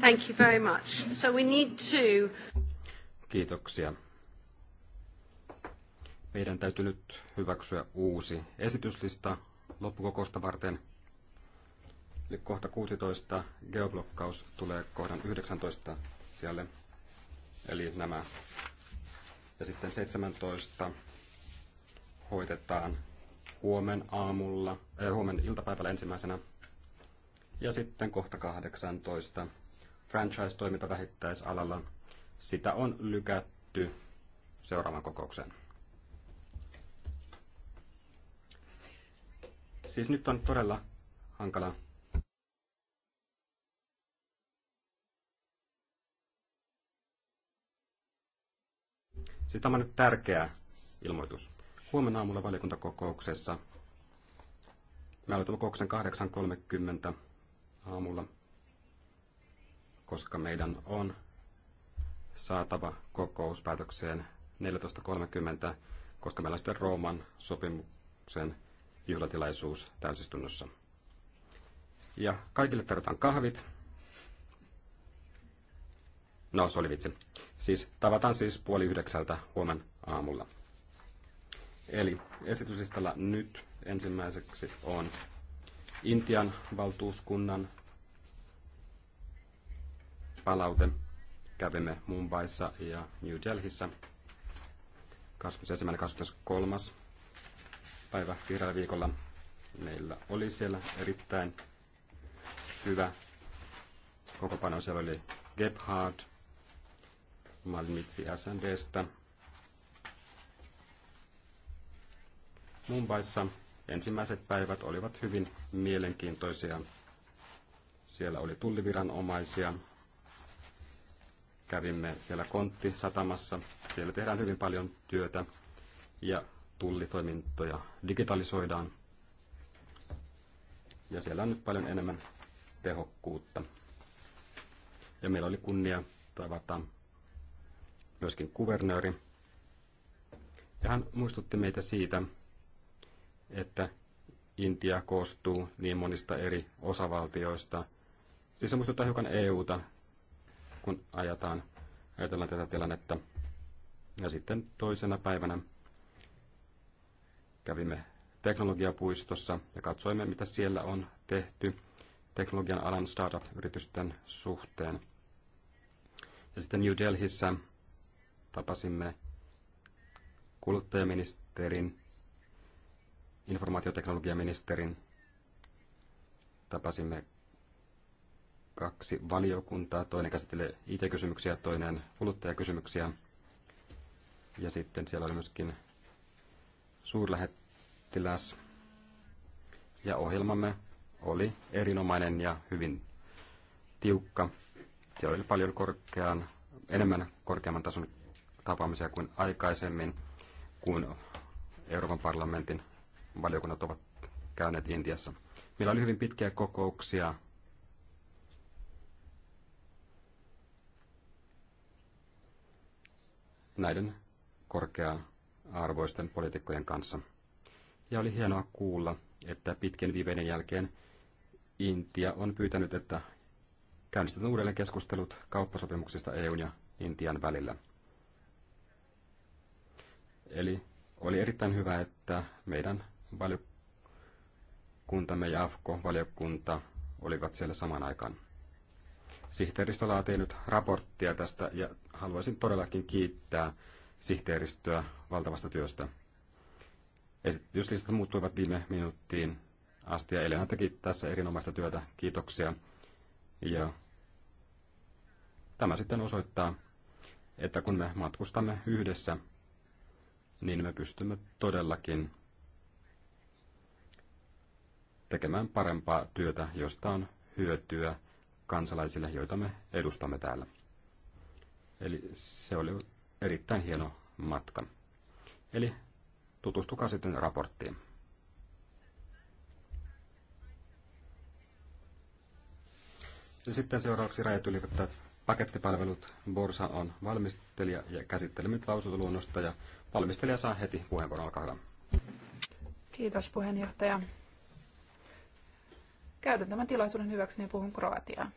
Thank you very much. So we need to... Kiitoksia. Meidän täytyy nyt hyväksyä uusi esityslista loppukokousta varten. Eli kohta 16 geoblokkaus tulee kohdan 19 siellä. Eli nämä. Ja sitten 17 hoitetaan huomen aamulla, äh, huomen iltapäivällä ensimmäisenä. Ja sitten kohta 18 franchise-toiminta vähittäisalalla. Sitä on lykätty seuraavan kokoukseen. Siis nyt on todella hankala Siis tämä on nyt tärkeä ilmoitus. Huomenna aamulla valiokuntakokouksessa. Me aloitamme kokouksen 8.30 aamulla koska meidän on saatava kokouspäätökseen 14.30, koska meillä on sitten Rooman sopimuksen juhlatilaisuus täysistunnossa. Ja kaikille tarjotaan kahvit. No, se oli vitsi. Siis tavataan siis puoli yhdeksältä huomen aamulla. Eli esityslistalla nyt ensimmäiseksi on Intian valtuuskunnan palaute. Kävimme Mumbaissa ja New Delhissä 21.23. päivä vihreällä viikolla. Meillä oli siellä erittäin hyvä kokopano. Siellä oli Gebhard, Malmitsi SNDstä. Mumbaissa ensimmäiset päivät olivat hyvin mielenkiintoisia. Siellä oli tulliviranomaisia, Kävimme siellä Kontti satamassa. Siellä tehdään hyvin paljon työtä ja tullitoimintoja digitalisoidaan. Ja siellä on nyt paljon enemmän tehokkuutta. Ja meillä oli kunnia tavata myöskin kuvernööri. Ja hän muistutti meitä siitä, että Intia koostuu niin monista eri osavaltioista. Siis se muistuttaa hiukan EUta kun ajataan, ajatellaan tätä tilannetta. Ja sitten toisena päivänä kävimme teknologiapuistossa ja katsoimme, mitä siellä on tehty teknologian alan startup-yritysten suhteen. Ja sitten New Delhissä tapasimme kuluttajaministerin, informaatioteknologiaministerin, tapasimme kaksi valiokuntaa. Toinen käsittelee IT-kysymyksiä, toinen kuluttajakysymyksiä. Ja sitten siellä oli myöskin suurlähettiläs. Ja ohjelmamme oli erinomainen ja hyvin tiukka. Siellä oli paljon korkean, enemmän korkeamman tason tapaamisia kuin aikaisemmin, kun Euroopan parlamentin valiokunnat ovat käyneet Intiassa. Meillä oli hyvin pitkiä kokouksia näiden korkea-arvoisten poliitikkojen kanssa. Ja oli hienoa kuulla, että pitkien viiveiden jälkeen Intia on pyytänyt, että käynnistetään uudelleen keskustelut kauppasopimuksista EUn ja Intian välillä. Eli oli erittäin hyvä, että meidän valiokuntamme ja AFKO-valiokunta olivat siellä saman aikaan. Sihteeristö laatii nyt raporttia tästä ja haluaisin todellakin kiittää sihteeristöä valtavasta työstä. Esityslistat muuttuivat viime minuuttiin asti ja Elena teki tässä erinomaista työtä. Kiitoksia. Ja tämä sitten osoittaa, että kun me matkustamme yhdessä, niin me pystymme todellakin tekemään parempaa työtä, josta on hyötyä kansalaisille, joita me edustamme täällä. Eli se oli erittäin hieno matka. Eli tutustukaa sitten raporttiin. Ja sitten seuraavaksi rajat ylittävät pakettipalvelut. Borsa on valmistelija ja käsittelemme lausuntoluonnosta ja valmistelija saa heti puheenvuoron. Olkaa hyvä. Kiitos puheenjohtaja. Käytän tämän tilaisuuden hyväkseni ja puhun kroatiaa.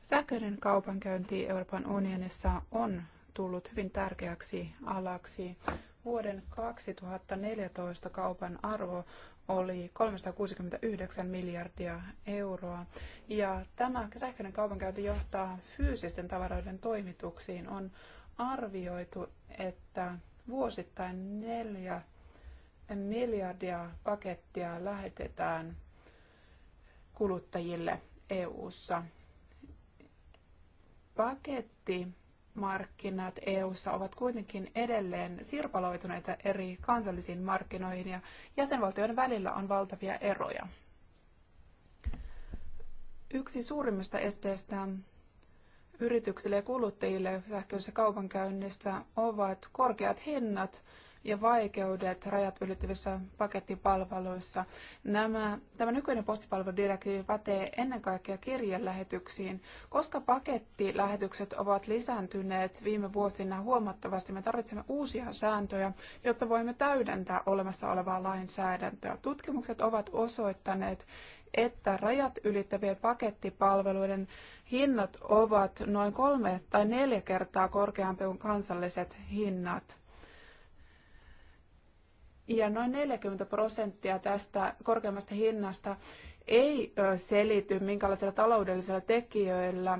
Sähköinen kaupankäynti Euroopan unionissa on tullut hyvin tärkeäksi alaksi. Vuoden 2014 kaupan arvo oli 369 miljardia euroa. Ja tämä sähköinen kaupankäynti johtaa fyysisten tavaroiden toimituksiin. On arvioitu, että vuosittain neljä miljardia pakettia lähetetään kuluttajille EU:ssa. Paketti markkinat EU:ssa ovat kuitenkin edelleen sirpaloituneita eri kansallisiin markkinoihin ja jäsenvaltioiden välillä on valtavia eroja. Yksi suurimmista esteistä yrityksille ja kuluttajille sähköisessä kaupankäynnissä ovat korkeat hinnat ja vaikeudet rajat ylittävissä pakettipalveluissa. Nämä, tämä nykyinen postipalveludirektiivi pätee ennen kaikkea kirjelähetyksiin. Koska pakettilähetykset ovat lisääntyneet viime vuosina huomattavasti, me tarvitsemme uusia sääntöjä, jotta voimme täydentää olemassa olevaa lainsäädäntöä. Tutkimukset ovat osoittaneet, että rajat ylittävien pakettipalveluiden hinnat ovat noin kolme tai neljä kertaa korkeampi kuin kansalliset hinnat. Ja noin 40 prosenttia tästä korkeammasta hinnasta ei selity minkälaisilla taloudellisilla tekijöillä.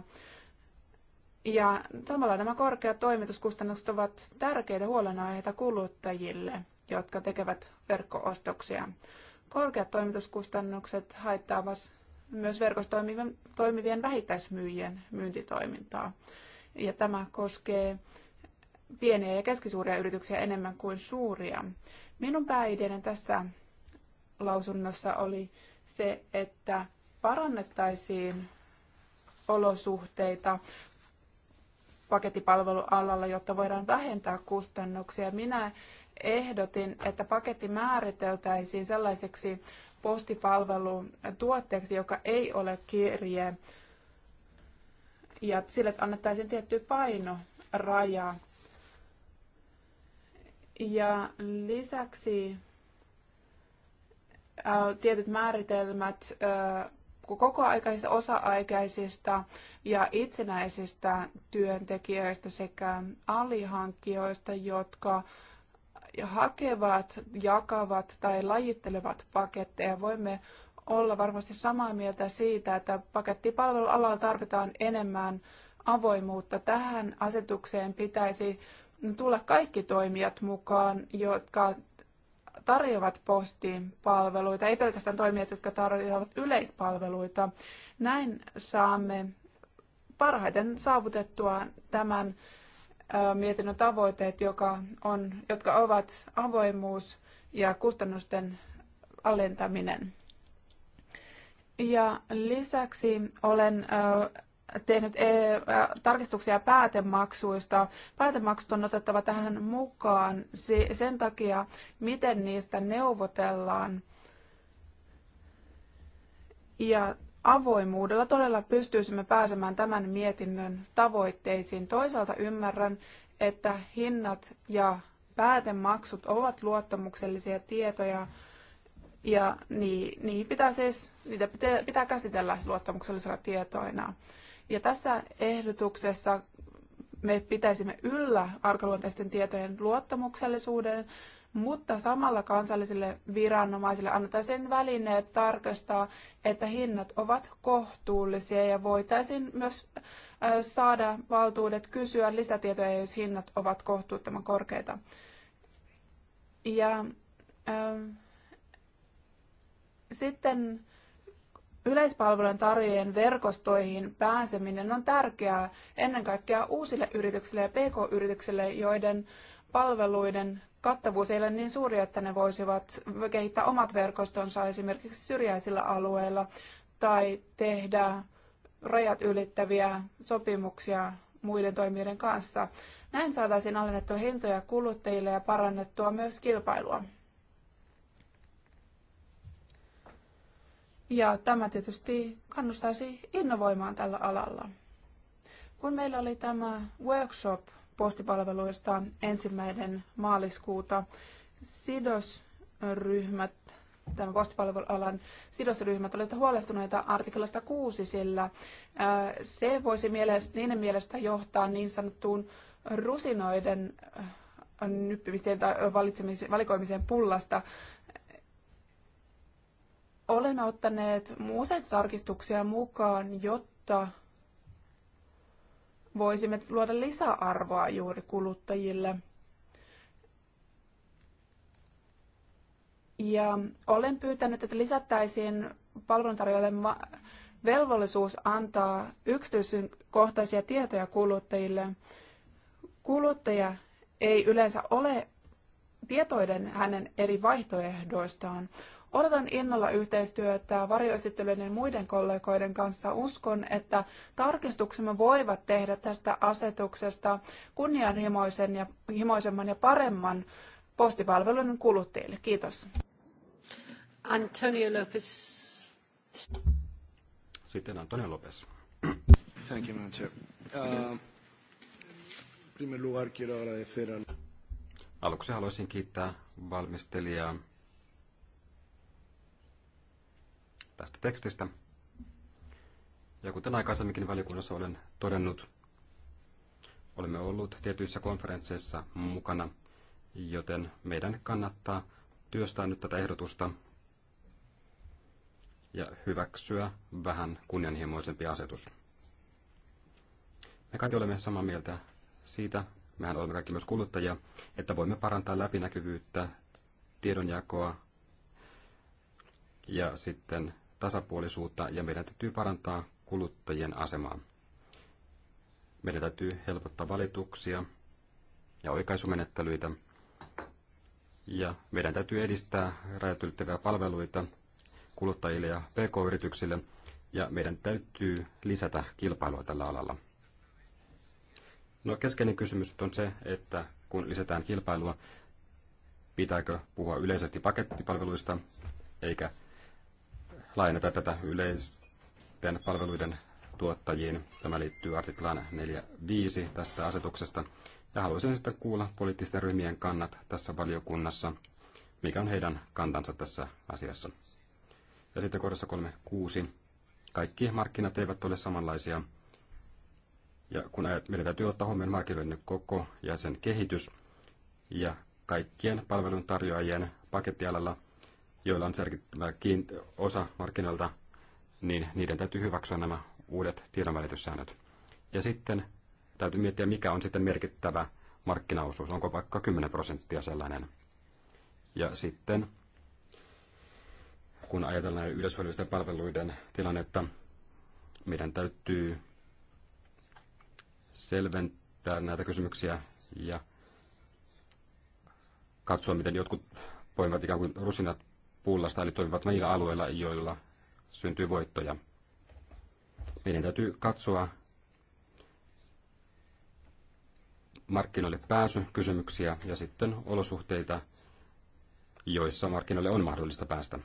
Ja samalla nämä korkeat toimituskustannukset ovat tärkeitä huolenaiheita kuluttajille, jotka tekevät verkkoostoksia. Korkeat toimituskustannukset haittaavat myös verkossa toimivien vähittäismyyjien myyntitoimintaa. Ja tämä koskee pieniä ja keskisuuria yrityksiä enemmän kuin suuria. Minun pääideani tässä lausunnossa oli se, että parannettaisiin olosuhteita pakettipalvelualalla, jotta voidaan vähentää kustannuksia. Minä ehdotin, että paketti määriteltäisiin sellaiseksi postipalvelutuotteeksi, joka ei ole kirje, ja sille annettaisiin tietty painoraja. Ja lisäksi äh, tietyt määritelmät äh, kokoaikaisista, osa-aikaisista ja itsenäisistä työntekijöistä sekä alihankkijoista, jotka hakevat, jakavat tai lajittelevat paketteja. Voimme olla varmasti samaa mieltä siitä, että pakettipalvelualalla tarvitaan enemmän avoimuutta. Tähän asetukseen pitäisi tulla kaikki toimijat mukaan, jotka tarjoavat postiin palveluita, ei pelkästään toimijat, jotka tarjoavat yleispalveluita. Näin saamme parhaiten saavutettua tämän mietinnön tavoitteet, joka on, jotka ovat avoimuus ja kustannusten alentaminen. Ja lisäksi olen tehnyt e, tarkistuksia päätemaksuista. Päätemaksut on otettava tähän mukaan sen takia, miten niistä neuvotellaan. Ja avoimuudella todella pystyisimme pääsemään tämän mietinnön tavoitteisiin. Toisaalta ymmärrän, että hinnat ja päätemaksut ovat luottamuksellisia tietoja ja niin, niin pitää siis, niitä pitää, pitää käsitellä luottamuksellisena tietoina. Ja tässä ehdotuksessa me pitäisimme yllä arkaluonteisten tietojen luottamuksellisuuden, mutta samalla kansallisille viranomaisille sen välineet tarkastaa, että hinnat ovat kohtuullisia ja voitaisiin myös saada valtuudet kysyä lisätietoja, jos hinnat ovat kohtuuttoman korkeita. Ja, äh, sitten Yleispalvelun tarjoajien verkostoihin pääseminen on tärkeää ennen kaikkea uusille yrityksille ja pk-yrityksille, joiden palveluiden kattavuus ei ole niin suuri, että ne voisivat kehittää omat verkostonsa esimerkiksi syrjäisillä alueilla tai tehdä rajat ylittäviä sopimuksia muiden toimijoiden kanssa. Näin saataisiin alennettua hintoja kuluttajille ja parannettua myös kilpailua. Ja tämä tietysti kannustaisi innovoimaan tällä alalla. Kun meillä oli tämä workshop postipalveluista ensimmäinen maaliskuuta, sidosryhmät, tämän postipalvelualan sidosryhmät olivat huolestuneita artiklasta 6, sillä se voisi mielestä, niiden mielestä johtaa niin sanottuun rusinoiden nyppimiseen tai valikoimiseen pullasta olen ottaneet muuset tarkistuksia mukaan, jotta voisimme luoda lisäarvoa juuri kuluttajille. Ja olen pyytänyt, että lisättäisiin palveluntarjoajalle velvollisuus antaa yksityiskohtaisia tietoja kuluttajille. Kuluttaja ei yleensä ole tietoinen hänen eri vaihtoehdoistaan. Odotan innolla yhteistyötä varjoesittelyiden ja muiden kollegoiden kanssa. Uskon, että tarkistuksemme voivat tehdä tästä asetuksesta kunnianhimoisen ja, himoisemman ja paremman postipalvelun kuluttajille. Kiitos. Antonio Lopez. Sitten Antonio Lopez. Thank you, Madam uh, primer lugar quiero agradecer Aluksi haluaisin kiittää valmistelijaa tästä tekstistä. Ja kuten aikaisemminkin valiokunnassa olen todennut, olemme olleet tietyissä konferensseissa mukana, joten meidän kannattaa työstää nyt tätä ehdotusta ja hyväksyä vähän kunnianhimoisempi asetus. Me kaikki olemme samaa mieltä siitä, mehän olemme kaikki myös kuluttajia, että voimme parantaa läpinäkyvyyttä, tiedonjakoa ja sitten tasapuolisuutta ja meidän täytyy parantaa kuluttajien asemaa. Meidän täytyy helpottaa valituksia ja oikaisumenettelyitä. Ja meidän täytyy edistää rajatylittäviä palveluita kuluttajille ja pk-yrityksille, ja meidän täytyy lisätä kilpailua tällä alalla. No keskeinen kysymys on se, että kun lisätään kilpailua, pitääkö puhua yleisesti pakettipalveluista eikä lainata tätä yleisten palveluiden tuottajiin. Tämä liittyy artiklaan 4.5 tästä asetuksesta. Ja haluaisin sitten kuulla poliittisten ryhmien kannat tässä valiokunnassa, mikä on heidän kantansa tässä asiassa. Ja sitten kohdassa 3.6. Kaikki markkinat eivät ole samanlaisia. Ja kun meidän täytyy ottaa huomioon markkinoiden koko ja sen kehitys. Ja kaikkien palveluntarjoajien pakettialalla joilla on selkeä osa markkinoilta, niin niiden täytyy hyväksyä nämä uudet tiedonvälityssäännöt. Ja sitten täytyy miettiä, mikä on sitten merkittävä markkinaosuus. Onko vaikka 10 prosenttia sellainen? Ja sitten, kun ajatellaan yleishyödyllisten palveluiden tilannetta, meidän täytyy selventää näitä kysymyksiä ja katsoa, miten jotkut poimivat ikään kuin rusinat pullasta, eli toimivat niillä alueilla, joilla syntyy voittoja. Meidän täytyy katsoa markkinoille pääsykysymyksiä ja sitten olosuhteita, joissa markkinoille on mahdollista päästä.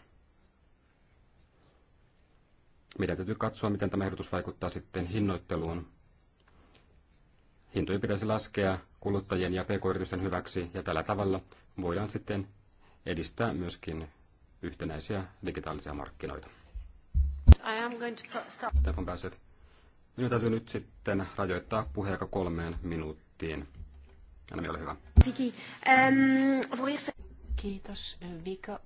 Meidän täytyy katsoa, miten tämä ehdotus vaikuttaa sitten hinnoitteluun. Hintoja pitäisi laskea kuluttajien ja pk-yritysten hyväksi ja tällä tavalla voidaan sitten edistää myöskin yhtenäisiä digitaalisia markkinoita. I am going to stop. Stefan Bassett. Minun täytyy nyt sitten rajoittaa puheaika kolmeen minuuttiin. Anna, ole hyvä. Viki, ähm, Kiitos Vika.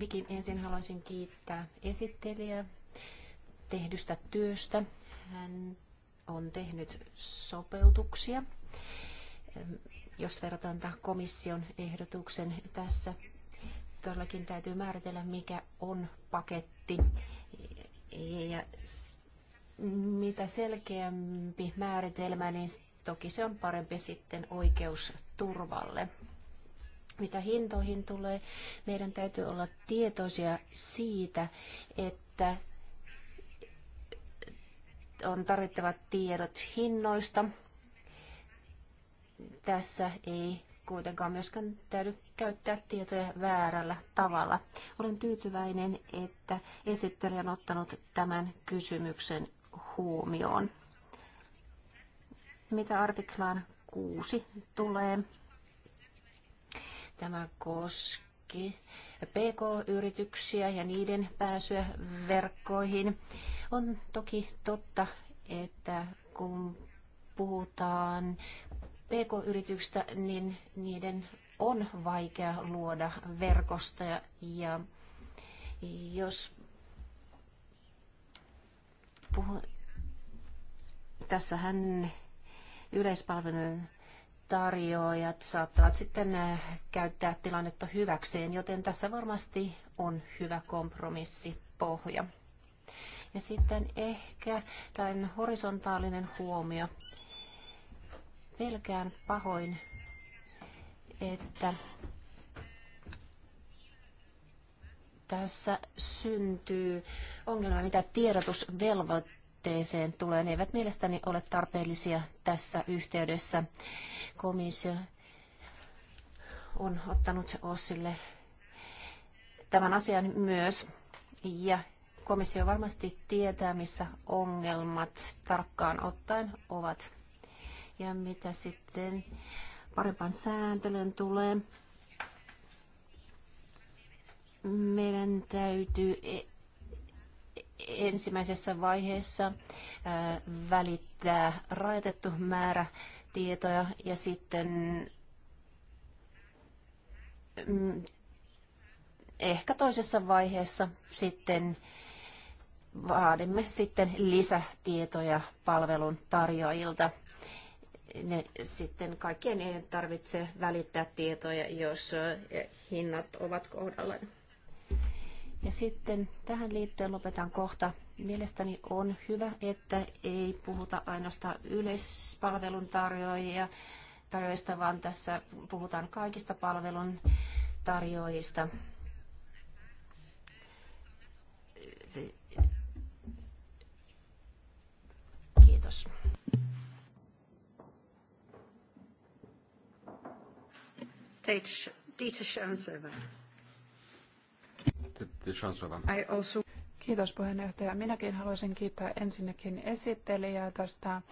Viki, ensin haluaisin kiittää esittelijää tehdystä työstä. Hän on tehnyt sopeutuksia. Jos verrataan tämän komission ehdotuksen tässä todellakin täytyy määritellä, mikä on paketti. Ja mitä selkeämpi määritelmä, niin toki se on parempi sitten oikeusturvalle. Mitä hintoihin tulee, meidän täytyy olla tietoisia siitä, että on tarvittavat tiedot hinnoista. Tässä ei kuitenkaan myöskään täydy käyttää tietoja väärällä tavalla. Olen tyytyväinen, että esittelijä on ottanut tämän kysymyksen huomioon. Mitä artiklaan 6 tulee? Tämä koski PK-yrityksiä ja niiden pääsyä verkkoihin. On toki totta, että kun puhutaan PK-yrityksistä, niin niiden on vaikea luoda verkosta ja jos puhun, tässähän yleispalvelun tarjoajat saattavat sitten äh, käyttää tilannetta hyväkseen, joten tässä varmasti on hyvä kompromissi pohja. Ja sitten ehkä tämän horisontaalinen huomio. Pelkään pahoin, että tässä syntyy ongelma, mitä tiedotusvelvoitteeseen tulee. Ne eivät mielestäni ole tarpeellisia tässä yhteydessä. Komissio on ottanut Ossille tämän asian myös. Ja komissio varmasti tietää, missä ongelmat tarkkaan ottaen ovat. Ja mitä sitten parempaan sääntelyn tulee, meidän täytyy e- e- ensimmäisessä vaiheessa välittää rajoitettu määrä tietoja ja sitten mm, ehkä toisessa vaiheessa sitten vaadimme sitten lisätietoja palvelun tarjoajilta – ne sitten kaikkien ei tarvitse välittää tietoja, jos hinnat ovat kohdallaan. Ja sitten tähän liittyen lopetan kohta. Mielestäni on hyvä, että ei puhuta ainoastaan yleispalvelun tarjoajia, tarjoajista, vaan tässä puhutaan kaikista palvelun tarjoajista. Kiitos. Dieter Schönsova. Kiitos puheenjohtaja. Minäkin haluaisin kiittää ensinnäkin esittelijää tästä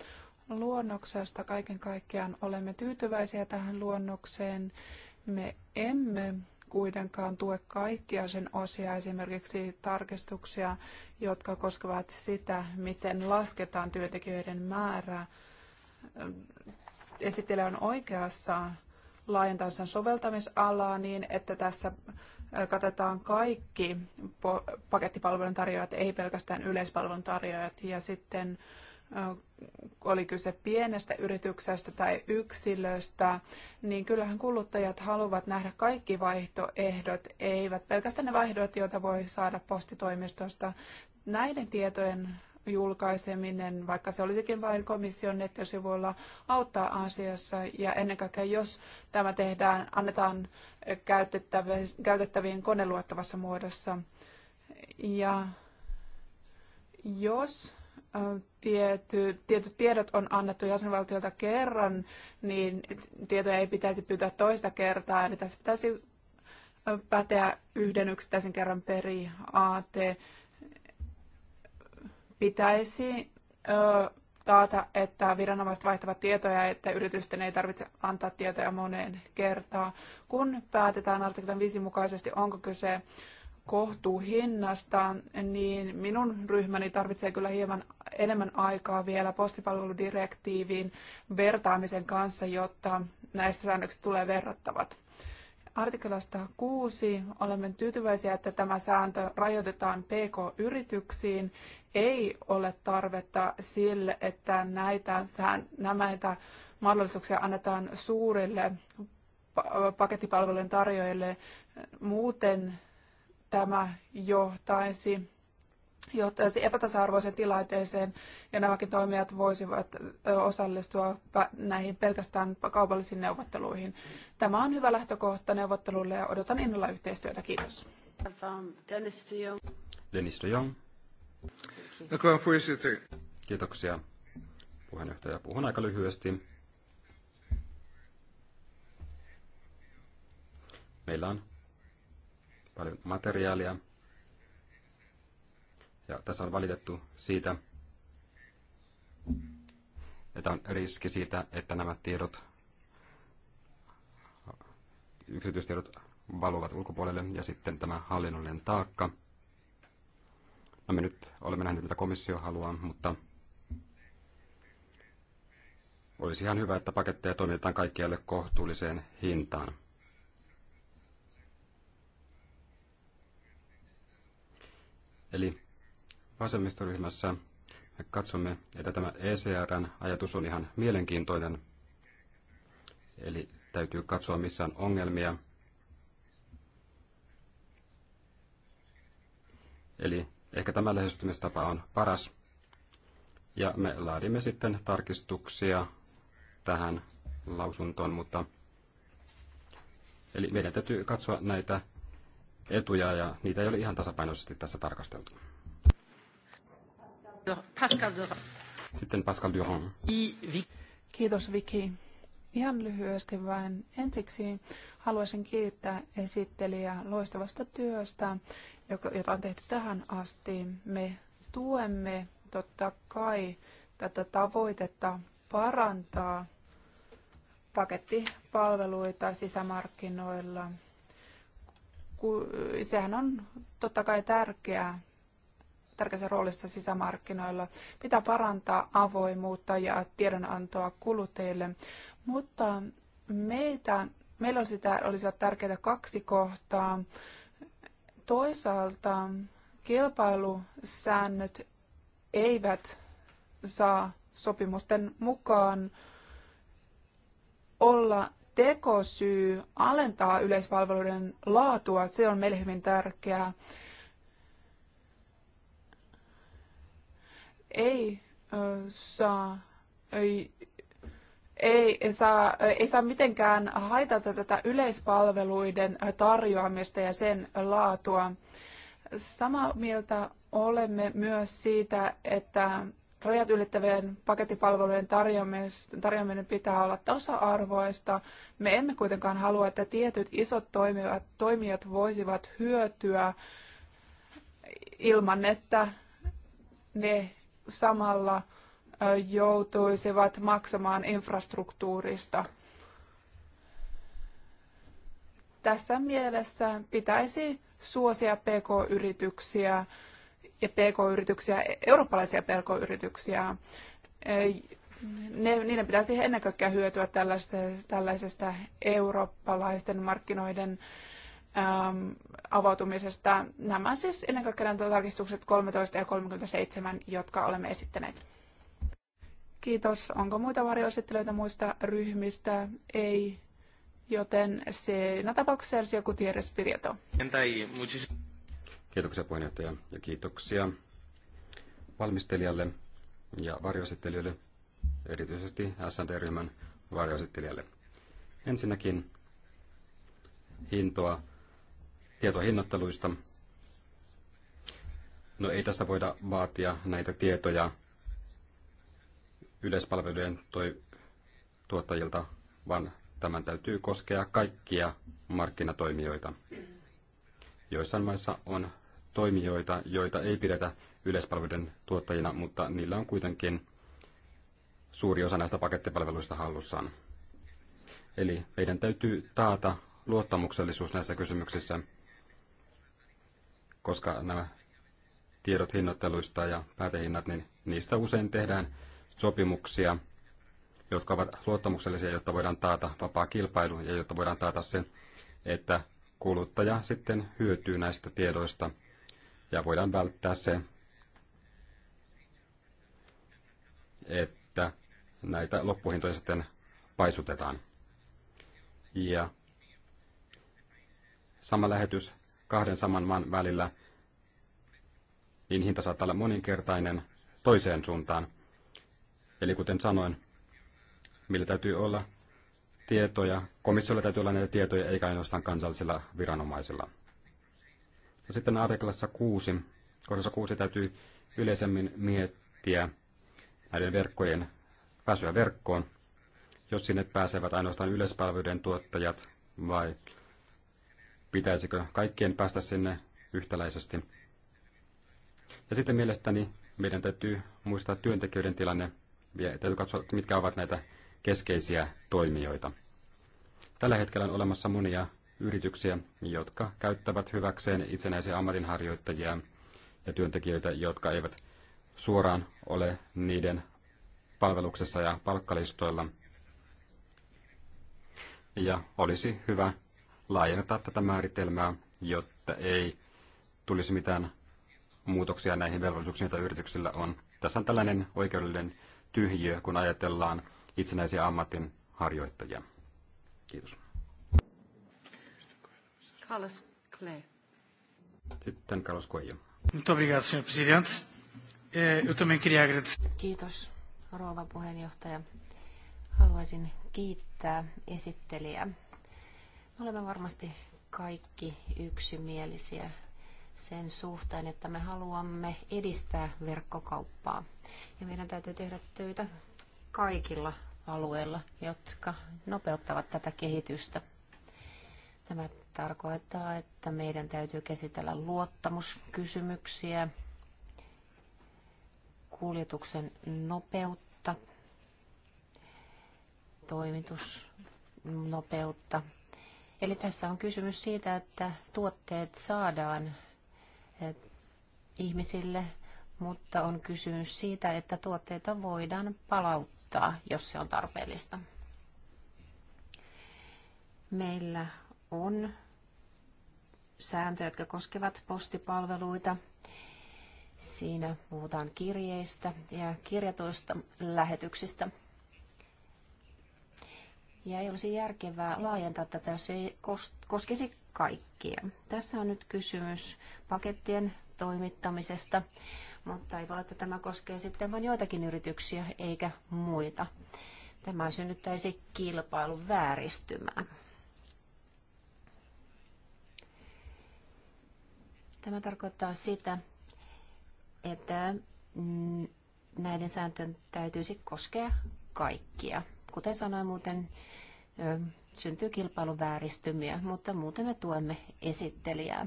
luonnoksesta. Kaiken kaikkiaan olemme tyytyväisiä tähän luonnokseen. Me emme kuitenkaan tue kaikkia sen osia, esimerkiksi tarkistuksia, jotka koskevat sitä, miten lasketaan työntekijöiden määrää. Esittelijä on oikeassa laajentaa sen soveltamisalaa niin, että tässä katetaan kaikki pakettipalvelun tarjoajat, ei pelkästään yleispalvelun tarjoajat. Ja sitten oli kyse pienestä yrityksestä tai yksilöstä, niin kyllähän kuluttajat haluavat nähdä kaikki vaihtoehdot, eivät pelkästään ne vaihtoehdot, joita voi saada postitoimistosta. Näiden tietojen julkaiseminen, vaikka se olisikin vain komission nettisivuilla, auttaa asiassa. Ja ennen kaikkea, jos tämä tehdään, annetaan käytettäviin koneluettavassa muodossa. Ja jos Tiety, tietyt tiedot on annettu jäsenvaltiolta kerran, niin tietoja ei pitäisi pyytää toista kertaa, eli tässä pitäisi päteä yhden yksittäisen kerran periaate. Pitäisi ö, taata, että viranomaiset vaihtavat tietoja, että yritysten ei tarvitse antaa tietoja moneen kertaan. Kun päätetään artiklan 5 mukaisesti, onko kyse kohtuuhinnasta, niin minun ryhmäni tarvitsee kyllä hieman enemmän aikaa vielä postipalveludirektiiviin vertaamisen kanssa, jotta näistä säännöksistä tulee verrattavat. Artiklasta 6 olemme tyytyväisiä, että tämä sääntö rajoitetaan PK-yrityksiin ei ole tarvetta sille, että näitä, nämä näitä mahdollisuuksia annetaan suurille pakettipalvelujen tarjoajille. Muuten tämä johtaisi, johtaisi epätasa-arvoiseen tilanteeseen ja nämäkin toimijat voisivat osallistua näihin pelkästään kaupallisiin neuvotteluihin. Tämä on hyvä lähtökohta neuvotteluille ja odotan innolla yhteistyötä. Kiitos. Dennis de Jong. Kiitoksia puheenjohtaja. Puhun aika lyhyesti. Meillä on paljon materiaalia ja tässä on valitettu siitä, että on riski siitä, että nämä tiedot, yksityistiedot valuvat ulkopuolelle ja sitten tämä hallinnollinen taakka – No me nyt olemme nähneet, mitä komissio haluaa, mutta olisi ihan hyvä, että paketteja toimitetaan kaikkialle kohtuulliseen hintaan. Eli vasemmistoryhmässä me katsomme, että tämä ECRn ajatus on ihan mielenkiintoinen. Eli täytyy katsoa, missä on ongelmia. Eli Ehkä tämä lähestymistapa on paras. Ja me laadimme sitten tarkistuksia tähän lausuntoon, mutta eli meidän täytyy katsoa näitä etuja ja niitä ei ole ihan tasapainoisesti tässä tarkasteltu. Pascal Durand. Sitten Pascal Durand. Kiitos Viki. Ihan lyhyesti vain. Ensiksi haluaisin kiittää esittelijää loistavasta työstä jota on tehty tähän asti. Me tuemme totta kai tätä tavoitetta parantaa pakettipalveluita sisämarkkinoilla. Sehän on totta kai tärkeää, tärkeässä roolissa sisämarkkinoilla. Pitää parantaa avoimuutta ja tiedonantoa kuluttajille, mutta meitä, meillä olisi, olisivat tärkeitä kaksi kohtaa. Toisaalta kilpailusäännöt eivät saa sopimusten mukaan olla tekosyy alentaa yleispalveluiden laatua. Se on meille hyvin tärkeää. Ei saa ei ei saa, ei saa mitenkään haitata tätä yleispalveluiden tarjoamista ja sen laatua. Samaa mieltä olemme myös siitä, että rajat ylittävien pakettipalvelujen tarjoaminen pitää olla tasa-arvoista. Me emme kuitenkaan halua, että tietyt isot toimijat, toimijat voisivat hyötyä ilman, että ne samalla joutuisivat maksamaan infrastruktuurista. Tässä mielessä pitäisi suosia pk-yrityksiä ja pk-yrityksiä, eurooppalaisia pk-yrityksiä. Ne, niiden pitäisi ennen kaikkea hyötyä tällaisesta, tällaisesta eurooppalaisten markkinoiden äm, avautumisesta. Nämä siis ennen kaikkea tarkistukset 13 ja 37, jotka olemme esittäneet. Kiitos. Onko muita varjoesittelyitä muista ryhmistä? Ei. Joten se tapauksessa joku Gutierrez Pirieto. Kiitoksia puheenjohtaja ja kiitoksia valmistelijalle ja varjoesittelijöille, erityisesti SNT-ryhmän varjoesittelijälle. Ensinnäkin hintoa, tietoa hinnoitteluista. No ei tässä voida vaatia näitä tietoja yleispalvelujen toi, tuottajilta, vaan tämän täytyy koskea kaikkia markkinatoimijoita. Joissain maissa on toimijoita, joita ei pidetä yleispalveluiden tuottajina, mutta niillä on kuitenkin suuri osa näistä pakettipalveluista hallussaan. Eli meidän täytyy taata luottamuksellisuus näissä kysymyksissä, koska nämä tiedot hinnoitteluista ja päätehinnat, niin niistä usein tehdään sopimuksia, jotka ovat luottamuksellisia, jotta voidaan taata vapaa kilpailu ja jotta voidaan taata se, että kuluttaja sitten hyötyy näistä tiedoista ja voidaan välttää se, että näitä loppuhintoja sitten paisutetaan. Ja sama lähetys kahden saman maan välillä, niin hinta saattaa olla moninkertainen toiseen suuntaan. Eli kuten sanoin, millä täytyy olla tietoja, komissiolla täytyy olla näitä tietoja, eikä ainoastaan kansallisilla viranomaisilla. Ja no sitten artiklassa 6, kohdassa 6 täytyy yleisemmin miettiä näiden verkkojen pääsyä verkkoon, jos sinne pääsevät ainoastaan yleispalveluiden tuottajat vai pitäisikö kaikkien päästä sinne yhtäläisesti. Ja sitten mielestäni meidän täytyy muistaa työntekijöiden tilanne. Täytyy katsoa, mitkä ovat näitä keskeisiä toimijoita. Tällä hetkellä on olemassa monia yrityksiä, jotka käyttävät hyväkseen itsenäisiä ammatinharjoittajia ja työntekijöitä, jotka eivät suoraan ole niiden palveluksessa ja palkkalistoilla. Ja olisi hyvä laajentaa tätä määritelmää, jotta ei tulisi mitään muutoksia näihin velvollisuuksiin, joita yrityksillä on. Tässä on tällainen oikeudellinen tyhjiö, kun ajatellaan itsenäisiä ammatin harjoittajia. Kiitos. Carlos Clay. Sitten Carlos Coelho. Muito obrigado, senhor presidente. Eu também queria agradecer. Kiitos, rouva puheenjohtaja. Haluaisin kiittää esittelijää. Me olemme varmasti kaikki yksimielisiä sen suhteen, että me haluamme edistää verkkokauppaa. Ja meidän täytyy tehdä töitä kaikilla alueilla, jotka nopeuttavat tätä kehitystä. Tämä tarkoittaa, että meidän täytyy käsitellä luottamuskysymyksiä, kuljetuksen nopeutta, toimitusnopeutta. Eli tässä on kysymys siitä, että tuotteet saadaan Eh, ihmisille, mutta on kysymys siitä, että tuotteita voidaan palauttaa, jos se on tarpeellista. Meillä on sääntöjä, jotka koskevat postipalveluita. Siinä puhutaan kirjeistä ja kirjatuista lähetyksistä. Ja ei olisi järkevää laajentaa tätä, jos ei koskisi kaikkia. Tässä on nyt kysymys pakettien toimittamisesta, mutta ei voi olla, että tämä koskee sitten vain joitakin yrityksiä eikä muita. Tämä synnyttäisi kilpailun vääristymää. Tämä tarkoittaa sitä, että näiden sääntöjen täytyisi koskea kaikkia. Kuten sanoin muuten, syntyy kilpailuvääristymiä, mutta muuten me tuemme esittelijää.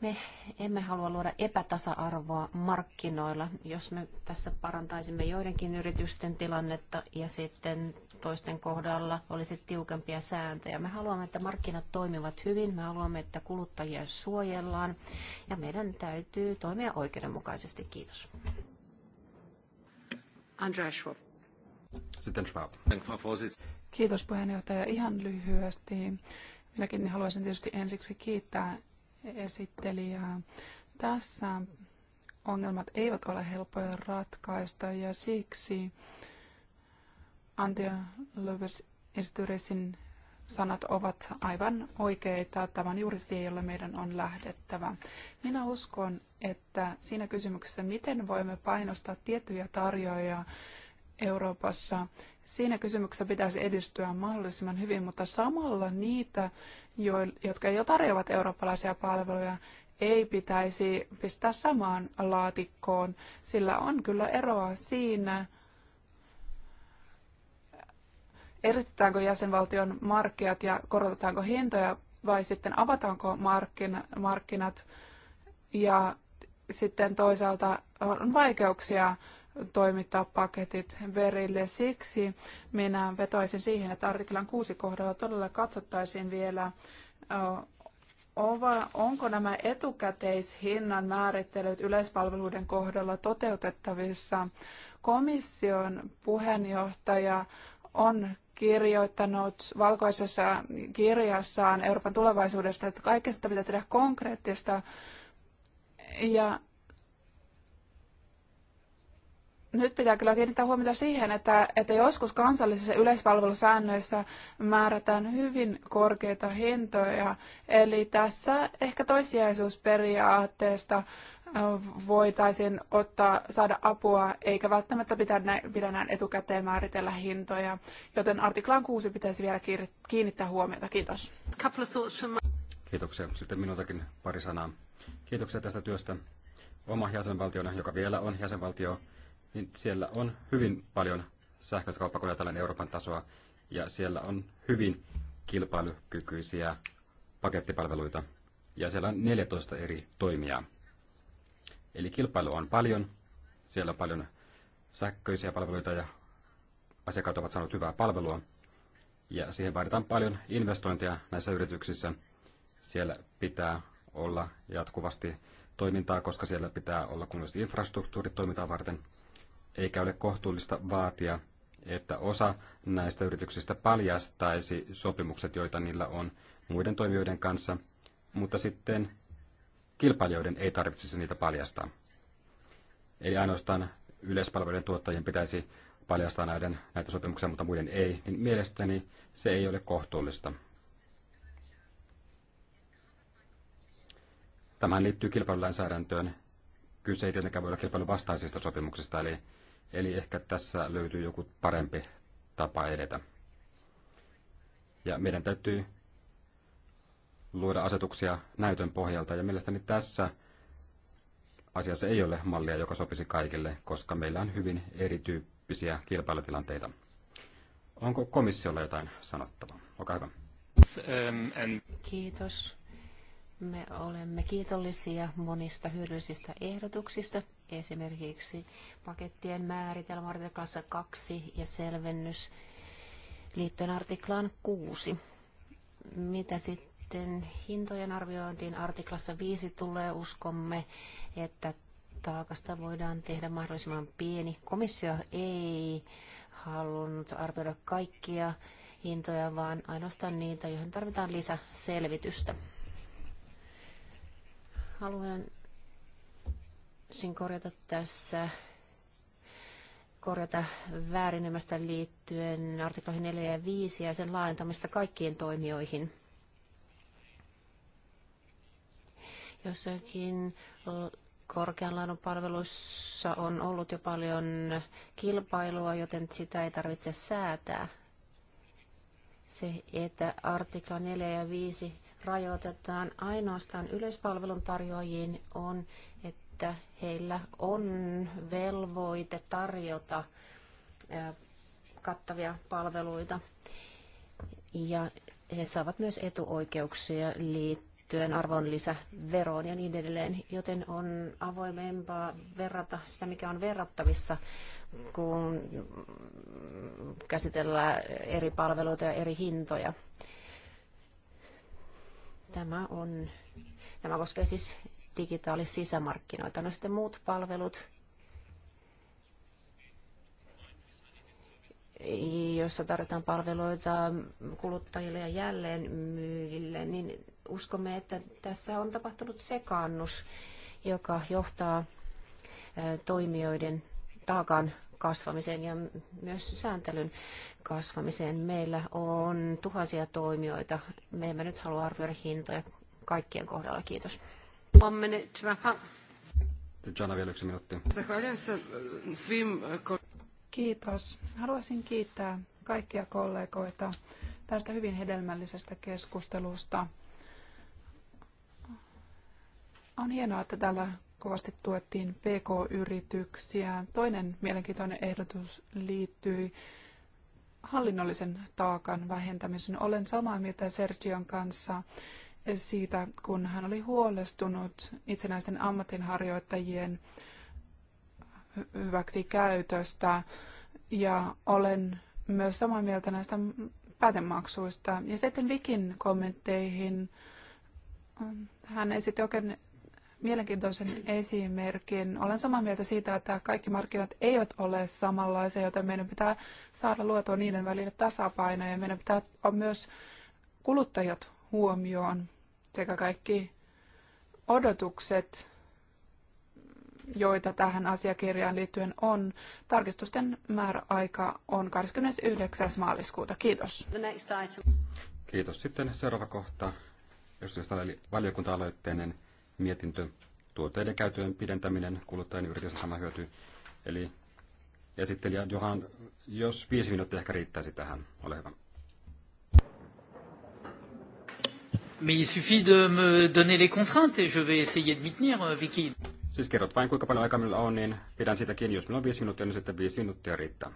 Me emme halua luoda epätasa-arvoa markkinoilla. Jos me tässä parantaisimme joidenkin yritysten tilannetta ja sitten toisten kohdalla olisi tiukempia sääntöjä. Me haluamme, että markkinat toimivat hyvin, me haluamme, että kuluttajia suojellaan ja meidän täytyy toimia oikeudenmukaisesti. Kiitos. Andrea Schwab. Sitten Schwab. Kiitos puheenjohtaja. Ihan lyhyesti. Minäkin haluaisin tietysti ensiksi kiittää esittelijää. Tässä ongelmat eivät ole helppoja ratkaista ja siksi Antio Lewis Estyresin sanat ovat aivan oikeita. Tämän juuri tie, jolle meidän on lähdettävä. Minä uskon, että siinä kysymyksessä, miten voimme painostaa tiettyjä tarjoajia Euroopassa. Siinä kysymyksessä pitäisi edistyä mahdollisimman hyvin, mutta samalla niitä, jotka jo tarjoavat eurooppalaisia palveluja, ei pitäisi pistää samaan laatikkoon, sillä on kyllä eroa siinä, eristetäänkö jäsenvaltion markkinat ja korotetaanko hintoja vai sitten avataanko markkinat ja sitten toisaalta on vaikeuksia toimittaa paketit verille. Siksi minä vetoisin siihen, että artiklan 6 kohdalla todella katsottaisiin vielä, onko nämä etukäteishinnan määrittelyt yleispalveluiden kohdalla toteutettavissa. Komission puheenjohtaja on kirjoittanut valkoisessa kirjassaan Euroopan tulevaisuudesta, että kaikesta pitää tehdä konkreettista ja nyt pitää kyllä kiinnittää huomiota siihen, että, että joskus kansallisissa yleispalvelusäännöissä määrätään hyvin korkeita hintoja. Eli tässä ehkä toissijaisuusperiaatteesta voitaisiin ottaa, saada apua, eikä välttämättä pidä näin, pidä näin etukäteen määritellä hintoja. Joten artiklaan 6 pitäisi vielä kiinnittää huomiota. Kiitos. Kiitoksia. Sitten minultakin pari sanaa. Kiitoksia tästä työstä. Oma jäsenvaltiona, joka vielä on jäsenvaltio, niin siellä on hyvin paljon sähköistä kauppakuljetajien Euroopan tasoa, ja siellä on hyvin kilpailukykyisiä pakettipalveluita, ja siellä on 14 eri toimijaa. Eli kilpailu on paljon, siellä on paljon sähköisiä palveluita ja asiakkaat ovat saaneet hyvää palvelua, ja siihen vaaditaan paljon investointeja näissä yrityksissä. Siellä pitää olla jatkuvasti toimintaa, koska siellä pitää olla kunnollisesti infrastruktuurit toimintaa varten eikä ole kohtuullista vaatia, että osa näistä yrityksistä paljastaisi sopimukset, joita niillä on muiden toimijoiden kanssa, mutta sitten kilpailijoiden ei tarvitsisi niitä paljastaa. Eli ainoastaan yleispalveluiden tuottajien pitäisi paljastaa näiden, näitä sopimuksia, mutta muiden ei, niin mielestäni se ei ole kohtuullista. Tämähän liittyy kilpailulainsäädäntöön. Kyse ei tietenkään voi olla kilpailuvastaisista sopimuksista, eli Eli ehkä tässä löytyy joku parempi tapa edetä. Ja meidän täytyy luoda asetuksia näytön pohjalta, ja mielestäni tässä asiassa ei ole mallia, joka sopisi kaikille, koska meillä on hyvin erityyppisiä kilpailutilanteita. Onko komissiolla jotain sanottavaa? Olkaa hyvä. Kiitos. Me olemme kiitollisia monista hyödyllisistä ehdotuksista esimerkiksi pakettien määritelmä artiklassa 2 ja selvennys liittyen artiklaan 6. Mitä sitten hintojen arviointiin artiklassa 5 tulee, uskomme, että taakasta voidaan tehdä mahdollisimman pieni. Komissio ei halunnut arvioida kaikkia hintoja, vaan ainoastaan niitä, joihin tarvitaan lisäselvitystä. Haluan haluaisin korjata tässä korjata väärinymästä liittyen artikloihin 4 ja 5 ja sen laajentamista kaikkiin toimijoihin. Jossakin korkean laadun palveluissa on ollut jo paljon kilpailua, joten sitä ei tarvitse säätää. Se, että artikla 4 ja 5 rajoitetaan ainoastaan yleispalvelun tarjoajiin, on, että että heillä on velvoite tarjota kattavia palveluita ja he saavat myös etuoikeuksia liittyen arvonlisäveroon ja niin edelleen, joten on avoimempaa verrata sitä, mikä on verrattavissa, kun käsitellään eri palveluita ja eri hintoja. Tämä, on, tämä koskee siis digitaalisisämarkkinoita. No sitten muut palvelut, jossa tarjotaan palveluita kuluttajille ja jälleen myyjille, niin uskomme, että tässä on tapahtunut sekaannus, joka johtaa toimijoiden taakan kasvamiseen ja myös sääntelyn kasvamiseen. Meillä on tuhansia toimijoita. Me emme nyt halua arvioida hintoja kaikkien kohdalla. Kiitos. One minute to wrap up. Jana vielä yksi minuutti. Eh, eh, Kiitos. Haluaisin kiittää kaikkia kollegoita tästä hyvin hedelmällisestä keskustelusta. On hienoa, että täällä kovasti tuettiin PK-yrityksiä. Toinen mielenkiintoinen ehdotus liittyi hallinnollisen taakan vähentämiseen. Olen samaa mieltä Sergion kanssa siitä, kun hän oli huolestunut itsenäisten ammatinharjoittajien hyväksi käytöstä. Ja olen myös samaa mieltä näistä päätemaksuista. Ja sitten Vikin kommentteihin. Hän esitti oikein mielenkiintoisen esimerkin. Olen samaa mieltä siitä, että kaikki markkinat eivät ole samanlaisia, joten meidän pitää saada luotua niiden välille tasapainoja ja meidän pitää myös kuluttajat huomioon sekä kaikki odotukset, joita tähän asiakirjaan liittyen on. Tarkistusten määräaika on 29. maaliskuuta. Kiitos. Kiitos. Sitten seuraava kohta, jos oli valiokunta-aloitteinen mietintö, tuotteiden käytön pidentäminen kuluttajien yritysten sama hyöty. Eli esittelijä Johan, jos viisi minuuttia ehkä riittäisi tähän, ole hyvä. Mais il suffit de me donner les contraintes et je vais essayer de m'y tenir, euh, Vicky. Siis kerrot vain, kuinka paljon aikaa minulla on, niin pidän siitä kiinni. Jos minulla on viisi minuuttia, niin sitten viisi minuuttia riittää.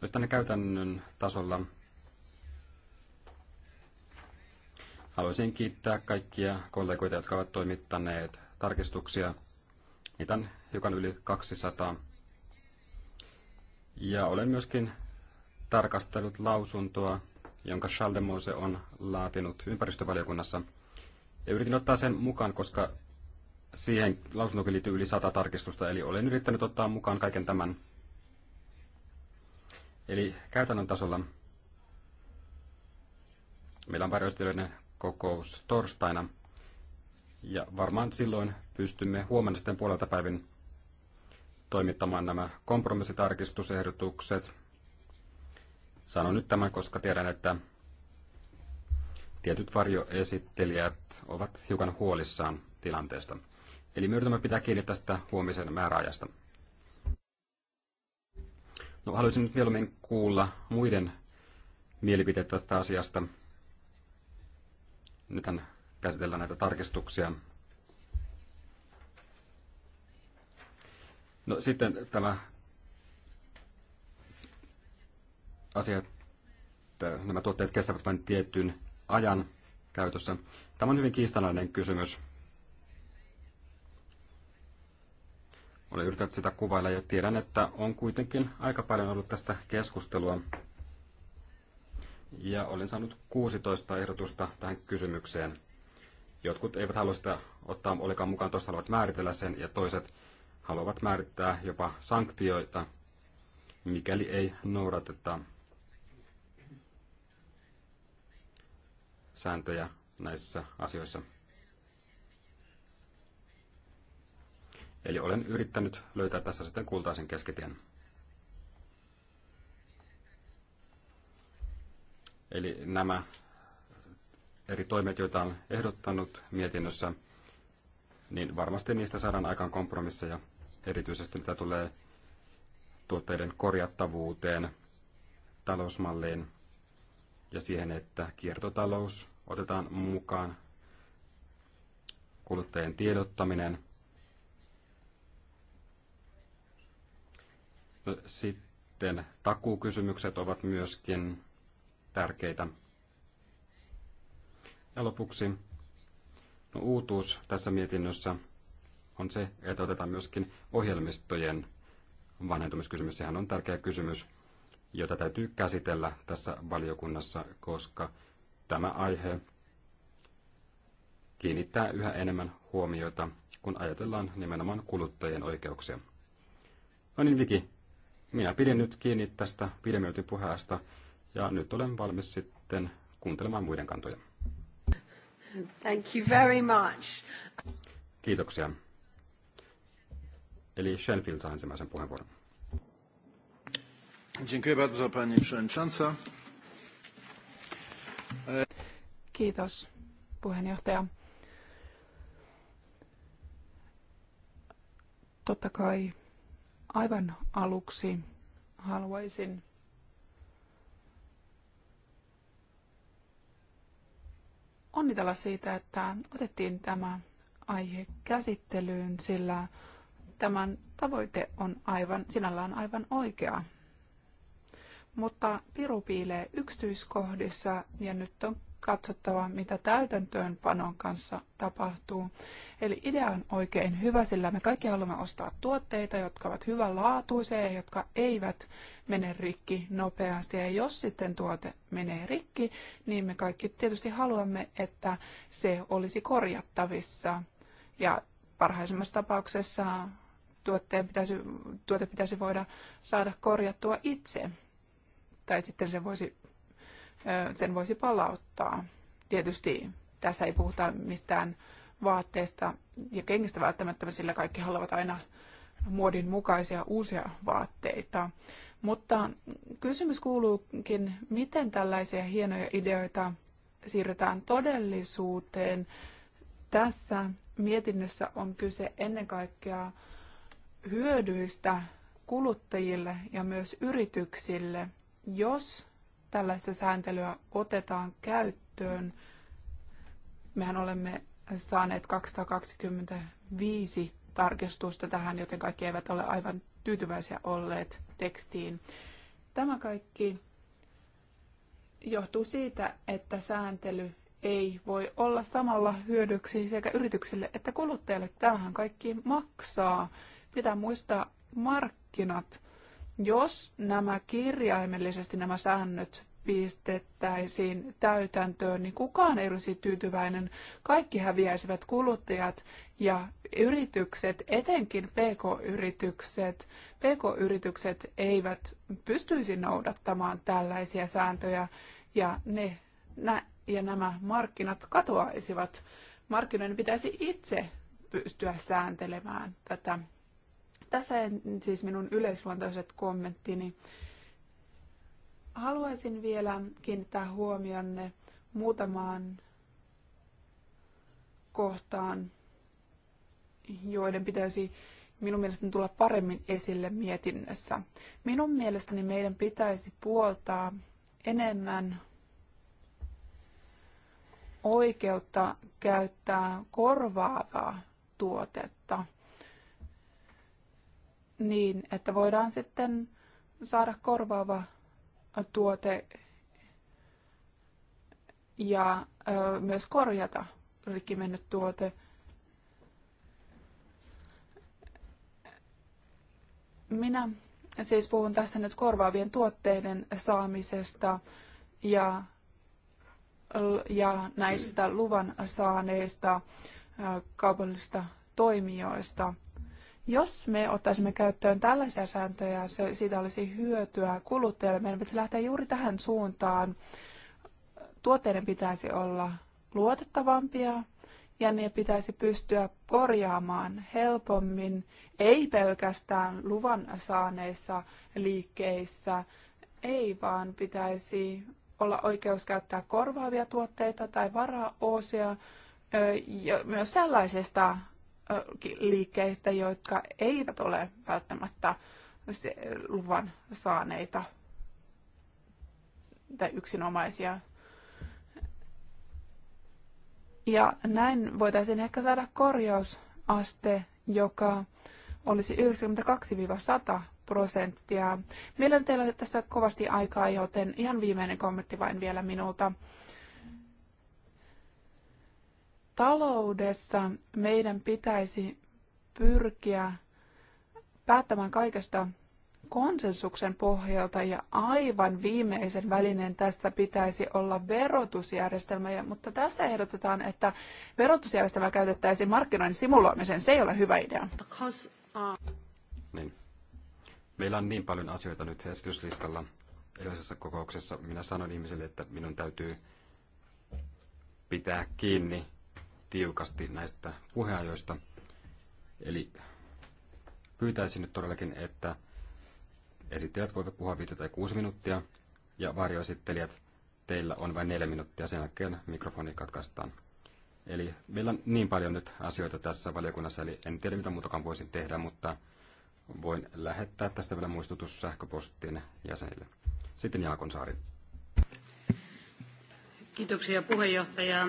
Myös tänne käytännön tasolla haluaisin kiittää kaikkia kollegoita, jotka ovat toimittaneet tarkistuksia. Niitä on hiukan yli 200. Ja olen myöskin tarkastellut lausuntoa jonka Charles de Mose on laatinut ympäristövaliokunnassa. Ja yritin ottaa sen mukaan, koska siihen lausuntokin liittyy yli sata tarkistusta, eli olen yrittänyt ottaa mukaan kaiken tämän. Eli käytännön tasolla meillä on varjoistelijoiden kokous torstaina, ja varmaan silloin pystymme huomenna sitten puolelta päivin toimittamaan nämä kompromissitarkistusehdotukset, Sanon nyt tämän, koska tiedän, että tietyt varjoesittelijät ovat hiukan huolissaan tilanteesta. Eli me yritämme pitää kiinni tästä huomisen määräajasta. No, haluaisin nyt mieluummin kuulla muiden mielipiteet tästä asiasta. Nythän käsitellään näitä tarkistuksia. No sitten tämä asia, että nämä tuotteet kestävät vain tietyn ajan käytössä. Tämä on hyvin kiistanainen kysymys. Olen yrittänyt sitä kuvailla ja tiedän, että on kuitenkin aika paljon ollut tästä keskustelua. Ja olen saanut 16 ehdotusta tähän kysymykseen. Jotkut eivät halua sitä ottaa olikaan mukaan, toiset haluavat määritellä sen ja toiset haluavat määrittää jopa sanktioita, mikäli ei noudateta sääntöjä näissä asioissa. Eli olen yrittänyt löytää tässä sitten kultaisen keskitien. Eli nämä eri toimet, joita olen ehdottanut mietinnössä, niin varmasti niistä saadaan aikaan kompromisseja, erityisesti mitä tulee tuotteiden korjattavuuteen, talousmalliin ja siihen, että kiertotalous otetaan mukaan, kuluttajien tiedottaminen. sitten takuukysymykset ovat myöskin tärkeitä. Ja lopuksi no, uutuus tässä mietinnössä on se, että otetaan myöskin ohjelmistojen vanhentumiskysymys. Sehän on tärkeä kysymys jota täytyy käsitellä tässä valiokunnassa, koska tämä aihe kiinnittää yhä enemmän huomiota, kun ajatellaan nimenomaan kuluttajien oikeuksia. No niin, Viki, minä pidin nyt kiinni tästä pidemmälti puheesta ja nyt olen valmis sitten kuuntelemaan muiden kantoja. Thank you very much. Kiitoksia. Eli Shenfield saa ensimmäisen puheenvuoron. Dziękuję bardzo, pani przewodnicząca. Kiitos, puheenjohtaja. Totta kai aivan aluksi haluaisin onnitella siitä, että otettiin tämä aihe käsittelyyn, sillä tämän tavoite on aivan, sinällään aivan oikea mutta piru piilee yksityiskohdissa ja nyt on katsottava, mitä täytäntöönpanon kanssa tapahtuu. Eli idea on oikein hyvä, sillä me kaikki haluamme ostaa tuotteita, jotka ovat hyvänlaatuisia ja jotka eivät mene rikki nopeasti. Ja jos sitten tuote menee rikki, niin me kaikki tietysti haluamme, että se olisi korjattavissa. Ja parhaisimmassa tapauksessa tuotteen pitäisi, tuote pitäisi voida saada korjattua itse tai sitten sen voisi, sen voisi palauttaa. Tietysti tässä ei puhuta mistään vaatteista ja kengistä välttämättä, sillä kaikki haluavat aina muodin mukaisia uusia vaatteita. Mutta kysymys kuuluukin, miten tällaisia hienoja ideoita siirretään todellisuuteen. Tässä mietinnössä on kyse ennen kaikkea hyödyistä kuluttajille ja myös yrityksille. Jos tällaista sääntelyä otetaan käyttöön, mehän olemme saaneet 225 tarkistusta tähän, joten kaikki eivät ole aivan tyytyväisiä olleet tekstiin. Tämä kaikki johtuu siitä, että sääntely ei voi olla samalla hyödyksi sekä yrityksille että kuluttajille. Tämähän kaikki maksaa. Pitää muistaa markkinat. Jos nämä kirjaimellisesti nämä säännöt pistettäisiin täytäntöön, niin kukaan ei olisi tyytyväinen. Kaikki häviäisivät kuluttajat ja yritykset, etenkin pk-yritykset. Pk-yritykset eivät pystyisi noudattamaan tällaisia sääntöjä ja, ne, nä, ja nämä markkinat katoaisivat. Markkinoiden pitäisi itse pystyä sääntelemään tätä tässä siis minun yleisluontoiset kommenttini. Haluaisin vielä kiinnittää huomionne muutamaan kohtaan, joiden pitäisi minun mielestäni tulla paremmin esille mietinnössä. Minun mielestäni meidän pitäisi puoltaa enemmän oikeutta käyttää korvaavaa tuotetta – niin, että voidaan sitten saada korvaava tuote ja ö, myös korjata rikki mennyt tuote. Minä siis puhun tässä nyt korvaavien tuotteiden saamisesta ja, ja näistä luvan saaneista kaupallisista toimijoista – jos me ottaisimme käyttöön tällaisia sääntöjä, se, siitä olisi hyötyä kuluttajalle. Meidän pitäisi lähteä juuri tähän suuntaan. Tuotteiden pitäisi olla luotettavampia ja ne pitäisi pystyä korjaamaan helpommin, ei pelkästään luvan saaneissa liikkeissä, ei vaan pitäisi olla oikeus käyttää korvaavia tuotteita tai varaosia myös sellaisista liikkeistä, jotka eivät ole välttämättä luvan saaneita tai yksinomaisia. Ja näin voitaisiin ehkä saada korjausaste, joka olisi 92-100 prosenttia. Meillä on teillä tässä kovasti aikaa, joten ihan viimeinen kommentti vain vielä minulta taloudessa meidän pitäisi pyrkiä päättämään kaikesta konsensuksen pohjalta ja aivan viimeisen välineen tässä pitäisi olla verotusjärjestelmä, mutta tässä ehdotetaan, että verotusjärjestelmä käytettäisiin markkinoinnin simuloimiseen. Se ei ole hyvä idea. Because, uh... niin. Meillä on niin paljon asioita nyt esityslistalla. Edellisessä kokouksessa minä sanoin ihmisille, että minun täytyy pitää kiinni tiukasti näistä puheajoista. Eli pyytäisin nyt todellakin, että esittelijät voivat puhua 5 tai 6 minuuttia ja varjoesittelijät teillä on vain 4 minuuttia, sen jälkeen mikrofoni katkaistaan. Eli meillä on niin paljon nyt asioita tässä valiokunnassa, eli en tiedä mitä muutakaan voisin tehdä, mutta voin lähettää tästä vielä muistutus sähköpostin jäsenille. Sitten Jaakon Saari. Kiitoksia puheenjohtaja.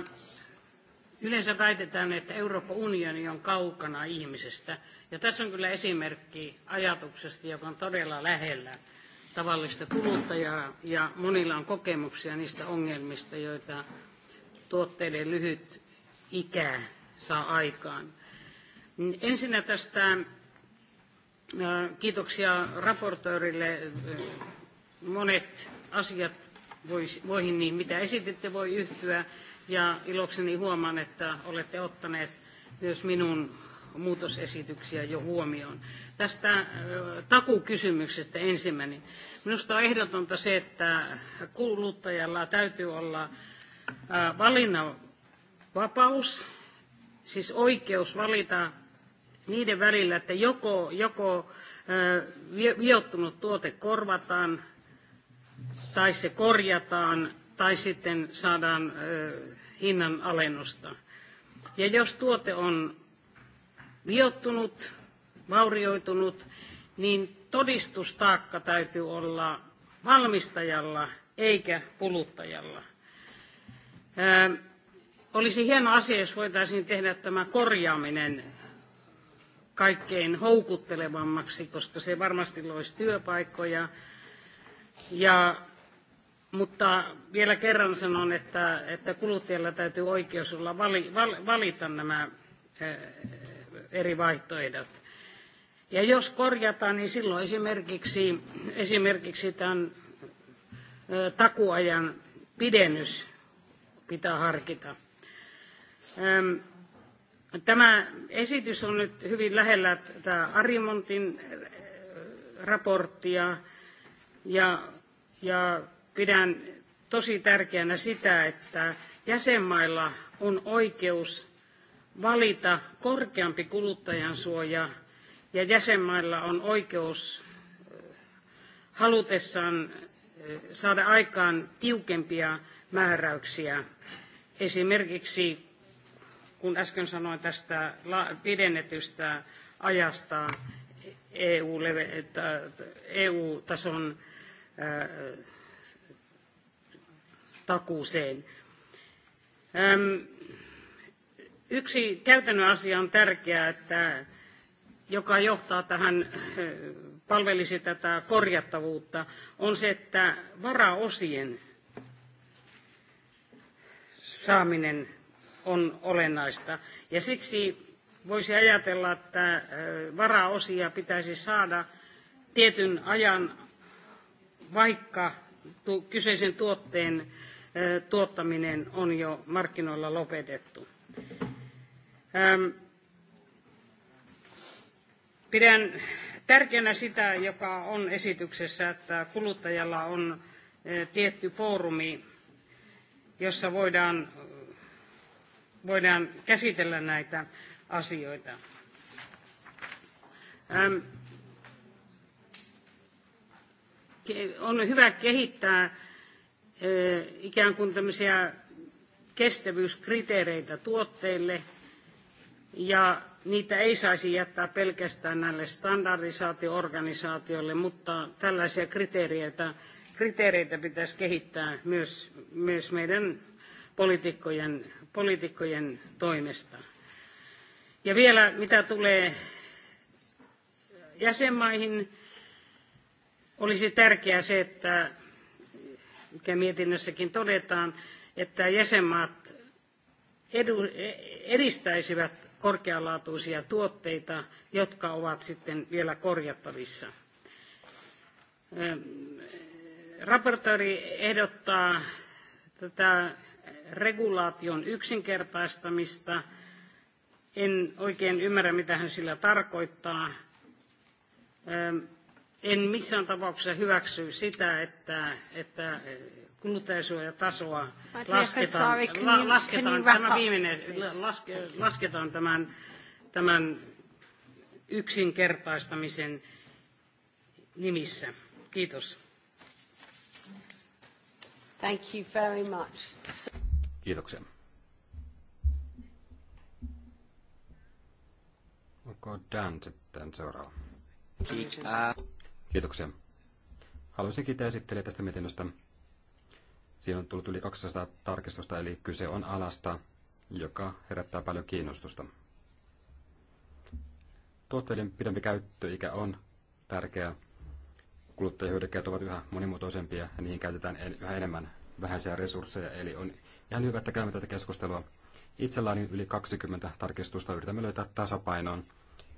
Yleensä väitetään, että Euroopan unioni on kaukana ihmisestä. Ja tässä on kyllä esimerkki ajatuksesta, joka on todella lähellä tavallista kuluttajaa. Ja monilla on kokemuksia niistä ongelmista, joita tuotteiden lyhyt ikä saa aikaan. Ensinnä tästä kiitoksia raportöörille. Monet asiat, voihin niin mitä esititte, voi yhtyä ja ilokseni huomaan, että olette ottaneet myös minun muutosesityksiä jo huomioon. Tästä takukysymyksestä ensimmäinen. Minusta on ehdotonta se, että kuluttajalla täytyy olla valinnanvapaus, siis oikeus valita niiden välillä, että joko, joko viottunut tuote korvataan tai se korjataan tai sitten saadaan hinnan alennusta. Ja jos tuote on viottunut, vaurioitunut, niin todistustaakka täytyy olla valmistajalla eikä kuluttajalla. Olisi hieno asia, jos voitaisiin tehdä tämä korjaaminen kaikkein houkuttelevammaksi, koska se varmasti loisi työpaikkoja ja mutta vielä kerran sanon, että, että kuluttajalla täytyy oikeus olla vali, val, valita nämä eh, eri vaihtoehdot. Ja jos korjataan, niin silloin esimerkiksi, esimerkiksi tämän eh, takuajan pidennys pitää harkita. Tämä esitys on nyt hyvin lähellä tätä Arimontin eh, raporttia ja, ja Pidän tosi tärkeänä sitä, että jäsenmailla on oikeus valita korkeampi kuluttajansuoja ja jäsenmailla on oikeus halutessaan saada aikaan tiukempia määräyksiä. Esimerkiksi kun äsken sanoin tästä pidennetystä ajasta EU-tason eu tason takuuseen. Yksi käytännön asia on tärkeää, että joka johtaa tähän, palvelisi tätä korjattavuutta, on se, että varaosien saaminen on olennaista. Ja siksi voisi ajatella, että varaosia pitäisi saada tietyn ajan, vaikka kyseisen tuotteen tuottaminen on jo markkinoilla lopetettu. Pidän tärkeänä sitä, joka on esityksessä, että kuluttajalla on tietty foorumi, jossa voidaan, voidaan käsitellä näitä asioita. On hyvä kehittää Eh, ikään kuin tämmöisiä kestävyyskriteereitä tuotteille, ja niitä ei saisi jättää pelkästään näille standardisaatioorganisaatioille, mutta tällaisia kriteereitä, kriteereitä pitäisi kehittää myös, myös meidän poliitikkojen, poliitikkojen toimesta. Ja vielä mitä tulee jäsenmaihin, olisi tärkeää se, että mikä mietinnössäkin todetaan, että jäsenmaat edu, edistäisivät korkealaatuisia tuotteita, jotka ovat sitten vielä korjattavissa. Raportööri ehdottaa tätä regulaation yksinkertaistamista. En oikein ymmärrä, mitä hän sillä tarkoittaa en missään tapauksessa hyväksy sitä, että, että kuluttajasuojatasoa lasketaan, la, lasketaan, tämä viimeinen, laske, lasketaan tämän, tämän yksinkertaistamisen nimissä. Kiitos. Thank you very much. Kiitoksia. Onko Dan sitten seuraava? Kiitos. Kiitoksia. Haluaisin kiittää esittelijä tästä mietinnöstä. Siinä on tullut yli 200 tarkistusta, eli kyse on alasta, joka herättää paljon kiinnostusta. Tuotteiden pidempi käyttöikä on tärkeä. Kuluttajahyödykkeet ovat yhä monimuotoisempia ja niihin käytetään yhä enemmän vähäisiä resursseja, eli on ihan hyvä, että käymme tätä keskustelua. Itselläni yli 20 tarkistusta yritämme löytää tasapainoon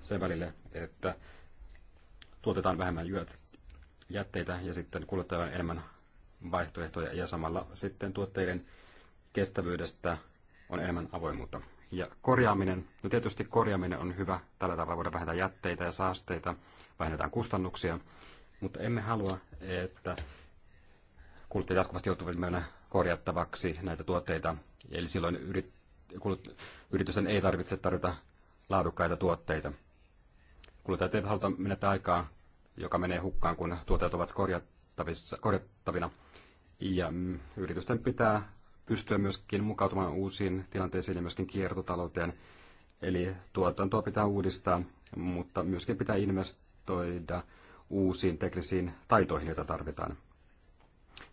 sen välille, että tuotetaan vähemmän jätteitä ja sitten kuluttajalla on enemmän vaihtoehtoja ja samalla sitten tuotteiden kestävyydestä on enemmän avoimuutta. Ja korjaaminen, no tietysti korjaaminen on hyvä, tällä tavalla voidaan vähentää jätteitä ja saasteita, vähennetään kustannuksia, mutta emme halua, että kuluttajat jatkuvasti joutuvat mennä korjattavaksi näitä tuotteita, eli silloin yrit, kulut, yritysten ei tarvitse tarjota laadukkaita tuotteita. Kuluttajat eivät haluta menettää aikaa, joka menee hukkaan, kun tuotteet ovat korjattavina. Ja mm, yritysten pitää pystyä myöskin mukautumaan uusiin tilanteisiin ja myöskin kiertotalouteen. Eli tuotantoa pitää uudistaa, mutta myöskin pitää investoida uusiin teknisiin taitoihin, joita tarvitaan.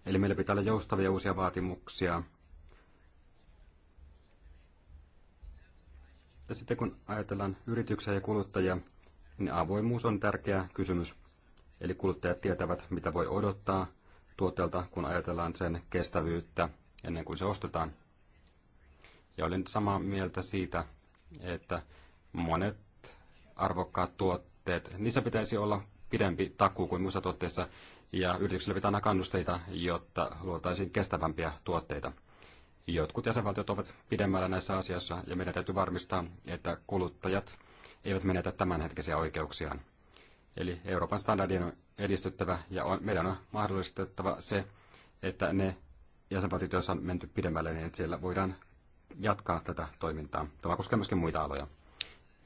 Eli meillä pitää olla joustavia uusia vaatimuksia. Ja sitten kun ajatellaan yrityksiä ja kuluttajia, niin avoimuus on tärkeä kysymys. Eli kuluttajat tietävät, mitä voi odottaa tuotteelta, kun ajatellaan sen kestävyyttä ennen kuin se ostetaan. Ja olen samaa mieltä siitä, että monet arvokkaat tuotteet, niissä pitäisi olla pidempi takuu kuin muissa tuotteissa, ja yrityksille pitää aina kannusteita, jotta luotaisiin kestävämpiä tuotteita. Jotkut jäsenvaltiot ovat pidemmällä näissä asioissa, ja meidän täytyy varmistaa, että kuluttajat eivät menetä tämänhetkisiä oikeuksiaan. Eli Euroopan standardien on edistyttävä ja on, meidän on mahdollistettava se, että ne jäsenvaltiot, joissa on menty pidemmälle, niin että siellä voidaan jatkaa tätä toimintaa. Tämä koskee myöskin muita aloja.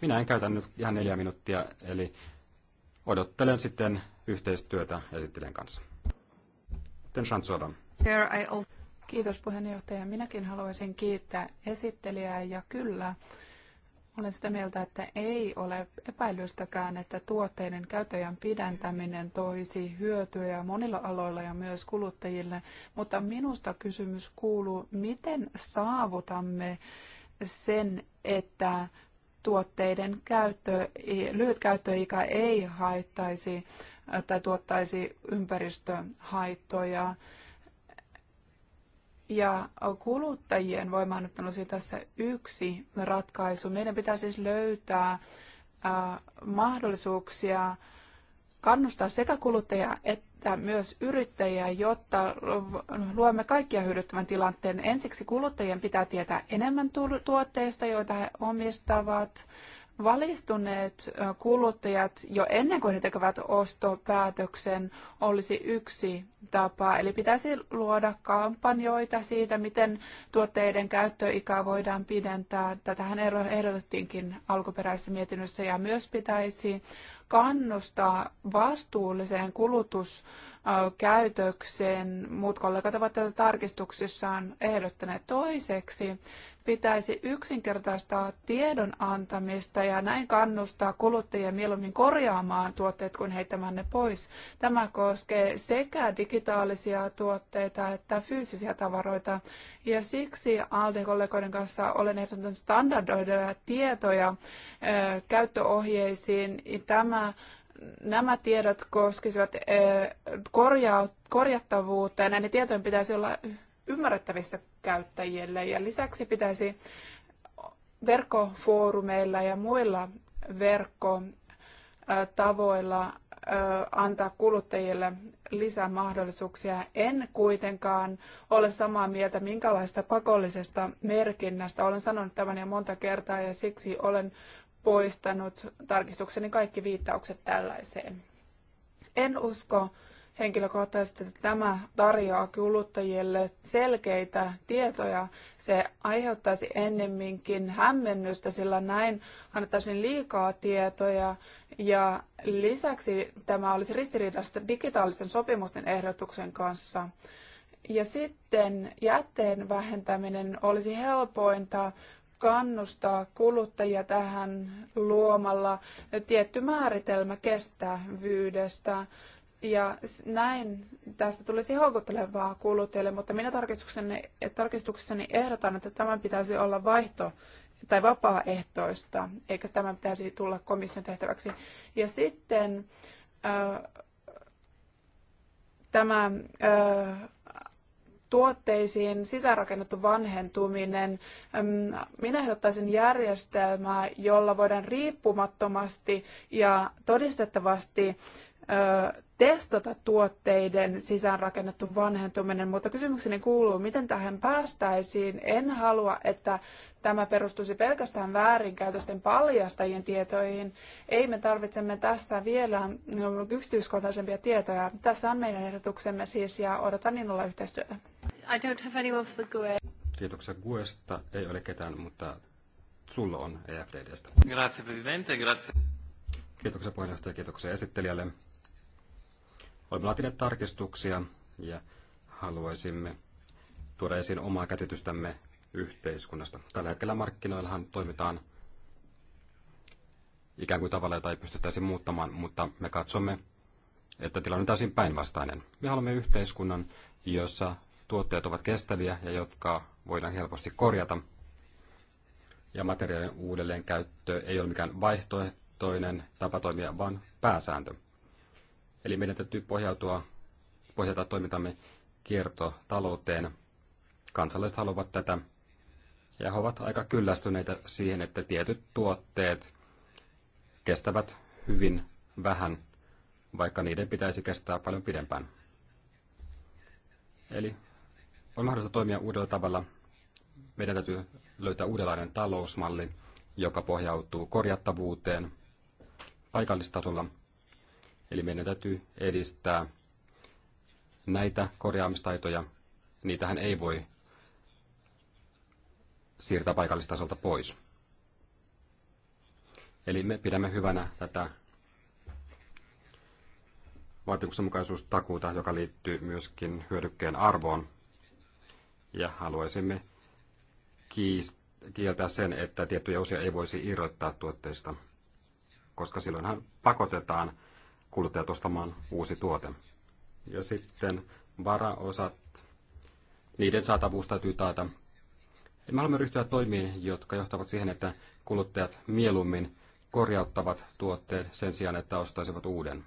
Minä en käytä nyt ihan neljä minuuttia, eli odottelen sitten yhteistyötä esittelijän kanssa. Kiitos puheenjohtaja. Minäkin haluaisin kiittää esittelijää ja kyllä olen sitä mieltä, että ei ole epäilystäkään, että tuotteiden käyttäjän pidentäminen toisi hyötyjä monilla aloilla ja myös kuluttajille, mutta minusta kysymys kuuluu, miten saavutamme sen, että tuotteiden käyttö, lyhyt käyttöikä ei haittaisi tai tuottaisi ympäristöhaittoja. Ja kuluttajien voimaannuttaminen olisi siis tässä yksi ratkaisu. Meidän pitää siis löytää mahdollisuuksia kannustaa sekä kuluttajia että myös yrittäjiä, jotta luomme kaikkia hyödyttävän tilanteen. Ensiksi kuluttajien pitää tietää enemmän tuotteista, joita he omistavat. Valistuneet kuluttajat jo ennen kuin he tekevät ostopäätöksen olisi yksi tapa. Eli pitäisi luoda kampanjoita siitä, miten tuotteiden käyttöikää voidaan pidentää. Tätähän ehdotettiinkin alkuperäisessä mietinnössä ja myös pitäisi kannustaa vastuulliseen kulutuskäytökseen. Muut kollegat ovat tätä tarkistuksissaan ehdottaneet toiseksi pitäisi yksinkertaistaa tiedon antamista ja näin kannustaa kuluttajia mieluummin korjaamaan tuotteet kuin heittämään ne pois. Tämä koskee sekä digitaalisia tuotteita että fyysisiä tavaroita. Ja siksi ALDE-kollegoiden kanssa olen ehdottanut standardoida tietoja ö, käyttöohjeisiin. Tämä nämä tiedot koskisivat korjattavuutta ja näiden tietojen pitäisi olla ymmärrettävissä käyttäjille. Ja lisäksi pitäisi verkkofoorumeilla ja muilla verkkotavoilla antaa kuluttajille lisää mahdollisuuksia. En kuitenkaan ole samaa mieltä minkälaista pakollisesta merkinnästä. Olen sanonut tämän jo monta kertaa ja siksi olen poistanut tarkistukseni kaikki viittaukset tällaiseen. En usko henkilökohtaisesti, että tämä tarjoaa kuluttajille selkeitä tietoja. Se aiheuttaisi ennemminkin hämmennystä, sillä näin annettaisiin liikaa tietoja ja lisäksi tämä olisi ristiriidasta digitaalisten sopimusten ehdotuksen kanssa. Ja sitten jätteen vähentäminen olisi helpointa kannustaa kuluttajia tähän luomalla tietty määritelmä kestävyydestä. Ja näin tästä tulisi houkuttelevaa kuluttajille, mutta minä tarkistukseni, tarkistuksessani ehdotan, että tämän pitäisi olla vaihto tai vapaaehtoista, eikä tämän pitäisi tulla komission tehtäväksi. Ja sitten äh, tämä äh, tuotteisiin sisäänrakennettu vanhentuminen. Minä ehdottaisin järjestelmää, jolla voidaan riippumattomasti ja todistettavasti testata tuotteiden sisäänrakennettu vanhentuminen, mutta kysymykseni kuuluu, miten tähän päästäisiin. En halua, että tämä perustuisi pelkästään väärinkäytösten paljastajien tietoihin. Ei me tarvitsemme tässä vielä yksityiskohtaisempia tietoja. Tässä on meidän ehdotuksemme siis ja odotan innolla yhteistyötä. I don't have anyone for the GUE. Kiitoksia GUEsta. Ei ole ketään, mutta sulla on EFDDstä. Grazie, Presidente. Grazie. Kiitoksia puheenjohtaja, kiitoksia esittelijälle. Olemme laatineet tarkistuksia ja haluaisimme tuoda esiin omaa käsitystämme yhteiskunnasta. Tällä hetkellä markkinoillahan toimitaan ikään kuin tavalla, jota ei pystyttäisi muuttamaan, mutta me katsomme, että tilanne on täysin päinvastainen. Me haluamme yhteiskunnan, jossa tuotteet ovat kestäviä ja jotka voidaan helposti korjata. Ja materiaalien uudelleenkäyttö ei ole mikään vaihtoehtoinen tapa toimia, vaan pääsääntö. Eli meidän täytyy pohjautua, pohjata toimintamme kiertotalouteen. Kansalaiset haluavat tätä ja he ovat aika kyllästyneitä siihen, että tietyt tuotteet kestävät hyvin vähän, vaikka niiden pitäisi kestää paljon pidempään. Eli on mahdollista toimia uudella tavalla. Meidän täytyy löytää uudenlainen talousmalli, joka pohjautuu korjattavuuteen paikallistasolla – Eli meidän täytyy edistää näitä korjaamistaitoja. Niitähän ei voi siirtää paikallistasolta pois. Eli me pidämme hyvänä tätä vaatimuksenmukaisuustakuuta, joka liittyy myöskin hyödykkeen arvoon. Ja haluaisimme kieltää sen, että tiettyjä osia ei voisi irrottaa tuotteista, koska silloinhan pakotetaan kuluttajat ostamaan uusi tuote. Ja sitten varaosat, niiden saatavuus täytyy taata. Me haluamme ryhtyä toimiin, jotka johtavat siihen, että kuluttajat mieluummin korjauttavat tuotteet sen sijaan, että ostaisivat uuden.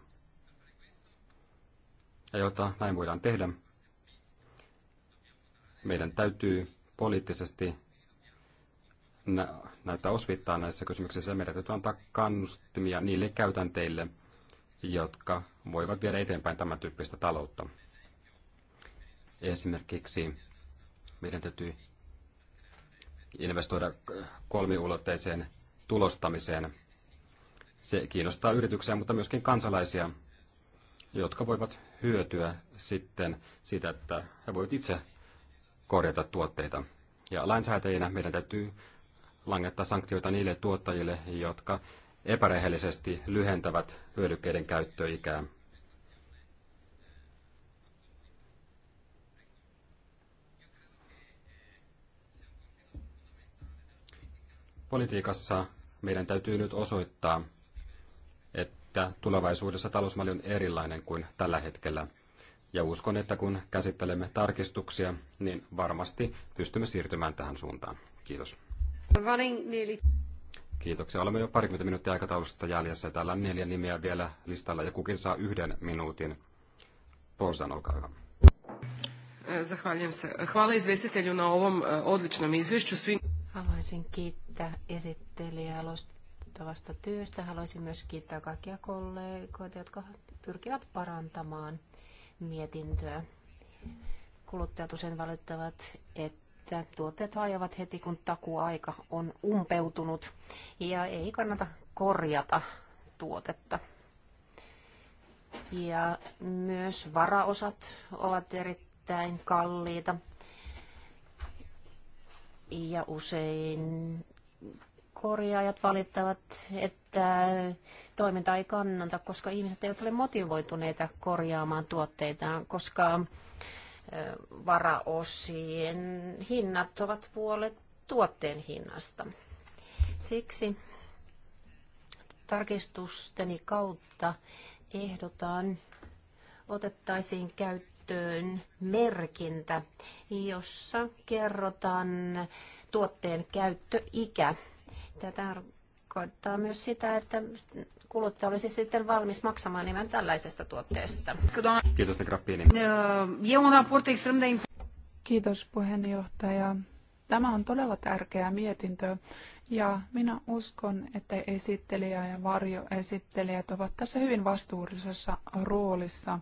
Ja jotta näin voidaan tehdä, meidän täytyy poliittisesti näyttää osvittaa näissä kysymyksissä. Meidän täytyy antaa kannustimia niille käytänteille, jotka voivat viedä eteenpäin tämän tyyppistä taloutta. Esimerkiksi meidän täytyy investoida kolmiulotteiseen tulostamiseen. Se kiinnostaa yrityksiä, mutta myöskin kansalaisia, jotka voivat hyötyä sitten siitä, että he voivat itse korjata tuotteita. Ja lainsäätäjinä meidän täytyy langettaa sanktioita niille tuottajille, jotka epärehellisesti lyhentävät hyödykkeiden käyttöikää. Politiikassa meidän täytyy nyt osoittaa, että tulevaisuudessa talousmalli on erilainen kuin tällä hetkellä. Ja uskon, että kun käsittelemme tarkistuksia, niin varmasti pystymme siirtymään tähän suuntaan. Kiitos. Kiitoksia. Olemme jo parikymmentä minuuttia aikataulusta jäljessä. Täällä on neljä nimeä vielä listalla ja kukin saa yhden minuutin. Porzan, olkaa hyvä. Zahvaljujem se. Hvala izvjestitelju na ovom e, odličnom izvješću. Svim... Haluaisin kiittää esittelijää aloittavasta työstä. Haluaisin myös kiittää kaikkia kollegoita, jotka pyrkivät parantamaan mietintöä. Kuluttajat usein valittavat, että että tuotteet hajoavat heti, kun takuaika on umpeutunut ja ei kannata korjata tuotetta. Ja myös varaosat ovat erittäin kalliita. Ja usein korjaajat valittavat, että toiminta ei kannata, koska ihmiset eivät ole motivoituneita korjaamaan tuotteitaan, koska varaosien hinnat ovat puolet tuotteen hinnasta. Siksi tarkistusteni kautta ehdotan otettaisiin käyttöön merkintä, jossa kerrotaan tuotteen käyttöikä. Tätä tarkoittaa myös sitä, että kuluttaja olisi sitten valmis maksamaan nimen tällaisesta tuotteesta. Kiitos, Grappini. E Kiitos, puheenjohtaja. Tämä on todella tärkeä mietintö ja minä uskon, että esittelijä ja varjoesittelijät ovat tässä hyvin vastuullisessa roolissa.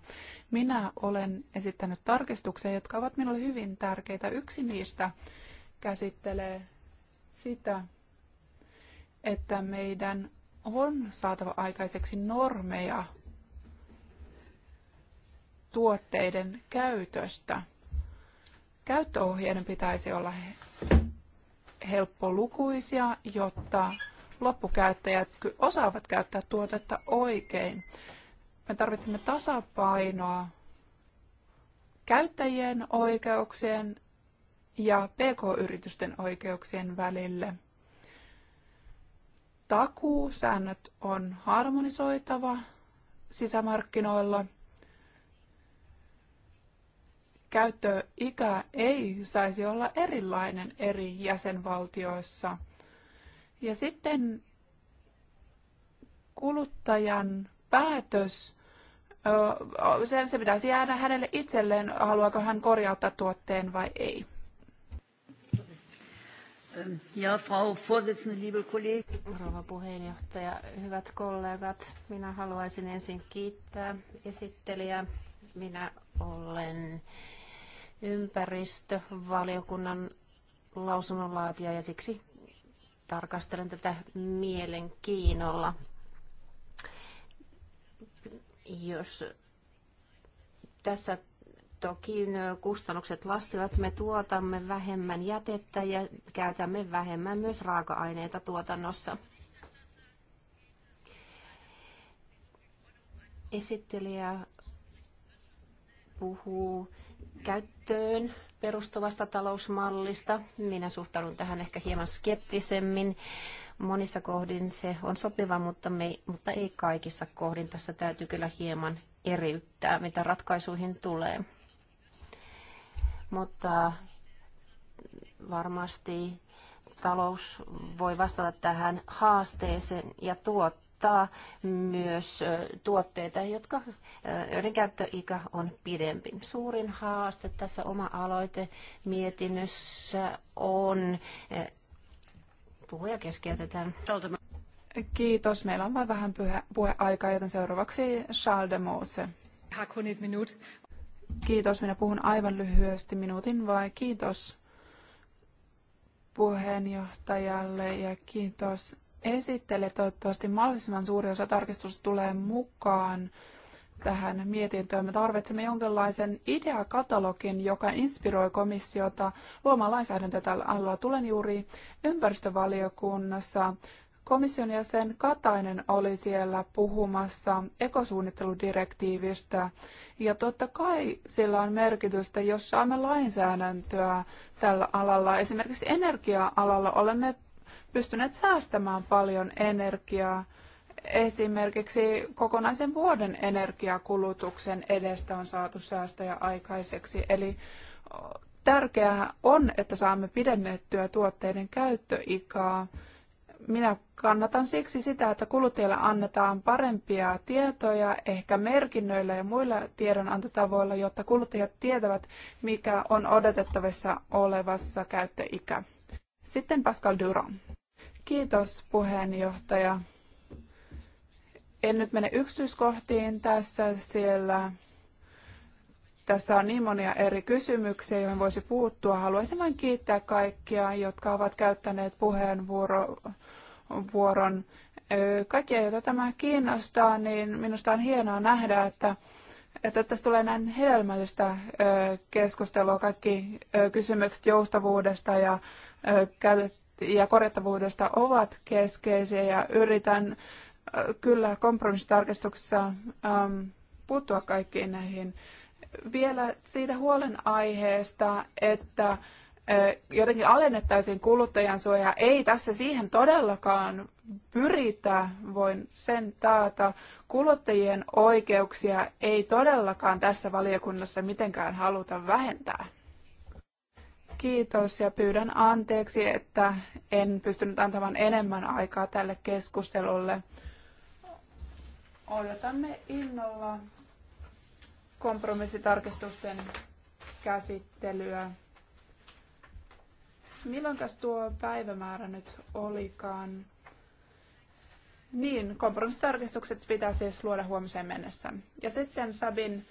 Minä olen esittänyt tarkistuksia, jotka ovat minulle hyvin tärkeitä. Yksi niistä käsittelee sitä, että meidän on saatava aikaiseksi normeja tuotteiden käytöstä. Käyttöohjeiden pitäisi olla helppolukuisia, jotta loppukäyttäjät osaavat käyttää tuotetta oikein. Me tarvitsemme tasapainoa käyttäjien oikeuksien ja pk-yritysten oikeuksien välille takuusäännöt on harmonisoitava sisämarkkinoilla. Käyttöikä ei saisi olla erilainen eri jäsenvaltioissa. Ja sitten kuluttajan päätös, sen se pitäisi jäädä hänelle itselleen, haluaako hän korjauttaa tuotteen vai ei. Rouva puheenjohtaja, hyvät kollegat, minä haluaisin ensin kiittää esittelijää. Minä olen ympäristövaliokunnan lausunnonlaatija ja siksi tarkastelen tätä mielenkiinnolla. Jos tässä Toki kustannukset laskevat, me tuotamme vähemmän jätettä ja käytämme vähemmän myös raaka-aineita tuotannossa. Esittelijä puhuu käyttöön perustuvasta talousmallista. Minä suhtaudun tähän ehkä hieman skeptisemmin. Monissa kohdin se on sopiva, mutta, me, mutta ei kaikissa kohdin. Tässä täytyy kyllä hieman eriyttää, mitä ratkaisuihin tulee mutta varmasti talous voi vastata tähän haasteeseen ja tuottaa myös tuotteita, jotka, joiden käyttöikä on pidempi. Suurin haaste tässä oma-aloite mietinnössä on, puhuja keskeytetään. Kiitos. Meillä on vain vähän puheaikaa, joten seuraavaksi Charles de Mose. Kiitos, minä puhun aivan lyhyesti minuutin vai kiitos puheenjohtajalle ja kiitos esittele. Toivottavasti mahdollisimman suuri osa tarkistus tulee mukaan tähän mietintöön. Me tarvitsemme jonkinlaisen ideakatalogin, joka inspiroi komissiota luomaan lainsäädäntöä tällä alalla. Tulen juuri ympäristövaliokunnassa Komission jäsen Katainen oli siellä puhumassa ekosuunnitteludirektiivistä ja totta kai sillä on merkitystä, jos saamme lainsäädäntöä tällä alalla. Esimerkiksi energia-alalla olemme pystyneet säästämään paljon energiaa. Esimerkiksi kokonaisen vuoden energiakulutuksen edestä on saatu säästöjä aikaiseksi. Eli tärkeää on, että saamme pidennettyä tuotteiden käyttöikaa minä kannatan siksi sitä, että kuluttajille annetaan parempia tietoja, ehkä merkinnöillä ja muilla tiedonantotavoilla, jotta kuluttajat tietävät, mikä on odotettavissa olevassa käyttöikä. Sitten Pascal Duran. Kiitos puheenjohtaja. En nyt mene yksityiskohtiin tässä, siellä tässä on niin monia eri kysymyksiä, joihin voisi puuttua. Haluaisin vain kiittää kaikkia, jotka ovat käyttäneet puheenvuoroa vuoron Kaikkia, joita tämä kiinnostaa, niin minusta on hienoa nähdä, että, että tässä tulee näin hedelmällistä keskustelua. Kaikki kysymykset joustavuudesta ja, ja korjattavuudesta ovat keskeisiä ja yritän kyllä kompromissitarkistuksessa ähm, puuttua kaikkiin näihin vielä siitä huolenaiheesta, että jotenkin alennettaisiin kuluttajan suojaa. Ei tässä siihen todellakaan pyritä, voin sen taata. Kuluttajien oikeuksia ei todellakaan tässä valiokunnassa mitenkään haluta vähentää. Kiitos ja pyydän anteeksi, että en pystynyt antamaan enemmän aikaa tälle keskustelulle. Odotamme innolla kompromissitarkistusten käsittelyä. Milloinkas tuo päivämäärä nyt olikaan? Niin, kompromissitarkistukset pitää siis luoda huomiseen mennessä. Ja sitten Sabin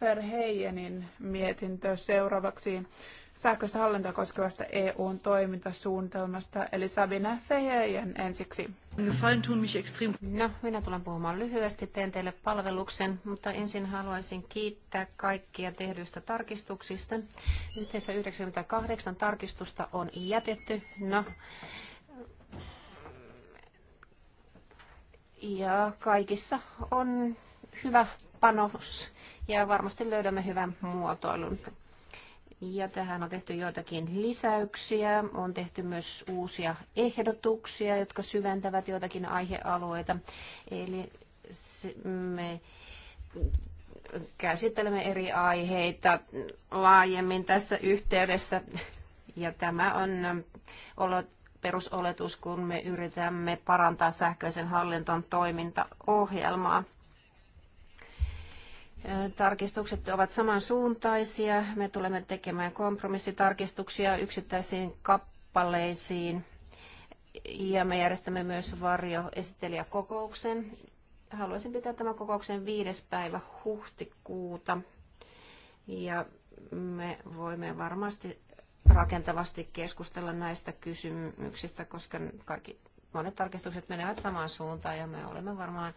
Verheijenin mietintö seuraavaksi sähköistä hallintoa koskevasta EUn toimintasuunnitelmasta, eli Sabine Fejeen ensiksi. No, minä tulen puhumaan lyhyesti, teen teille palveluksen, mutta ensin haluaisin kiittää kaikkia tehdyistä tarkistuksista. Yhteensä 98 tarkistusta on jätetty. No, ja kaikissa on hyvä panos ja varmasti löydämme hyvän muotoilun. Ja tähän on tehty joitakin lisäyksiä, on tehty myös uusia ehdotuksia, jotka syventävät joitakin aihealueita. Eli me käsittelemme eri aiheita laajemmin tässä yhteydessä. Ja tämä on perusoletus, kun me yritämme parantaa sähköisen hallinton toimintaohjelmaa. Tarkistukset ovat samansuuntaisia. Me tulemme tekemään kompromissitarkistuksia yksittäisiin kappaleisiin. Ja me järjestämme myös varjoesittelijäkokouksen. Haluaisin pitää tämän kokouksen 5. päivä huhtikuuta. Ja me voimme varmasti rakentavasti keskustella näistä kysymyksistä, koska kaikki monet tarkistukset menevät samaan suuntaan ja me olemme varmaan,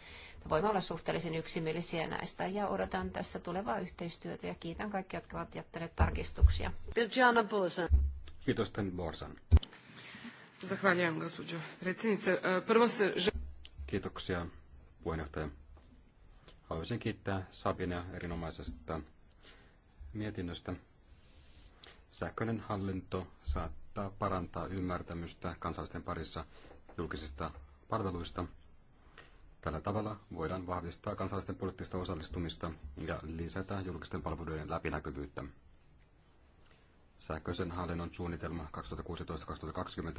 voimme olla suhteellisen yksimielisiä näistä ja odotan tässä tulevaa yhteistyötä ja kiitän kaikkia, jotka ovat jättäneet tarkistuksia. Biljana Borsan. Kiitos, Tani Borsan. Zahvaljujem, gospođo predsjednice. E, prvo se... Kiitoksia, puheenjohtaja. Haluaisin kiittää Sabina erinomaisesta mietinnöstä. Sähköinen hallinto saattaa parantaa ymmärtämystä kansalaisten parissa julkisista palveluista. Tällä tavalla voidaan vahvistaa kansalaisten poliittista osallistumista ja lisätä julkisten palveluiden läpinäkyvyyttä. Sähköisen hallinnon suunnitelma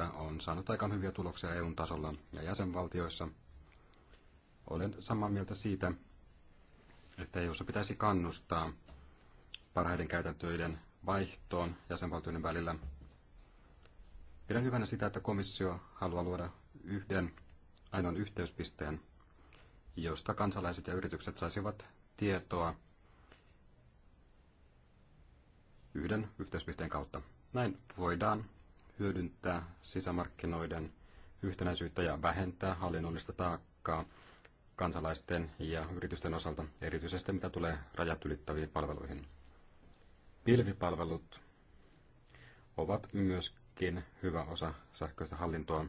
2016-2020 on saanut aika hyviä tuloksia eu tasolla ja jäsenvaltioissa. Olen samaa mieltä siitä, että EUssa pitäisi kannustaa parhaiden käytäntöiden vaihtoon jäsenvaltioiden välillä. Pidän hyvänä sitä, että komissio haluaa luoda yhden ainoan yhteyspisteen, josta kansalaiset ja yritykset saisivat tietoa yhden yhteyspisteen kautta. Näin voidaan hyödyntää sisämarkkinoiden yhtenäisyyttä ja vähentää hallinnollista taakkaa kansalaisten ja yritysten osalta, erityisesti mitä tulee rajat ylittäviin palveluihin. Pilvipalvelut ovat myöskin hyvä osa sähköistä hallintoa.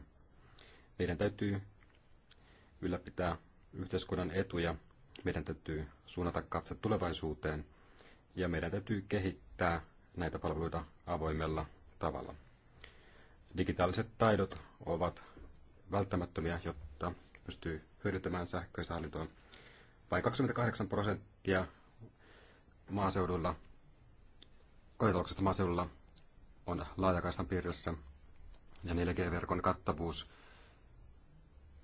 Meidän täytyy ylläpitää yhteiskunnan etuja, meidän täytyy suunnata katse tulevaisuuteen ja meidän täytyy kehittää näitä palveluita avoimella tavalla. Digitaaliset taidot ovat välttämättömiä, jotta pystyy hyödyntämään sähköistä hallintoa. Vain 28 prosenttia maaseudulla, kotitalouksista maaseudulla on laajakaistan piirissä ja 4G-verkon kattavuus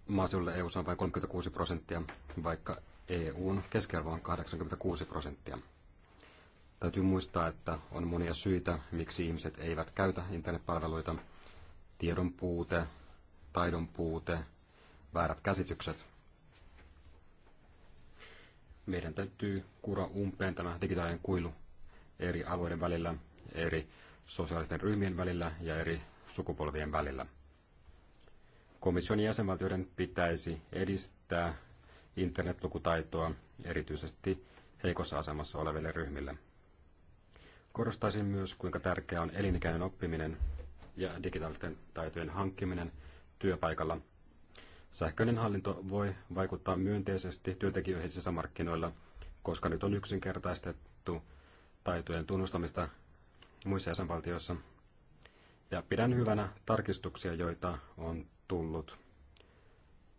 maaseudulla EU on vain 36 prosenttia, vaikka EUn keskiarvo on 86 prosenttia. Täytyy muistaa, että on monia syitä, miksi ihmiset eivät käytä internetpalveluita. Tiedon puute, taidon puute, väärät käsitykset. Meidän täytyy kura umpeen tämä digitaalinen kuilu eri alueiden välillä, eri sosiaalisten ryhmien välillä ja eri sukupolvien välillä komission jäsenvaltioiden pitäisi edistää internetlukutaitoa erityisesti heikossa asemassa oleville ryhmille. Korostaisin myös, kuinka tärkeää on elinikäinen oppiminen ja digitaalisten taitojen hankkiminen työpaikalla. Sähköinen hallinto voi vaikuttaa myönteisesti työntekijöihin sisämarkkinoilla, koska nyt on yksinkertaistettu taitojen tunnustamista muissa jäsenvaltioissa. Ja pidän hyvänä tarkistuksia, joita on tullut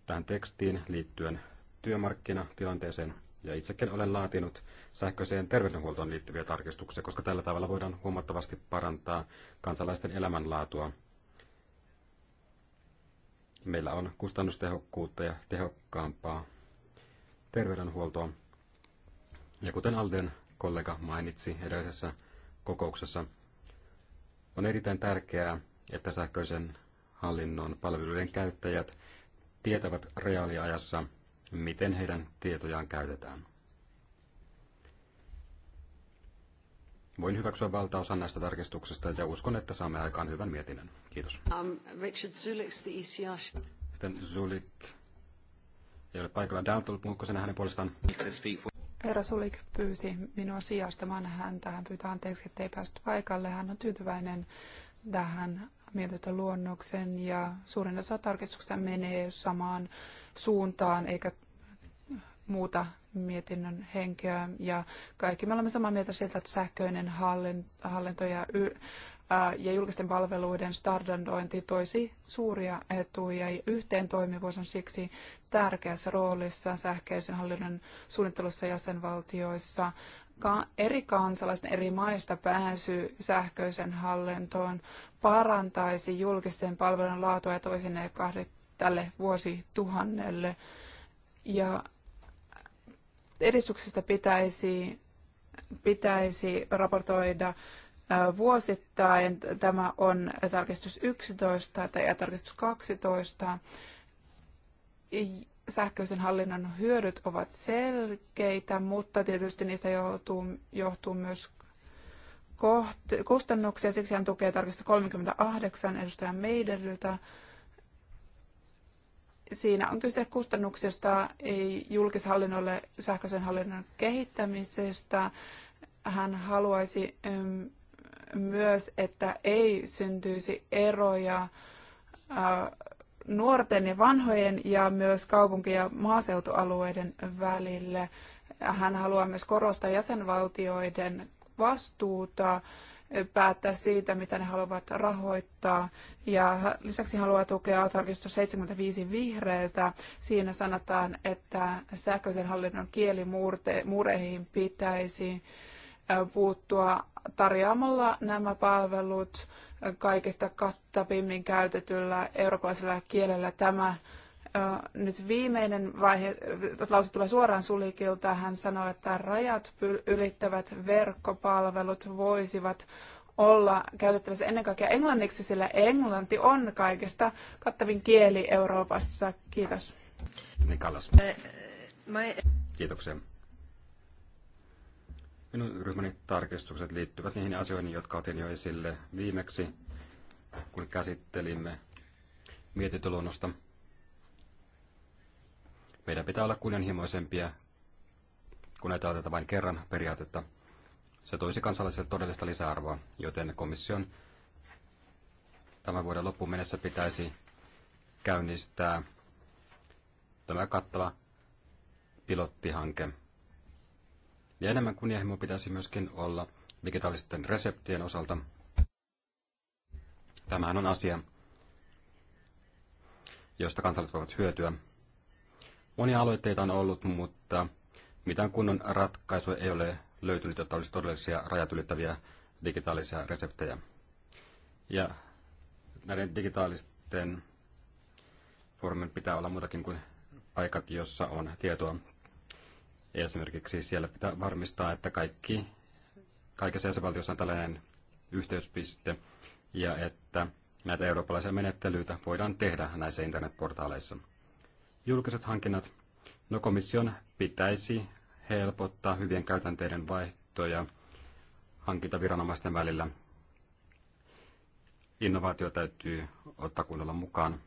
tähän tekstiin liittyen työmarkkinatilanteeseen. Ja itsekin olen laatinut sähköiseen terveydenhuoltoon liittyviä tarkistuksia, koska tällä tavalla voidaan huomattavasti parantaa kansalaisten elämänlaatua. Meillä on kustannustehokkuutta ja tehokkaampaa terveydenhuoltoa. Ja kuten Alden kollega mainitsi edellisessä kokouksessa, on erittäin tärkeää, että sähköisen hallinnon palveluiden käyttäjät tietävät reaaliajassa, miten heidän tietojaan käytetään. Voin hyväksyä valtaosan näistä tarkistuksista ja uskon, että saamme aikaan hyvän mietinnön. Kiitos. Um, Richard Zulik, the ECR. Sitten Zulik. Ei ole paikalla Down tullut sinä hänen puolestaan? Herra Sulik pyysi minua sijastamaan häntä. Hän pyytää anteeksi, ei päästy paikalle. Hän on tyytyväinen tähän luonnoksen ja suurin osa tarkistuksista menee samaan suuntaan eikä muuta mietinnön henkeä. Ja kaikki me olemme samaa mieltä siitä, että sähköinen hallinto ja, y- ja julkisten palveluiden standardointi toisi suuria etuja ja yhteen toimivuus on siksi tärkeässä roolissa sähköisen hallinnon suunnittelussa jäsenvaltioissa eri kansalaisten eri maista pääsy sähköisen hallintoon parantaisi julkisten palvelujen laatua ja ne kahde, tälle vuosituhannelle. Ja edistyksestä pitäisi, pitäisi raportoida vuosittain. Tämä on tarkistus 11 tai tarkistus 12 sähköisen hallinnon hyödyt ovat selkeitä, mutta tietysti niistä johtuu, johtuu myös koht- kustannuksia. Siksi hän tukee tarkistusta 38 edustajan Meideriltä. Siinä on kyse kustannuksista ei julkishallinnolle sähköisen hallinnon kehittämisestä. Hän haluaisi mm, myös, että ei syntyisi eroja äh, nuorten ja vanhojen ja myös kaupunki- ja maaseutualueiden välille. Hän haluaa myös korostaa jäsenvaltioiden vastuuta päättää siitä, mitä ne haluavat rahoittaa. Ja lisäksi haluaa tukea tarkistus 75 vihreiltä. Siinä sanotaan, että sähköisen hallinnon kielimuureihin pitäisi puuttua tarjoamalla nämä palvelut kaikista kattavimmin käytetyllä eurooppalaisella kielellä. Tämä nyt viimeinen vaihe, lause tulee suoraan Sulikilta. Hän sanoi, että rajat ylittävät verkkopalvelut voisivat olla käytettävissä ennen kaikkea englanniksi, sillä englanti on kaikista kattavin kieli Euroopassa. Kiitos. Äh, äh, Kiitoksia. Minun ryhmäni tarkistukset liittyvät niihin asioihin, jotka otin jo esille viimeksi, kun käsittelimme mietintöluonnosta. Meidän pitää olla kunnianhimoisempia, kun näitä otetaan vain kerran periaatetta. Se toisi kansalaisille todellista lisäarvoa, joten komission tämän vuoden loppuun mennessä pitäisi käynnistää tämä kattava pilottihanke ja enemmän kunnianhimo pitäisi myöskin olla digitaalisten reseptien osalta. Tämähän on asia, josta kansalaiset voivat hyötyä. Monia aloitteita on ollut, mutta mitään kunnon ratkaisua ei ole löytynyt, jotta olisi todellisia rajat ylittäviä digitaalisia reseptejä. Ja näiden digitaalisten foorumien pitää olla muutakin kuin paikat, jossa on tietoa. Esimerkiksi siellä pitää varmistaa, että kaikki, kaikessa jäsenvaltiossa on tällainen yhteyspiste ja että näitä eurooppalaisia menettelyitä voidaan tehdä näissä internetportaaleissa. Julkiset hankinnat. No komission pitäisi helpottaa hyvien käytänteiden vaihtoja hankintaviranomaisten välillä. Innovaatio täytyy ottaa kunnolla mukaan.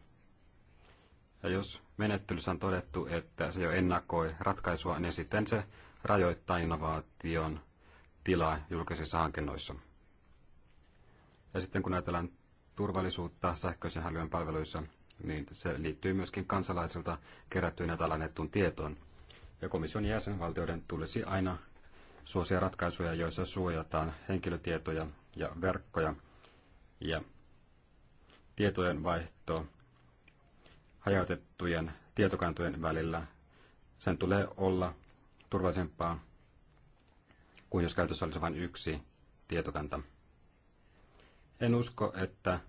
Ja jos menettelyssä on todettu, että se jo ennakoi ratkaisua, niin sitten se rajoittaa innovaation tilaa julkisissa hankinnoissa. Ja sitten kun ajatellaan turvallisuutta sähköisen hälyön palveluissa, niin se liittyy myöskin kansalaisilta kerättyyn ja tallennettuun tietoon. Ja komission jäsenvaltioiden tulisi aina suosia ratkaisuja, joissa suojataan henkilötietoja ja verkkoja. Ja tietojen vaihto hajautettujen tietokantojen välillä. Sen tulee olla turvallisempaa kuin jos käytössä olisi vain yksi tietokanta. En usko, että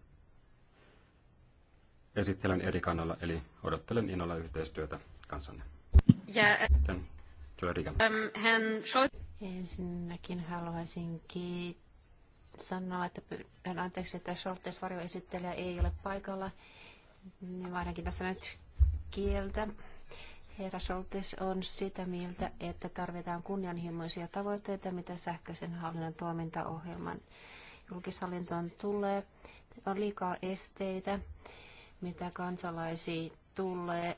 esittelen eri kannalla, eli odottelen innolla yhteistyötä kanssanne. Ja, äh, Sitten hän ähm, Ensinnäkin haluaisin kiittää sanoa, että pyydän anteeksi, että Shortes varjoesittelijä ei ole paikalla niin ainakin tässä nyt kieltä. Herra Soltis on sitä mieltä, että tarvitaan kunnianhimoisia tavoitteita, mitä sähköisen hallinnan toimintaohjelman julkishallintoon tulee. On liikaa esteitä, mitä kansalaisiin tulee.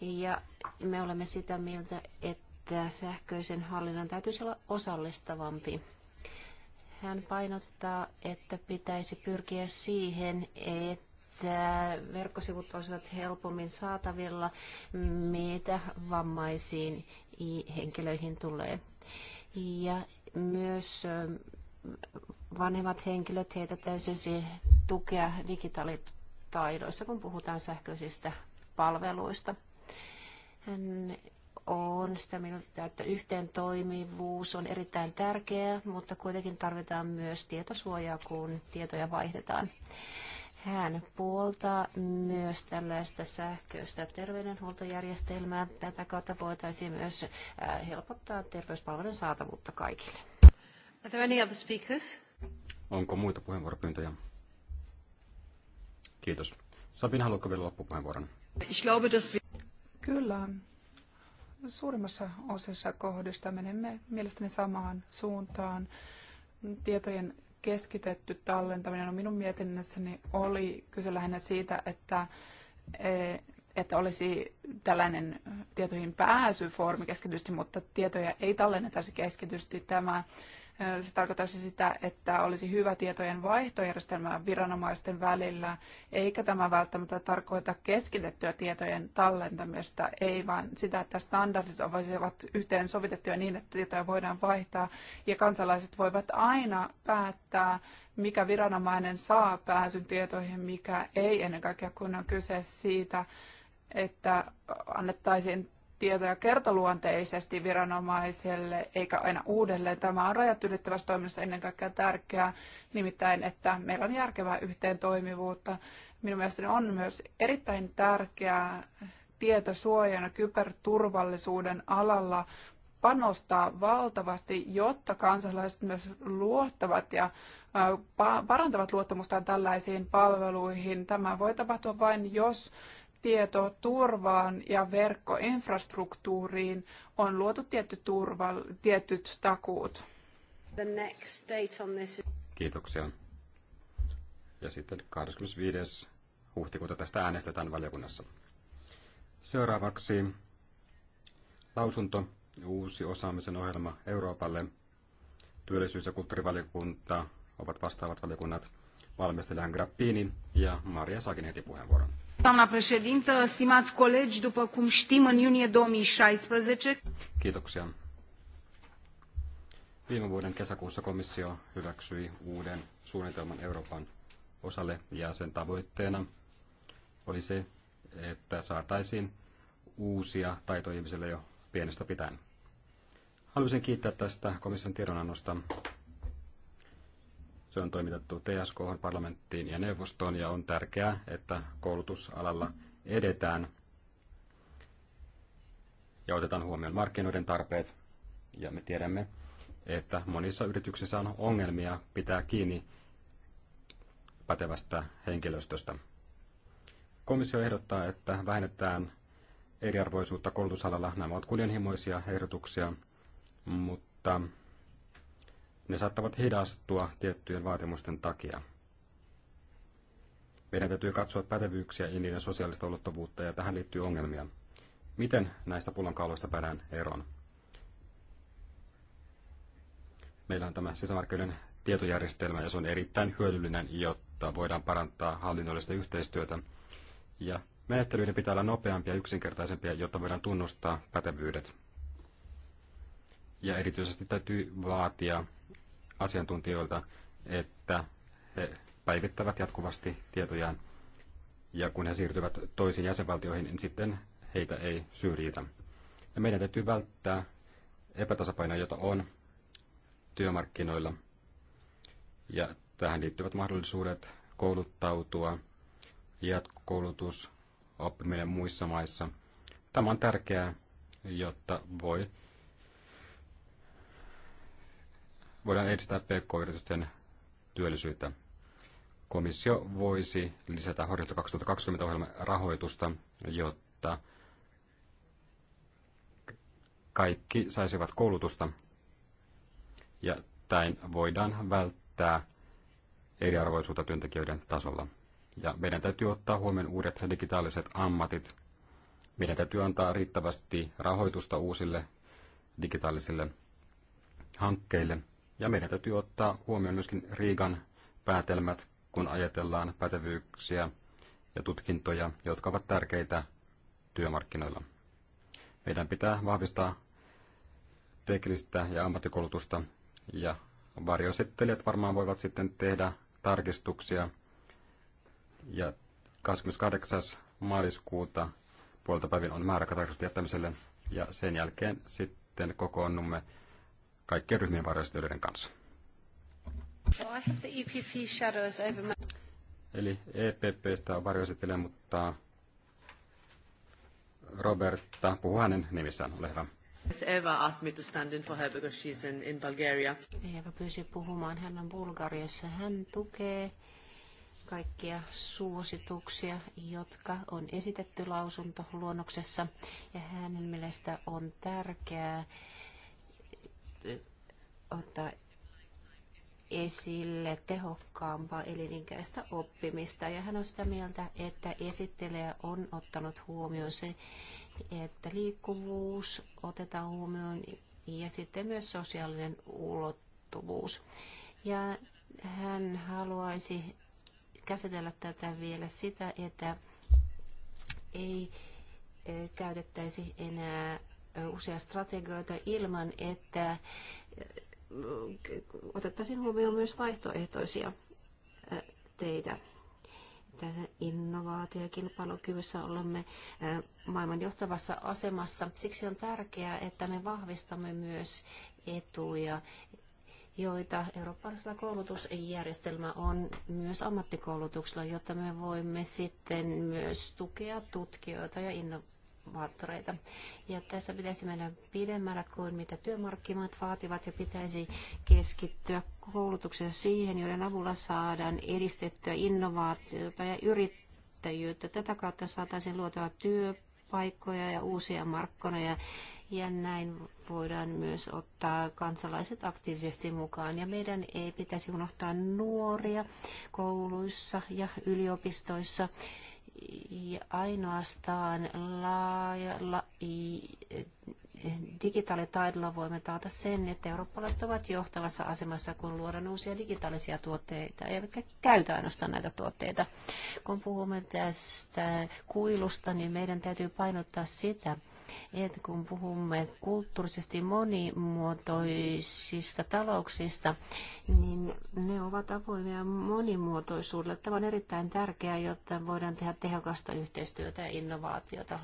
Ja me olemme sitä mieltä, että sähköisen hallinnan täytyisi olla osallistavampi. Hän painottaa, että pitäisi pyrkiä siihen, että verkkosivut olisivat helpommin saatavilla, mitä vammaisiin henkilöihin tulee. Ja myös vanhemmat henkilöt, heitä täysin tukea digitaalitaidoissa, kun puhutaan sähköisistä palveluista. on sitä mieltä, että yhteen toimivuus on erittäin tärkeää, mutta kuitenkin tarvitaan myös tietosuojaa, kun tietoja vaihdetaan. Hän puoltaa myös tällaista sähköistä terveydenhuoltojärjestelmää. Tätä kautta voitaisiin myös äh, helpottaa terveyspalvelun saatavuutta kaikille. Are there any other speakers? Onko muita puheenvuoropyyntöjä? Kiitos. Sabin, haluatko vielä loppupuheenvuoron? Kyllä. Suurimmassa osassa kohdista menemme mielestäni samaan suuntaan. Tietojen keskitetty tallentaminen, no minun mietinnässäni oli kyse lähinnä siitä, että, e, että olisi tällainen tietoihin pääsyformi keskitysti, mutta tietoja ei tallennetaisi keskitysti. Tämä se tarkoittaisi sitä, että olisi hyvä tietojen vaihtojärjestelmä viranomaisten välillä, eikä tämä välttämättä tarkoita keskitettyä tietojen tallentamista, ei vaan sitä, että standardit olisivat yhteen sovitettuja niin, että tietoja voidaan vaihtaa ja kansalaiset voivat aina päättää, mikä viranomainen saa pääsyn tietoihin, mikä ei ennen kaikkea, kun on kyse siitä, että annettaisiin tietoja kertaluonteisesti viranomaiselle eikä aina uudelleen. Tämä on rajat ylittävässä toiminnassa ennen kaikkea tärkeää, nimittäin että meillä on järkevää yhteen toimivuutta. Minun mielestäni on myös erittäin tärkeää tietosuojana kyberturvallisuuden alalla panostaa valtavasti, jotta kansalaiset myös luottavat ja parantavat luottamustaan tällaisiin palveluihin. Tämä voi tapahtua vain, jos tietoturvaan ja verkkoinfrastruktuuriin on luotu tietty turva, tietyt takuut. The next date on this. Kiitoksia. Ja sitten 25. huhtikuuta tästä äänestetään valiokunnassa. Seuraavaksi lausunto, uusi osaamisen ohjelma Euroopalle. Työllisyys- ja kulttuurivaliokunta ovat vastaavat valiokunnat. Valmistelijan Grappini ja Maria Sakin heti puheenvuoron. Doamna președintă, stimați colegi, după cum știm, în iunie 2016... Kiitoksia. Viime vuoden kesäkuussa komissio hyväksyi uuden suunnitelman Euroopan osalle ja sen tavoitteena oli se, että saataisiin uusia taitoja ihmisille jo pienestä pitäen. Haluaisin kiittää tästä komission tiedonannosta, se on toimitettu TSK, parlamenttiin ja neuvostoon ja on tärkeää, että koulutusalalla edetään ja otetaan huomioon markkinoiden tarpeet. Ja me tiedämme, että monissa yrityksissä on ongelmia pitää kiinni pätevästä henkilöstöstä. Komissio ehdottaa, että vähennetään eriarvoisuutta koulutusalalla. Nämä ovat kunnianhimoisia ehdotuksia, mutta ne saattavat hidastua tiettyjen vaatimusten takia. Meidän täytyy katsoa pätevyyksiä ja niiden sosiaalista ulottuvuutta, ja tähän liittyy ongelmia. Miten näistä pullonkauloista päädään eroon? Meillä on tämä sisämarkkinoiden tietojärjestelmä, ja se on erittäin hyödyllinen, jotta voidaan parantaa hallinnollista yhteistyötä. Ja menettelyiden pitää olla nopeampia ja yksinkertaisempia, jotta voidaan tunnustaa pätevyydet. Ja erityisesti täytyy vaatia asiantuntijoilta, että he päivittävät jatkuvasti tietojaan ja kun he siirtyvät toisiin jäsenvaltioihin, niin sitten heitä ei syrjitä. Ja meidän täytyy välttää epätasapainoa, jota on työmarkkinoilla. Ja tähän liittyvät mahdollisuudet kouluttautua, jatkokoulutus, oppiminen muissa maissa. Tämä on tärkeää, jotta voi voidaan edistää pk-yritysten työllisyyttä. Komissio voisi lisätä Horjohto 2020 ohjelman rahoitusta, jotta kaikki saisivat koulutusta ja täin voidaan välttää eriarvoisuutta työntekijöiden tasolla. Ja meidän täytyy ottaa huomioon uudet digitaaliset ammatit. Meidän täytyy antaa riittävästi rahoitusta uusille digitaalisille hankkeille – ja meidän täytyy ottaa huomioon myöskin Riigan päätelmät, kun ajatellaan pätevyyksiä ja tutkintoja, jotka ovat tärkeitä työmarkkinoilla. Meidän pitää vahvistaa teknistä ja ammattikoulutusta ja varjoesittelijät varmaan voivat sitten tehdä tarkistuksia ja 28. maaliskuuta puolta päivin on määräaika tarkistusten jättämiselle ja sen jälkeen sitten kokoonnumme kaikkien ryhmien varjoistelijoiden kanssa. E Eli EPPstä on varjoesittelijä, mutta Roberta puhuu hänen nimissään. Ole hyvä. Eva asked me to stand in for her because she's in, in Bulgaria. Eva pyysi puhumaan, hän on Bulgariassa. Hän tukee kaikkia suosituksia, jotka on esitetty lausuntoluonnoksessa. Ja hänen mielestä on tärkeää, ottaa esille tehokkaampaa elinikäistä oppimista. Ja hän on sitä mieltä, että esittelijä on ottanut huomioon se, että liikkuvuus otetaan huomioon ja sitten myös sosiaalinen ulottuvuus. Ja hän haluaisi käsitellä tätä vielä sitä, että ei eh, käytettäisi enää uusia strategioita ilman, että äh, otettaisiin huomioon myös vaihtoehtoisia äh, teitä. Tässä innovaatio- ja kilpailukyvyssä olemme äh, maailman johtavassa asemassa. Siksi on tärkeää, että me vahvistamme myös etuja, joita eurooppalaisella koulutusjärjestelmä on myös ammattikoulutuksella, jotta me voimme sitten myös tukea tutkijoita ja innovaatioita moottoreita. Ja tässä pitäisi mennä pidemmällä kuin mitä työmarkkinat vaativat ja pitäisi keskittyä koulutuksen siihen, joiden avulla saadaan edistettyä innovaatiota ja yrittäjyyttä. Tätä kautta saataisiin luotua työpaikkoja ja uusia markkinoja ja näin voidaan myös ottaa kansalaiset aktiivisesti mukaan. Ja meidän ei pitäisi unohtaa nuoria kouluissa ja yliopistoissa ja ainoastaan laaja, la, digitaalitaidolla voimme taata sen, että eurooppalaiset ovat johtavassa asemassa, kun luodaan uusia digitaalisia tuotteita, eivätkä käytä ainoastaan näitä tuotteita. Kun puhumme tästä kuilusta, niin meidän täytyy painottaa sitä, että kun puhumme kulttuurisesti monimuotoisista talouksista, niin ne ovat avoimia monimuotoisuudelle. Tämä on erittäin tärkeää, jotta voidaan tehdä tehokasta yhteistyötä ja innovaatiota.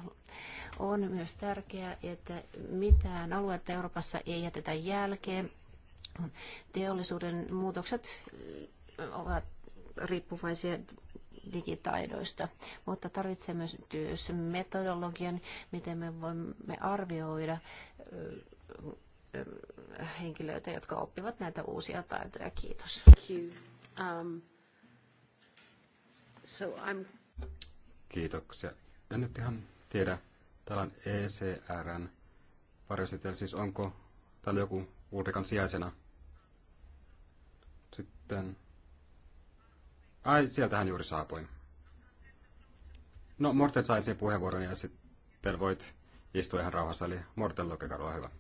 On myös tärkeää, että mitään aluetta Euroopassa ei jätetä jälkeen. Teollisuuden muutokset ovat riippuvaisia digitaidoista, mutta tarvitsee myös metodologian, miten me voimme arvioida henkilöitä, jotka oppivat näitä uusia taitoja. Kiitos. Um, Kiitoksia. En nyt ihan tiedä, täällä on ECRn varjositel, siis onko täällä joku Ulrikan sijaisena? Sitten Ai, sieltä hän juuri saapui. No, Morten sai sen puheenvuoron ja sitten voit istua ihan rauhassa, eli Morten Lokekaro, hyvä.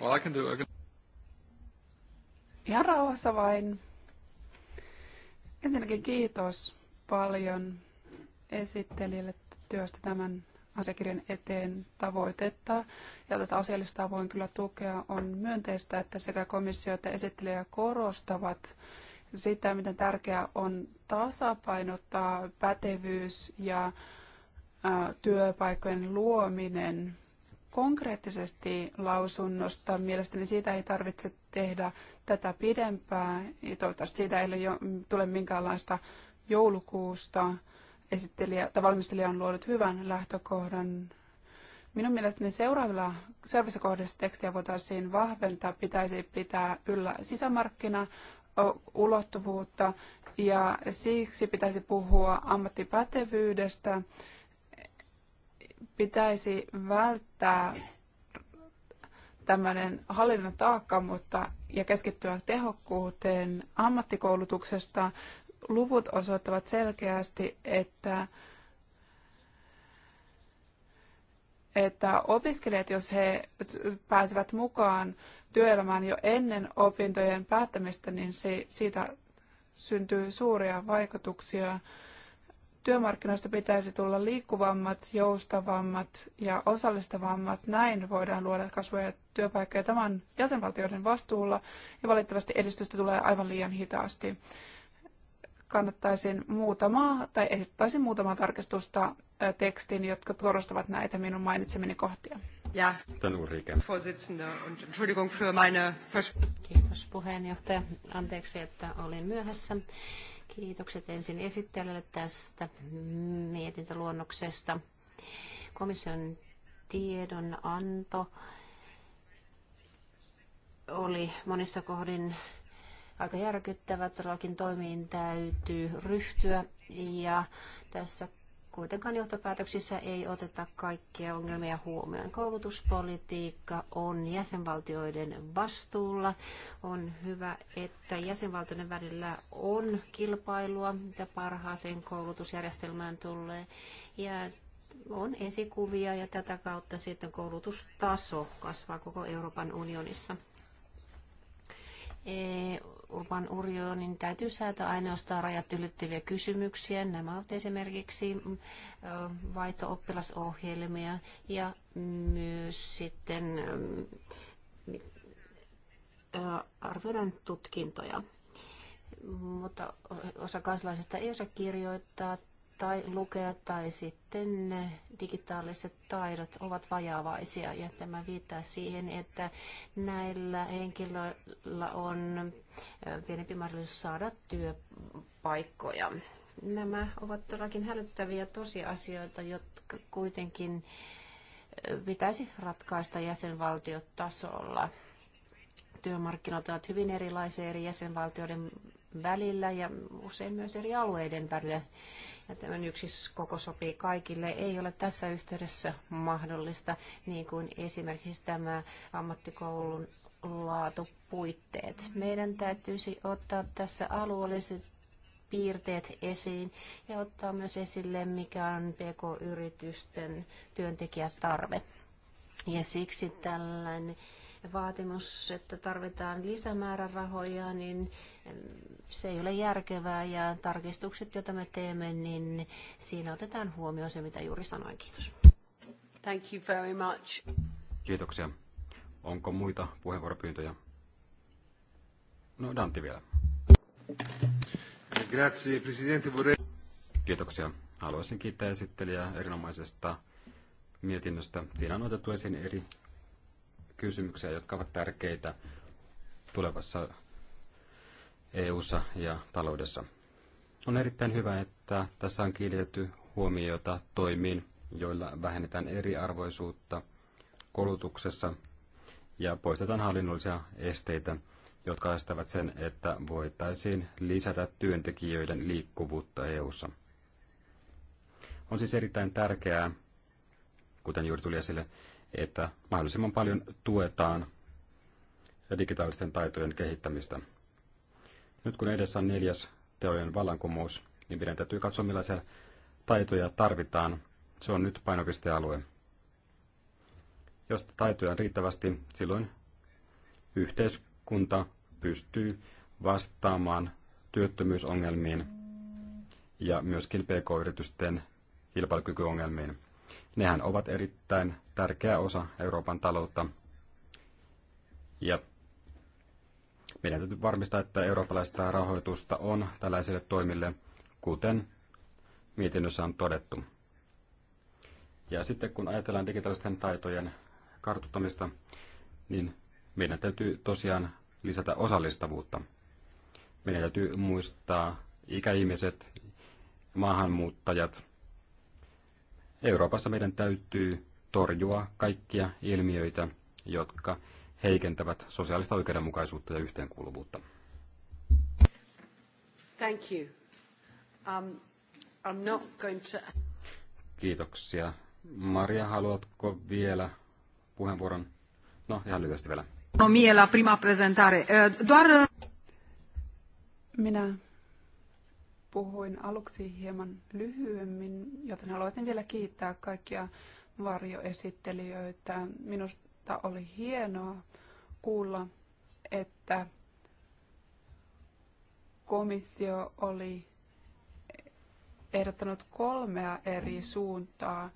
Well, I can do, I can... Ihan rauhassa vain. Ensinnäkin kiitos paljon esittelijälle työstä tämän asiakirjan eteen tavoitetta. Ja tätä asiallista voin kyllä tukea. On myönteistä, että sekä komissio että esittelijä korostavat sitä, miten tärkeää on tasapainottaa pätevyys ja työpaikkojen luominen. Konkreettisesti lausunnosta mielestäni siitä ei tarvitse tehdä tätä pidempää. Ja toivottavasti siitä ei ole tule minkäänlaista joulukuusta. Esittelijä tai valmistelija on luonut hyvän lähtökohdan Minun mielestäni seuraavilla, seuraavissa kohdissa tekstiä voitaisiin vahventaa, pitäisi pitää yllä sisämarkkina ulottuvuutta ja siksi pitäisi puhua ammattipätevyydestä. Pitäisi välttää tämmöinen hallinnon taakka mutta, ja keskittyä tehokkuuteen ammattikoulutuksesta. Luvut osoittavat selkeästi, että että opiskelijat, jos he pääsevät mukaan työelämään jo ennen opintojen päättämistä, niin se, siitä syntyy suuria vaikutuksia. Työmarkkinoista pitäisi tulla liikkuvammat, joustavammat ja osallistavammat. Näin voidaan luoda kasvoja ja työpaikkoja tämän jäsenvaltioiden vastuulla ja valitettavasti edistystä tulee aivan liian hitaasti. Kannattaisin muutamaa tai ehdottaisin muutamaa tarkistusta tekstin, jotka korostavat näitä minun mainitsemini kohtia. Ja. Tän Ulrike. Kiitos puheenjohtaja. Anteeksi, että olin myöhässä. Kiitokset ensin esittelijälle tästä mietintöluonnoksesta. Komission tiedonanto oli monissa kohdin aika järkyttävä. Todellakin toimiin täytyy ryhtyä ja tässä kuitenkaan johtopäätöksissä ei oteta kaikkia ongelmia huomioon. Koulutuspolitiikka on jäsenvaltioiden vastuulla. On hyvä, että jäsenvaltioiden välillä on kilpailua, mitä parhaaseen koulutusjärjestelmään tulee. Ja on esikuvia ja tätä kautta sitten koulutustaso kasvaa koko Euroopan unionissa. E- Urban niin täytyy säätää ainoastaan rajat ylittäviä kysymyksiä. Nämä ovat esimerkiksi vaihto-oppilasohjelmia ja myös sitten arvioidaan tutkintoja. Mutta osa kansalaisista ei osaa kirjoittaa tai lukea tai sitten digitaaliset taidot ovat vajaavaisia. Ja tämä viittaa siihen, että näillä henkilöillä on pienempi mahdollisuus saada työpaikkoja. Nämä ovat todellakin hälyttäviä tosiasioita, jotka kuitenkin pitäisi ratkaista jäsenvaltiotasolla. Työmarkkinat ovat hyvin erilaisia eri jäsenvaltioiden välillä ja usein myös eri alueiden välillä. Ja tämän yksi koko sopii kaikille. Ei ole tässä yhteydessä mahdollista, niin kuin esimerkiksi tämä ammattikoulun laatupuitteet. Meidän täytyisi ottaa tässä alueelliset piirteet esiin ja ottaa myös esille, mikä on pk-yritysten työntekijätarve. Ja siksi tällainen vaatimus, että tarvitaan lisämäärärahoja, niin se ei ole järkevää ja tarkistukset, joita me teemme, niin siinä otetaan huomioon se, mitä juuri sanoin. Kiitos. Thank you very much. Kiitoksia. Onko muita puheenvuoropyyntöjä? No, Dantti vielä. Grazie, Presidente. Vorrei... Kiitoksia. Haluaisin kiittää esittelijää erinomaisesta mietinnöstä. Siinä on otettu esiin eri kysymyksiä, jotka ovat tärkeitä tulevassa EU:ssa ja taloudessa. On erittäin hyvä, että tässä on kiinnitetty huomiota toimiin, joilla vähennetään eriarvoisuutta koulutuksessa ja poistetaan hallinnollisia esteitä, jotka estävät sen, että voitaisiin lisätä työntekijöiden liikkuvuutta EU:ssa. On siis erittäin tärkeää, kuten juuri tuli esille, että mahdollisimman paljon tuetaan digitaalisten taitojen kehittämistä. Nyt kun edessä on neljäs teollinen vallankumous, niin meidän täytyy katsoa, millaisia taitoja tarvitaan. Se on nyt painopistealue. Jos taitoja on riittävästi, silloin yhteiskunta pystyy vastaamaan työttömyysongelmiin ja myöskin pk-yritysten kilpailukykyongelmiin. Nehän ovat erittäin tärkeä osa Euroopan taloutta. Ja meidän täytyy varmistaa, että eurooppalaista rahoitusta on tällaisille toimille, kuten mietinnössä on todettu. Ja sitten kun ajatellaan digitaalisten taitojen kartuttamista, niin meidän täytyy tosiaan lisätä osallistavuutta. Meidän täytyy muistaa ikäihmiset, maahanmuuttajat Euroopassa meidän täytyy torjua kaikkia ilmiöitä, jotka heikentävät sosiaalista oikeudenmukaisuutta ja yhteenkuuluvuutta. Thank you. Um, I'm not going to... Kiitoksia. Maria, haluatko vielä puheenvuoron? No, ihan lyhyesti vielä. No, miela prima presentare. Eh, doar... Minä puhuin aluksi hieman lyhyemmin, joten haluaisin vielä kiittää kaikkia varjoesittelijöitä. Minusta oli hienoa kuulla, että komissio oli ehdottanut kolmea eri suuntaa.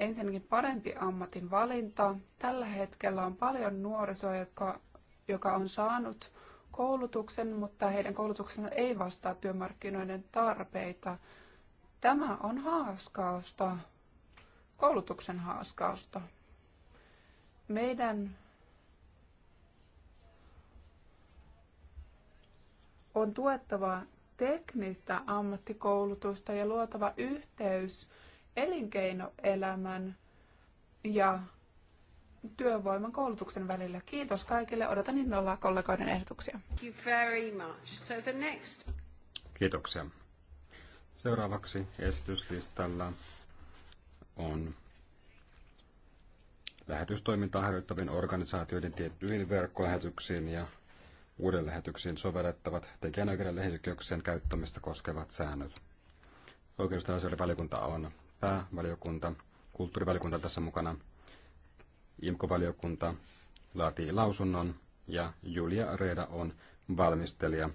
Ensinnäkin parempi ammatin valinta. Tällä hetkellä on paljon nuorisoa, jotka, joka on saanut koulutuksen, mutta heidän koulutuksensa ei vastaa työmarkkinoiden tarpeita. Tämä on haaskausta, koulutuksen haaskausta. Meidän on tuettava teknistä ammattikoulutusta ja luotava yhteys elinkeinoelämän ja työvoiman koulutuksen välillä. Kiitos kaikille. Odotan innolla kollegoiden ehdotuksia. Kiitoksia. Seuraavaksi esityslistalla on lähetystoimintaa harjoittavien organisaatioiden tiettyihin verkkolähetyksiin ja lähetyksiin sovellettavat tekijänoikeuden lähetyksen käyttämistä koskevat säännöt. Oikeusten asioiden valiokunta on päävaliokunta, kulttuurivaliokunta tässä mukana IMKO-valiokunta laatii lausunnon ja Julia Reeda on valmistelija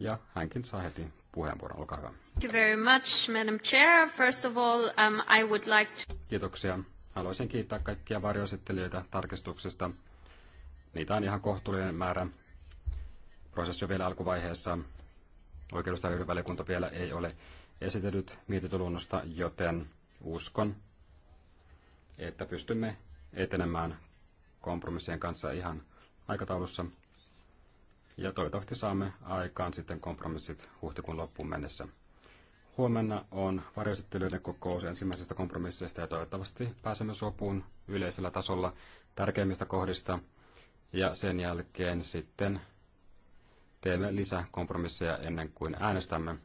ja hänkin saa heti puheenvuoron. Olkaa hyvä. Thank you very much, Madam Chair. First of all, um, I would like to... Kiitoksia. Haluaisin kiittää kaikkia varjoesittelijöitä tarkistuksesta. Niitä on ihan kohtuullinen määrä. Prosessi on vielä alkuvaiheessa. Oikeudustarjoitusvaliokunta vielä ei ole esitellyt mietintöluonnosta, joten uskon, että pystymme etenemään kompromissien kanssa ihan aikataulussa. Ja toivottavasti saamme aikaan sitten kompromissit huhtikuun loppuun mennessä. Huomenna on varjoesittelyiden kokous ensimmäisestä kompromissista ja toivottavasti pääsemme sopuun yleisellä tasolla tärkeimmistä kohdista. Ja sen jälkeen sitten teemme lisää kompromisseja ennen kuin äänestämme.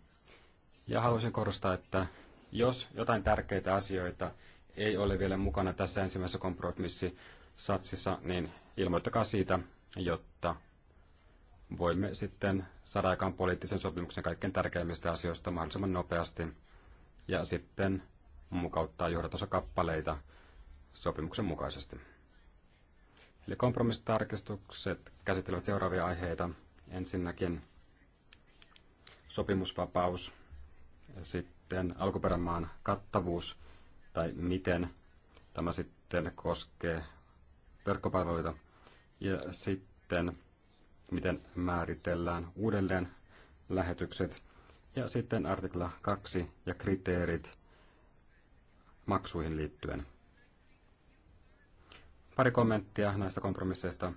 Ja haluaisin korostaa, että jos jotain tärkeitä asioita ei ole vielä mukana tässä ensimmäisessä kompromissisatsissa, niin ilmoittakaa siitä, jotta voimme sitten saada aikaan poliittisen sopimuksen kaikkein tärkeimmistä asioista mahdollisimman nopeasti ja sitten mukauttaa kappaleita sopimuksen mukaisesti. Eli kompromissitarkistukset käsittelevät seuraavia aiheita. Ensinnäkin sopimusvapaus, sitten alkuperämaan kattavuus tai miten tämä sitten koskee verkkopalveluita ja sitten miten määritellään uudelleen lähetykset ja sitten artikla 2 ja kriteerit maksuihin liittyen. Pari kommenttia näistä kompromisseista.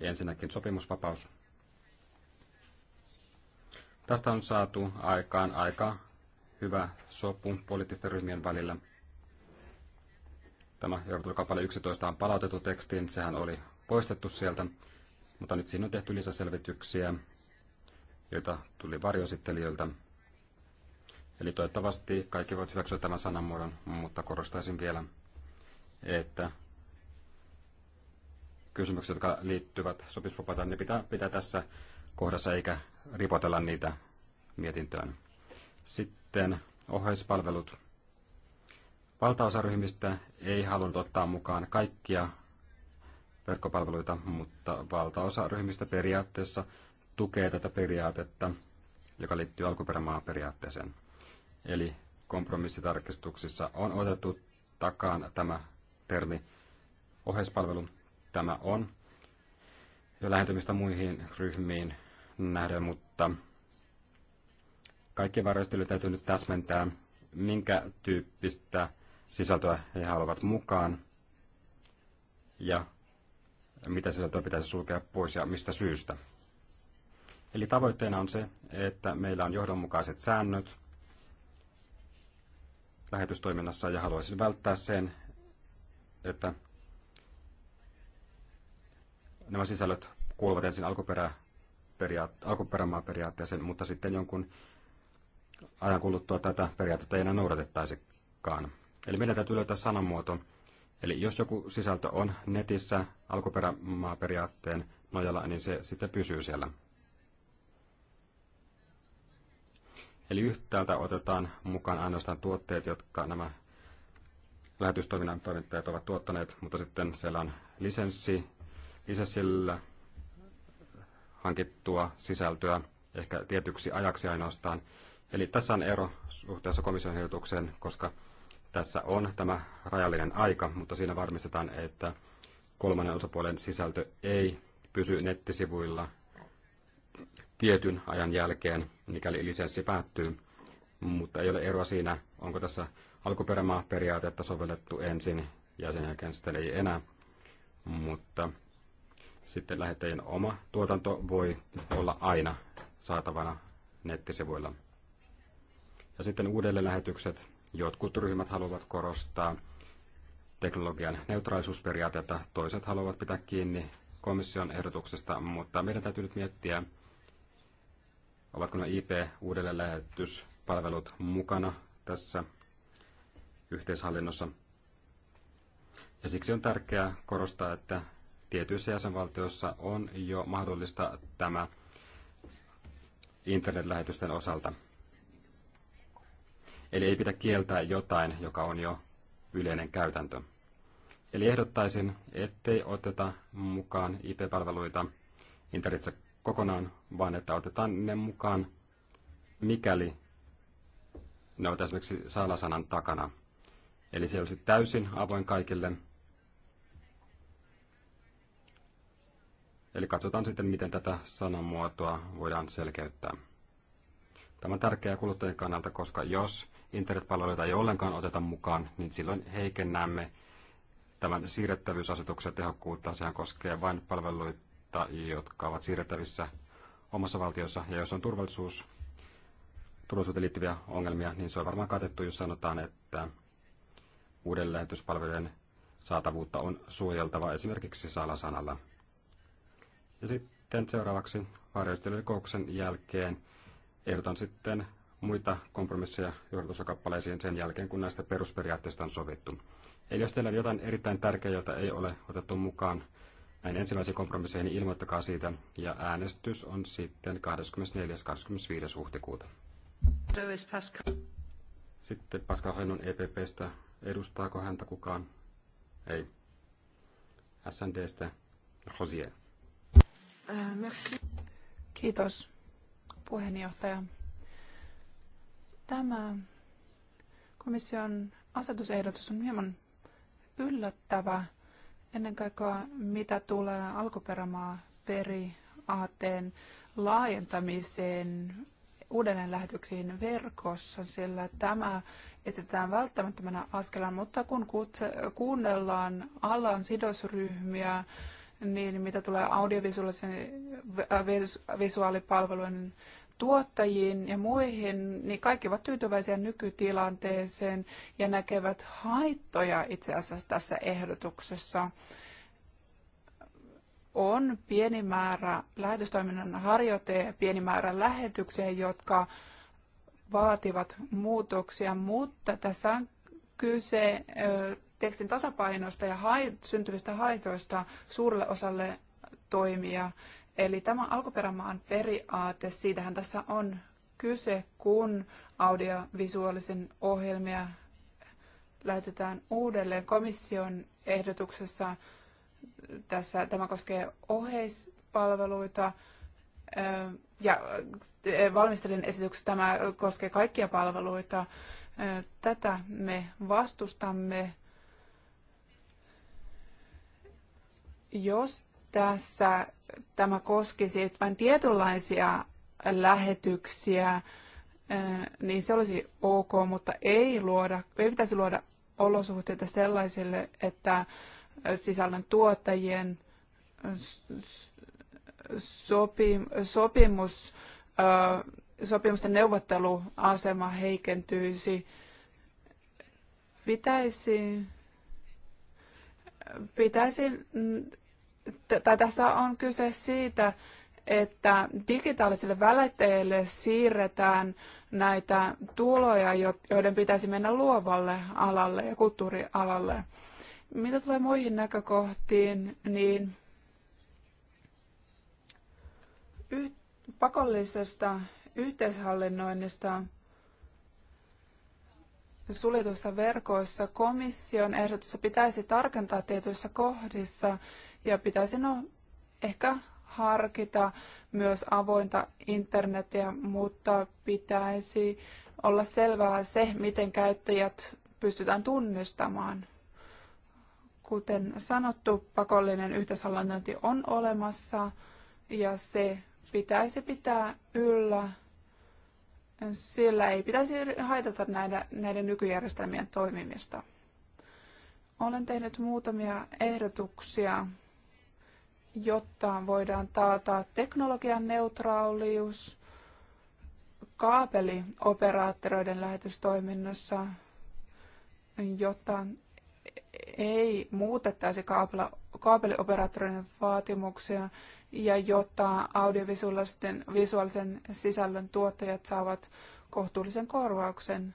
Ensinnäkin sopimusvapaus. Tästä on saatu aikaan aika hyvä sopu poliittisten ryhmien välillä. Tämä kappale 11 on palautettu tekstiin, sehän oli poistettu sieltä, mutta nyt siinä on tehty lisäselvityksiä, joita tuli varjoesittelijöiltä. Eli toivottavasti kaikki voivat hyväksyä tämän sanamuodon, mutta korostaisin vielä, että kysymykset, jotka liittyvät sopisvapaitaan, ne pitää pitää tässä kohdassa eikä ripotella niitä mietintöön. Sitten oheispalvelut. Valtaosaryhmistä ei halunnut ottaa mukaan kaikkia verkkopalveluita, mutta valtaosaryhmistä periaatteessa tukee tätä periaatetta, joka liittyy periaatteeseen. Eli kompromissitarkistuksissa on otettu takaan tämä termi oheispalvelu. Tämä on jo lähentymistä muihin ryhmiin nähden, mutta kaikki varjostelijoiden täytyy nyt täsmentää, minkä tyyppistä sisältöä he haluavat mukaan ja mitä sisältöä pitäisi sulkea pois ja mistä syystä. Eli tavoitteena on se, että meillä on johdonmukaiset säännöt lähetystoiminnassa ja haluaisin välttää sen, että nämä sisällöt kuuluvat ensin alkuperä, periaat, alkuperämaaperiaatteeseen, mutta sitten jonkun ajan kuluttua tätä periaatetta ei enää noudatettaisikaan. Eli meidän täytyy löytää sanamuoto. Eli jos joku sisältö on netissä alkuperämaaperiaatteen nojalla, niin se sitten pysyy siellä. Eli yhtäältä otetaan mukaan ainoastaan tuotteet, jotka nämä lähetystoiminnan toimittajat ovat tuottaneet, mutta sitten siellä on lisenssi, lisenssillä hankittua sisältöä, ehkä tietyksi ajaksi ainoastaan, Eli tässä on ero suhteessa komission ehdotukseen, koska tässä on tämä rajallinen aika, mutta siinä varmistetaan, että kolmannen osapuolen sisältö ei pysy nettisivuilla tietyn ajan jälkeen, mikäli lisenssi päättyy, mutta ei ole eroa siinä, onko tässä alkuperämaa-periaatetta sovellettu ensin ja sen jälkeen sitten ei enää, mutta sitten lähettäjien oma tuotanto voi olla aina saatavana nettisivuilla. Ja sitten uudelleenlähetykset. Jotkut ryhmät haluavat korostaa teknologian neutraalisuusperiaatetta, toiset haluavat pitää kiinni komission ehdotuksesta, mutta meidän täytyy nyt miettiä, ovatko nuo IP-uudelleenlähetyspalvelut mukana tässä yhteishallinnossa. Ja siksi on tärkeää korostaa, että tietyissä jäsenvaltioissa on jo mahdollista tämä internetlähetysten osalta. Eli ei pidä kieltää jotain, joka on jo yleinen käytäntö. Eli ehdottaisin, ettei oteta mukaan ip palveluita internetissä niin kokonaan, vaan että otetaan ne mukaan, mikäli ne ovat esimerkiksi salasanan takana. Eli se olisi täysin avoin kaikille. Eli katsotaan sitten, miten tätä sanamuotoa voidaan selkeyttää. Tämä on tärkeää kuluttajien kannalta, koska jos internetpalveluita ei ollenkaan oteta mukaan, niin silloin heikennämme tämän siirrettävyysasetuksen tehokkuutta. Sehän koskee vain palveluita, jotka ovat siirrettävissä omassa valtiossa. Ja jos on turvallisuus, turvallisuuteen liittyviä ongelmia, niin se on varmaan katettu, jos sanotaan, että uudelleen saatavuutta on suojeltava esimerkiksi salasanalla. Ja sitten seuraavaksi varjoistelukouksen jälkeen ehdotan sitten muita kompromisseja johdatusokappaleisiin sen jälkeen, kun näistä perusperiaatteista on sovittu. Eli jos teillä on jotain erittäin tärkeää, jota ei ole otettu mukaan näin ensimmäisiin kompromisseihin, niin ilmoittakaa siitä. Ja äänestys on sitten 24.–25. huhtikuuta. Sitten Pascal Hennon EPPstä. Edustaako häntä kukaan? Ei. SNDstä Rosier. Kiitos puheenjohtaja. Tämä komission asetusehdotus on hieman yllättävä, ennen kaikkea mitä tulee alkuperämaa periaatteen laajentamiseen uudelleenlähetyksiin verkossa, sillä tämä esitetään välttämättömänä askelena, mutta kun kuunnellaan alan sidosryhmiä, niin mitä tulee audiovisuaalipalvelujen visuaalipalvelujen tuottajiin ja muihin, niin kaikki ovat tyytyväisiä nykytilanteeseen ja näkevät haittoja itse asiassa tässä ehdotuksessa. On pieni määrä lähetystoiminnan harjoittajia ja pieni määrä lähetyksiä, jotka vaativat muutoksia, mutta tässä on kyse tekstin tasapainosta ja syntyvistä haitoista suurelle osalle toimia. Eli tämä alkuperämaan periaate, siitähän tässä on kyse, kun audiovisuaalisen ohjelmia lähetetään uudelleen komission ehdotuksessa. Tässä, tämä koskee oheispalveluita ja valmistelin esityksessä tämä koskee kaikkia palveluita. Tätä me vastustamme. Jos tässä tämä koskisi vain tietynlaisia lähetyksiä, eh, niin se olisi ok, mutta ei, luoda, ei pitäisi luoda olosuhteita sellaisille, että sisällön tuottajien sopi, sopimus, eh, sopimusten neuvotteluasema heikentyisi. Pitäisi, pitäisi tai tässä on kyse siitä, että digitaalisille välittäjille siirretään näitä tuloja, joiden pitäisi mennä luovalle alalle ja kulttuurialalle. Mitä tulee muihin näkökohtiin, niin pakollisesta yhteishallinnoinnista suljetussa verkoissa komission ehdotussa pitäisi tarkentaa tietyissä kohdissa, ja pitäisi no, ehkä harkita myös avointa internetiä, mutta pitäisi olla selvää se, miten käyttäjät pystytään tunnistamaan. Kuten sanottu, pakollinen yhteishallinnointi on olemassa ja se pitäisi pitää yllä. Sillä ei pitäisi haitata näiden, näiden nykyjärjestelmien toimimista. Olen tehnyt muutamia ehdotuksia jotta voidaan taata teknologian neutraalius kaapelioperaattoreiden lähetystoiminnassa, jotta ei muutettaisi kaapelioperaattoreiden vaatimuksia ja jotta audiovisuaalisen visuaalisen sisällön tuottajat saavat kohtuullisen korvauksen.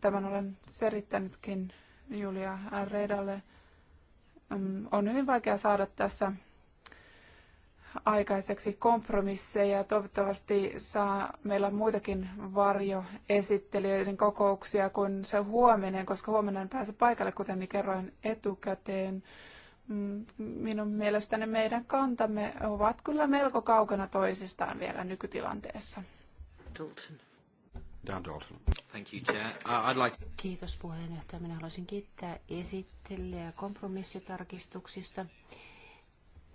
Tämän olen selittänytkin Julia Redalle. On hyvin vaikea saada tässä aikaiseksi kompromisseja. Toivottavasti saa meillä muitakin varjoesittelijöiden kokouksia kuin se huominen, koska huomenna en pääse paikalle, kuten niin kerroin etukäteen. Mm, minun mielestäni meidän kantamme ovat kyllä melko kaukana toisistaan vielä nykytilanteessa. Dalton. Dan Dalton. Thank you, Chair. Uh, I'd like... Kiitos puheenjohtaja. Minä haluaisin kiittää esittelijä kompromissitarkistuksista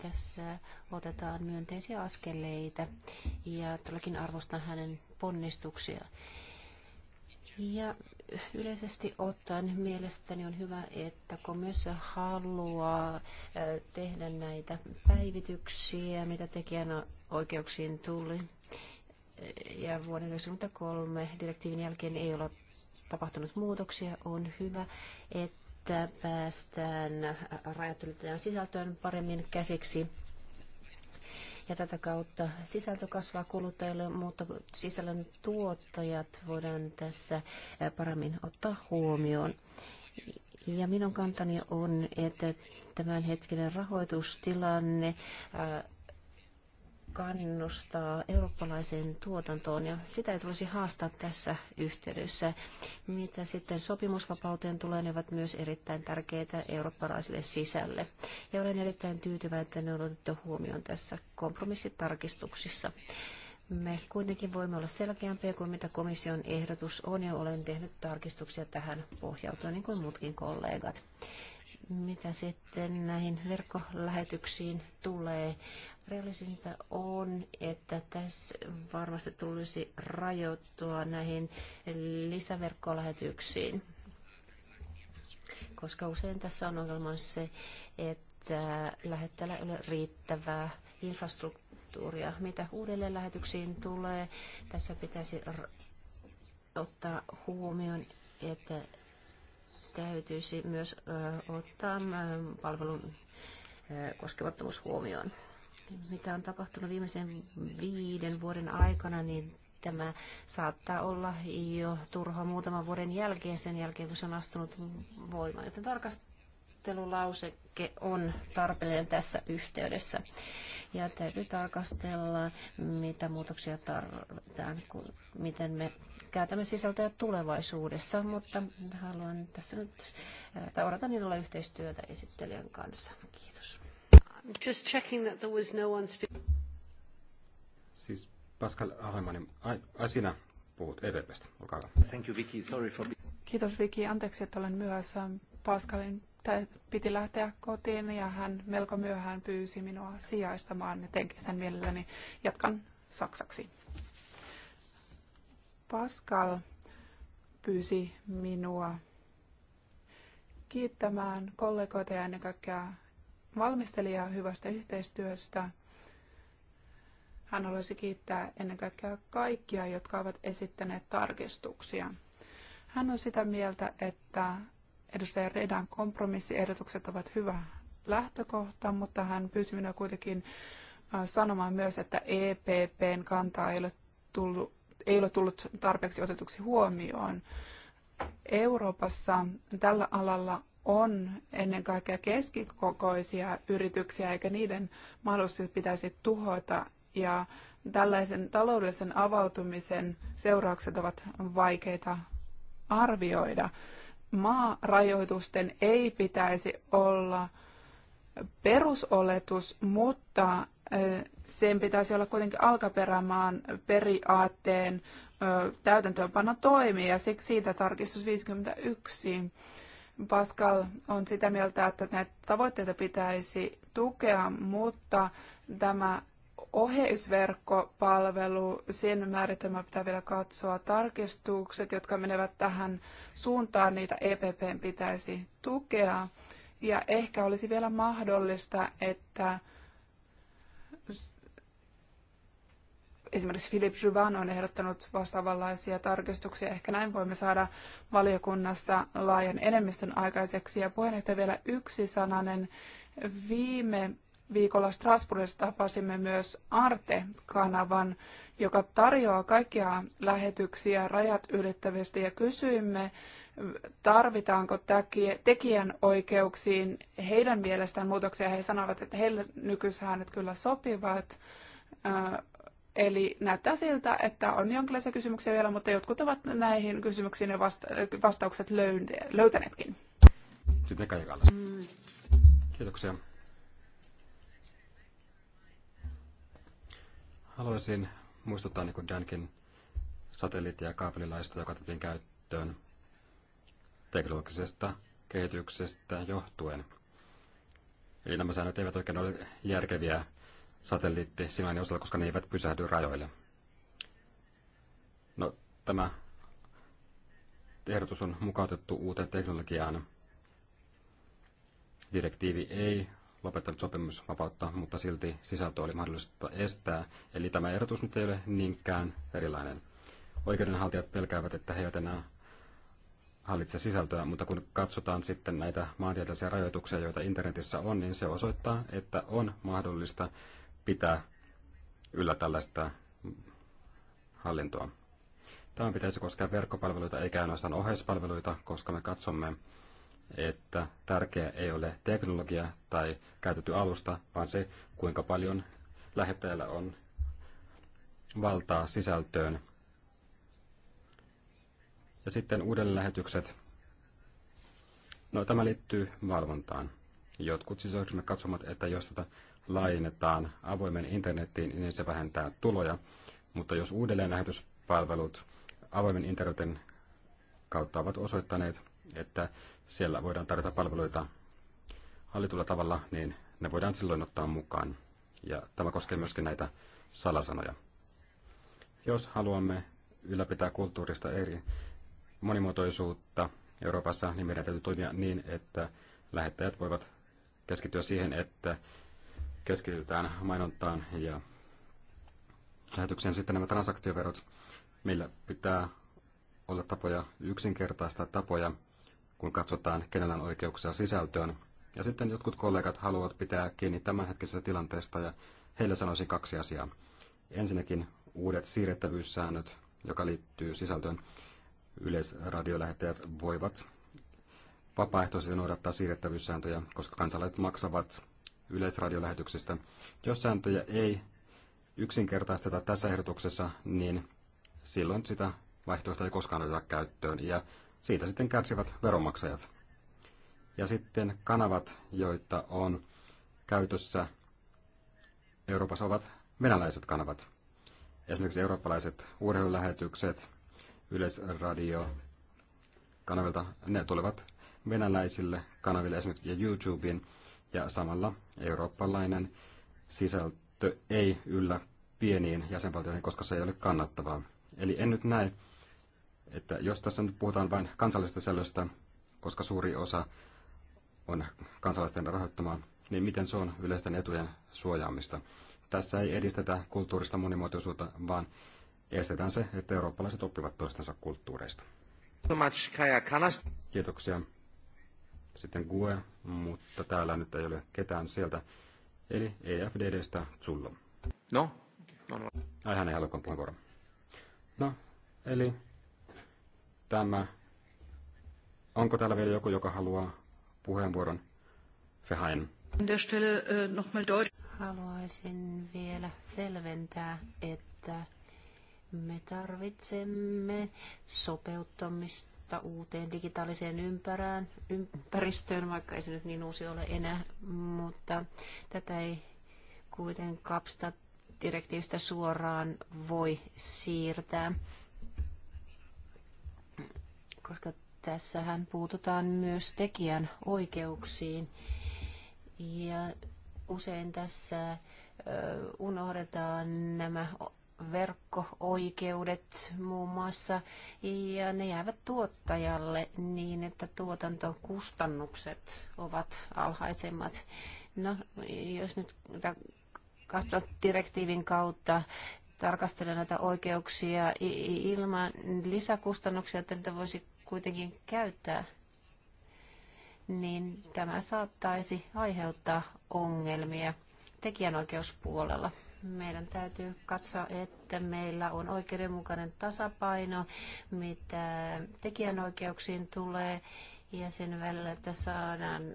tässä otetaan myönteisiä askeleita ja todellakin arvostan hänen ponnistuksia. Ja yleisesti ottaen mielestäni on hyvä, että komissio haluaa tehdä näitä päivityksiä, mitä tekijänoikeuksiin tuli. Ja vuoden 1993 direktiivin jälkeen ei ole tapahtunut muutoksia. On hyvä, että että päästään rajatylittäjän sisältöön paremmin käsiksi. Ja tätä kautta sisältö kasvaa kuluttajille, mutta sisällön tuottajat voidaan tässä paremmin ottaa huomioon. Ja minun kantani on, että tämänhetkinen rahoitustilanne kannustaa eurooppalaiseen tuotantoon ja sitä ei tulisi haastaa tässä yhteydessä. Mitä sitten sopimusvapauteen tulee, ne ovat myös erittäin tärkeitä eurooppalaiselle sisälle. Ja olen erittäin tyytyväinen, että ne on otettu huomioon tässä kompromissitarkistuksissa. Me kuitenkin voimme olla selkeämpiä kuin mitä komission ehdotus on ja olen tehnyt tarkistuksia tähän pohjautuen niin kuin muutkin kollegat. Mitä sitten näihin verkkolähetyksiin tulee? Realisinta on, että tässä varmasti tulisi rajoittua näihin lisäverkkolähetyksiin, koska usein tässä on ongelma se, että lähettäjällä ei ole riittävää infrastruktuuria. Mitä uudelleen lähetyksiin tulee, tässä pitäisi ottaa huomioon, että täytyisi myös ottaa palvelun koskemattomuus huomioon. Mitä on tapahtunut viimeisen viiden vuoden aikana, niin tämä saattaa olla jo turha muutaman vuoden jälkeen, sen jälkeen kun se on astunut voimaan. Joten tarkastelulauseke on tarpeellinen tässä yhteydessä. Ja täytyy tarkastella, mitä muutoksia tarvitaan, kun, miten me käytämme sisältöä tulevaisuudessa, mutta haluan tässä nyt, tai odotan olla yhteistyötä esittelijän kanssa. Kiitos. Just checking that there was no one speaking. Siis Pascal Aremanin, ai, ai sinä puhut EPPstä, olkaa hyvä. Thank you Vicky, sorry for... Kiitos Vicky, anteeksi, että olen myöhässä. Pascalin piti lähteä kotiin ja hän melko myöhään pyysi minua sijaistamaan, ja sen mielelläni jatkan saksaksi. Pascal pyysi minua kiittämään kollegoita ja ennen kaikkea valmistelijaa hyvästä yhteistyöstä. Hän haluaisi kiittää ennen kaikkea kaikkia, jotka ovat esittäneet tarkistuksia. Hän on sitä mieltä, että edustaja Redan kompromissiehdotukset ovat hyvä lähtökohta, mutta hän pyysi minua kuitenkin äh, sanomaan myös, että EPPn kantaa ei ole tullut ei ole tullut tarpeeksi otetuksi huomioon. Euroopassa tällä alalla on ennen kaikkea keskikokoisia yrityksiä, eikä niiden mahdollisuudet pitäisi tuhota. Ja tällaisen taloudellisen avautumisen seuraukset ovat vaikeita arvioida. Maarajoitusten ei pitäisi olla perusoletus, mutta sen pitäisi olla kuitenkin alkaperämaan periaatteen täytäntöönpano toimii ja siksi siitä tarkistus 51. Pascal on sitä mieltä, että näitä tavoitteita pitäisi tukea, mutta tämä oheisverkkopalvelu, sen määritelmä pitää vielä katsoa. Tarkistukset, jotka menevät tähän suuntaan, niitä EPP pitäisi tukea. Ja ehkä olisi vielä mahdollista, että Esimerkiksi Philip Juvan on ehdottanut vastaavanlaisia tarkistuksia. Ehkä näin voimme saada valiokunnassa laajan enemmistön aikaiseksi. Ja puheenjohtaja vielä yksi sananen. Viime viikolla Strasbourgissa tapasimme myös Arte-kanavan, joka tarjoaa kaikkia lähetyksiä rajat ylittävästi ja kysyimme, tarvitaanko tekijän oikeuksiin heidän mielestään muutoksia. He sanovat, että heille nykysäännöt kyllä sopivat Eli näyttää siltä, että on jonkinlaisia kysymyksiä vielä, mutta jotkut ovat näihin kysymyksiin jo vasta- vastaukset löytäneetkin. Sitten mm. Kiitoksia. Haluaisin muistuttaa niin Dankin satelliitti- ja kaapelilaista, joka otettiin käyttöön teknologisesta kehityksestä johtuen. Eli nämä säännöt eivät oikein ole järkeviä satelliittisignaalin osalta, koska ne eivät pysähdy rajoille. No, tämä ehdotus on mukautettu uuteen teknologiaan. Direktiivi ei lopettanut sopimusvapautta, mutta silti sisältö oli mahdollista estää. Eli tämä ehdotus nyt ei ole niinkään erilainen. Oikeudenhaltijat pelkäävät, että he eivät enää hallitse sisältöä, mutta kun katsotaan sitten näitä maantieteellisiä rajoituksia, joita internetissä on, niin se osoittaa, että on mahdollista pitää yllä tällaista hallintoa. Tämä pitäisi koskea verkkopalveluita eikä ainoastaan oheispalveluita, koska me katsomme, että tärkeä ei ole teknologia tai käytetty alusta, vaan se, kuinka paljon lähettäjällä on valtaa sisältöön. Ja sitten uudelleenlähetykset. No, tämä liittyy valvontaan. Jotkut sisäryhmät katsomat, että jos tätä laajennetaan avoimen internetiin, niin se vähentää tuloja. Mutta jos uudelleen lähetyspalvelut avoimen internetin kautta ovat osoittaneet, että siellä voidaan tarjota palveluita hallitulla tavalla, niin ne voidaan silloin ottaa mukaan. Ja tämä koskee myöskin näitä salasanoja. Jos haluamme ylläpitää kulttuurista eri monimuotoisuutta Euroopassa, niin meidän täytyy toimia niin, että lähettäjät voivat keskittyä siihen, että keskitytään mainontaan ja lähetykseen. Sitten nämä transaktioverot. Meillä pitää olla tapoja yksinkertaista tapoja, kun katsotaan, kenellä on oikeuksia sisältöön. Ja sitten jotkut kollegat haluavat pitää kiinni tämänhetkisestä tilanteesta ja heille sanoisin kaksi asiaa. Ensinnäkin uudet siirrettävyyssäännöt, joka liittyy sisältöön. Yleisradiolähettäjät voivat vapaaehtoisesti noudattaa siirrettävyyssääntöjä, koska kansalaiset maksavat yleisradiolähetyksestä. Jos sääntöjä ei yksinkertaisteta tässä ehdotuksessa, niin silloin sitä vaihtoehtoa ei koskaan oteta käyttöön, ja siitä sitten kärsivät veronmaksajat. Ja sitten kanavat, joita on käytössä Euroopassa, ovat venäläiset kanavat. Esimerkiksi eurooppalaiset urheilulähetykset, Yleisradio kanavilta, ne tulevat venäläisille kanaville esimerkiksi YouTubeen, ja samalla eurooppalainen sisältö ei yllä pieniin jäsenvaltioihin, koska se ei ole kannattavaa. Eli en nyt näe, että jos tässä nyt puhutaan vain kansallisesta sisällöstä, koska suuri osa on kansalaisten rahoittamaa, niin miten se on yleisten etujen suojaamista? Tässä ei edistetä kulttuurista monimuotoisuutta, vaan estetään se, että eurooppalaiset oppivat toistensa kulttuureista. Kiitoksia sitten GUE, mutta täällä nyt ei ole ketään sieltä. Eli EFDDstä Zullo. No? no, no. Ai hän ei halua puheenvuoroa. No, eli tämä... Onko täällä vielä joku, joka haluaa puheenvuoron? Fehain. Äh, Haluaisin vielä selventää, että me tarvitsemme sopeuttamista vastausta uuteen digitaaliseen ympärään, ympäristöön, vaikka ei se nyt niin uusi ole enää, mutta tätä ei kuitenkaan kapsta direktiivistä suoraan voi siirtää, koska tässähän puututaan myös tekijän oikeuksiin. Ja usein tässä unohdetaan nämä verkko-oikeudet muun muassa, ja ne jäävät tuottajalle niin, että tuotantokustannukset ovat alhaisemmat. No, jos nyt direktiivin kautta tarkastella näitä oikeuksia ilman lisäkustannuksia, että niitä voisi kuitenkin käyttää, niin tämä saattaisi aiheuttaa ongelmia tekijänoikeuspuolella meidän täytyy katsoa, että meillä on oikeudenmukainen tasapaino, mitä tekijänoikeuksiin tulee, ja sen välillä, että saadaan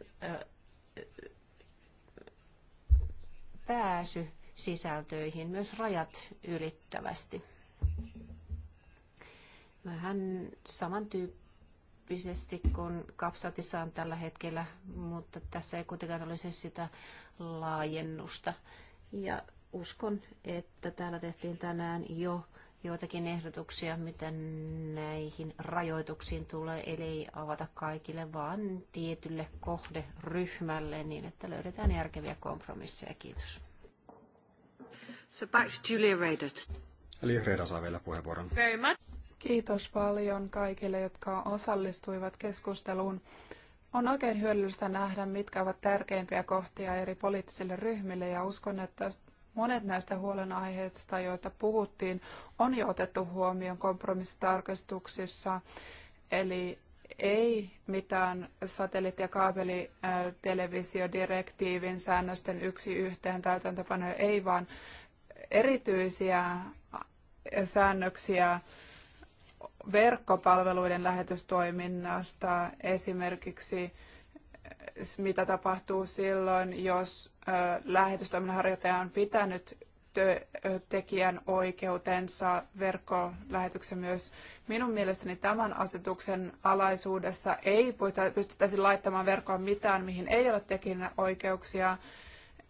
pääsy sisältöihin myös rajat ylittävästi. Vähän samantyyppisesti kuin kapsatissa on tällä hetkellä, mutta tässä ei kuitenkaan olisi sitä laajennusta. Ja uskon, että täällä tehtiin tänään jo joitakin ehdotuksia, miten näihin rajoituksiin tulee, eli ei avata kaikille, vaan tietylle kohderyhmälle niin, että löydetään järkeviä kompromisseja. Kiitos. So back to Julia Reidert. Eli Reida saa vielä puheenvuoron. Very much. Kiitos paljon kaikille, jotka osallistuivat keskusteluun. On oikein hyödyllistä nähdä, mitkä ovat tärkeimpiä kohtia eri poliittisille ryhmille ja uskon, että Monet näistä huolenaiheista, joista puhuttiin, on jo otettu huomioon kompromissitarkastuksissa, eli ei mitään satelliitti- ja kaapelitelevisiodirektiivin säännösten yksi yhteen täytäntöpanoja, ei vaan erityisiä säännöksiä verkkopalveluiden lähetystoiminnasta, esimerkiksi mitä tapahtuu silloin, jos lähetystoiminnan harjoittaja on pitänyt tekijän oikeutensa verkkolähetyksen myös. Minun mielestäni tämän asetuksen alaisuudessa ei pystyttäisi laittamaan verkkoon mitään, mihin ei ole tekijän oikeuksia.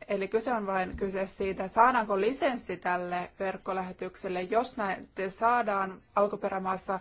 Eli kyse on vain kyse siitä, saadaanko lisenssi tälle verkkolähetykselle. Jos näin saadaan alkuperämaassa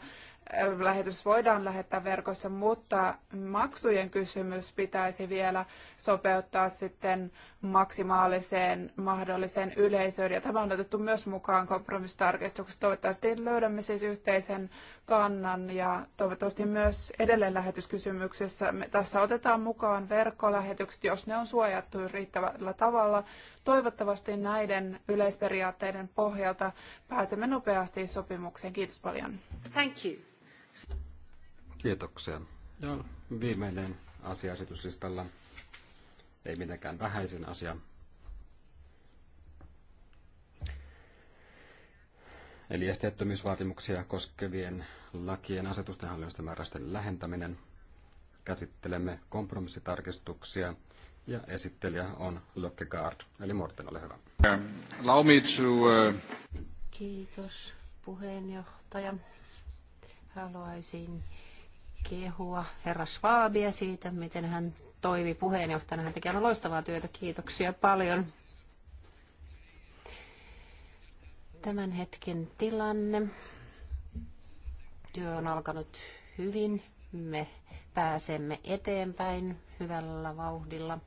lähetys voidaan lähettää verkossa, mutta maksujen kysymys pitäisi vielä sopeuttaa sitten maksimaaliseen mahdolliseen yleisöön. Ja tämä on otettu myös mukaan kompromissitarkistuksessa. Toivottavasti löydämme siis yhteisen kannan ja toivottavasti myös edelleen lähetyskysymyksessä. Me tässä otetaan mukaan verkkolähetykset, jos ne on suojattu riittävällä tavalla. Toivottavasti näiden yleisperiaatteiden pohjalta pääsemme nopeasti sopimukseen. Kiitos paljon. Thank you. Kiitoksia. Ja viimeinen asia esityslistalla, ei mitenkään vähäisin asia. Eli esteettömyysvaatimuksia koskevien lakien asetusten hallinnosta määräysten lähentäminen. Käsittelemme kompromissitarkistuksia ja esittelijä on Gard, Eli Morten, ole hyvä. Äh, Kiitos puheenjohtaja. Haluaisin kehua herra Schwabia siitä, miten hän toimi puheenjohtajana. Hän teki aina loistavaa työtä. Kiitoksia paljon. Tämän hetken tilanne. Työ on alkanut hyvin. Me pääsemme eteenpäin hyvällä vauhdilla.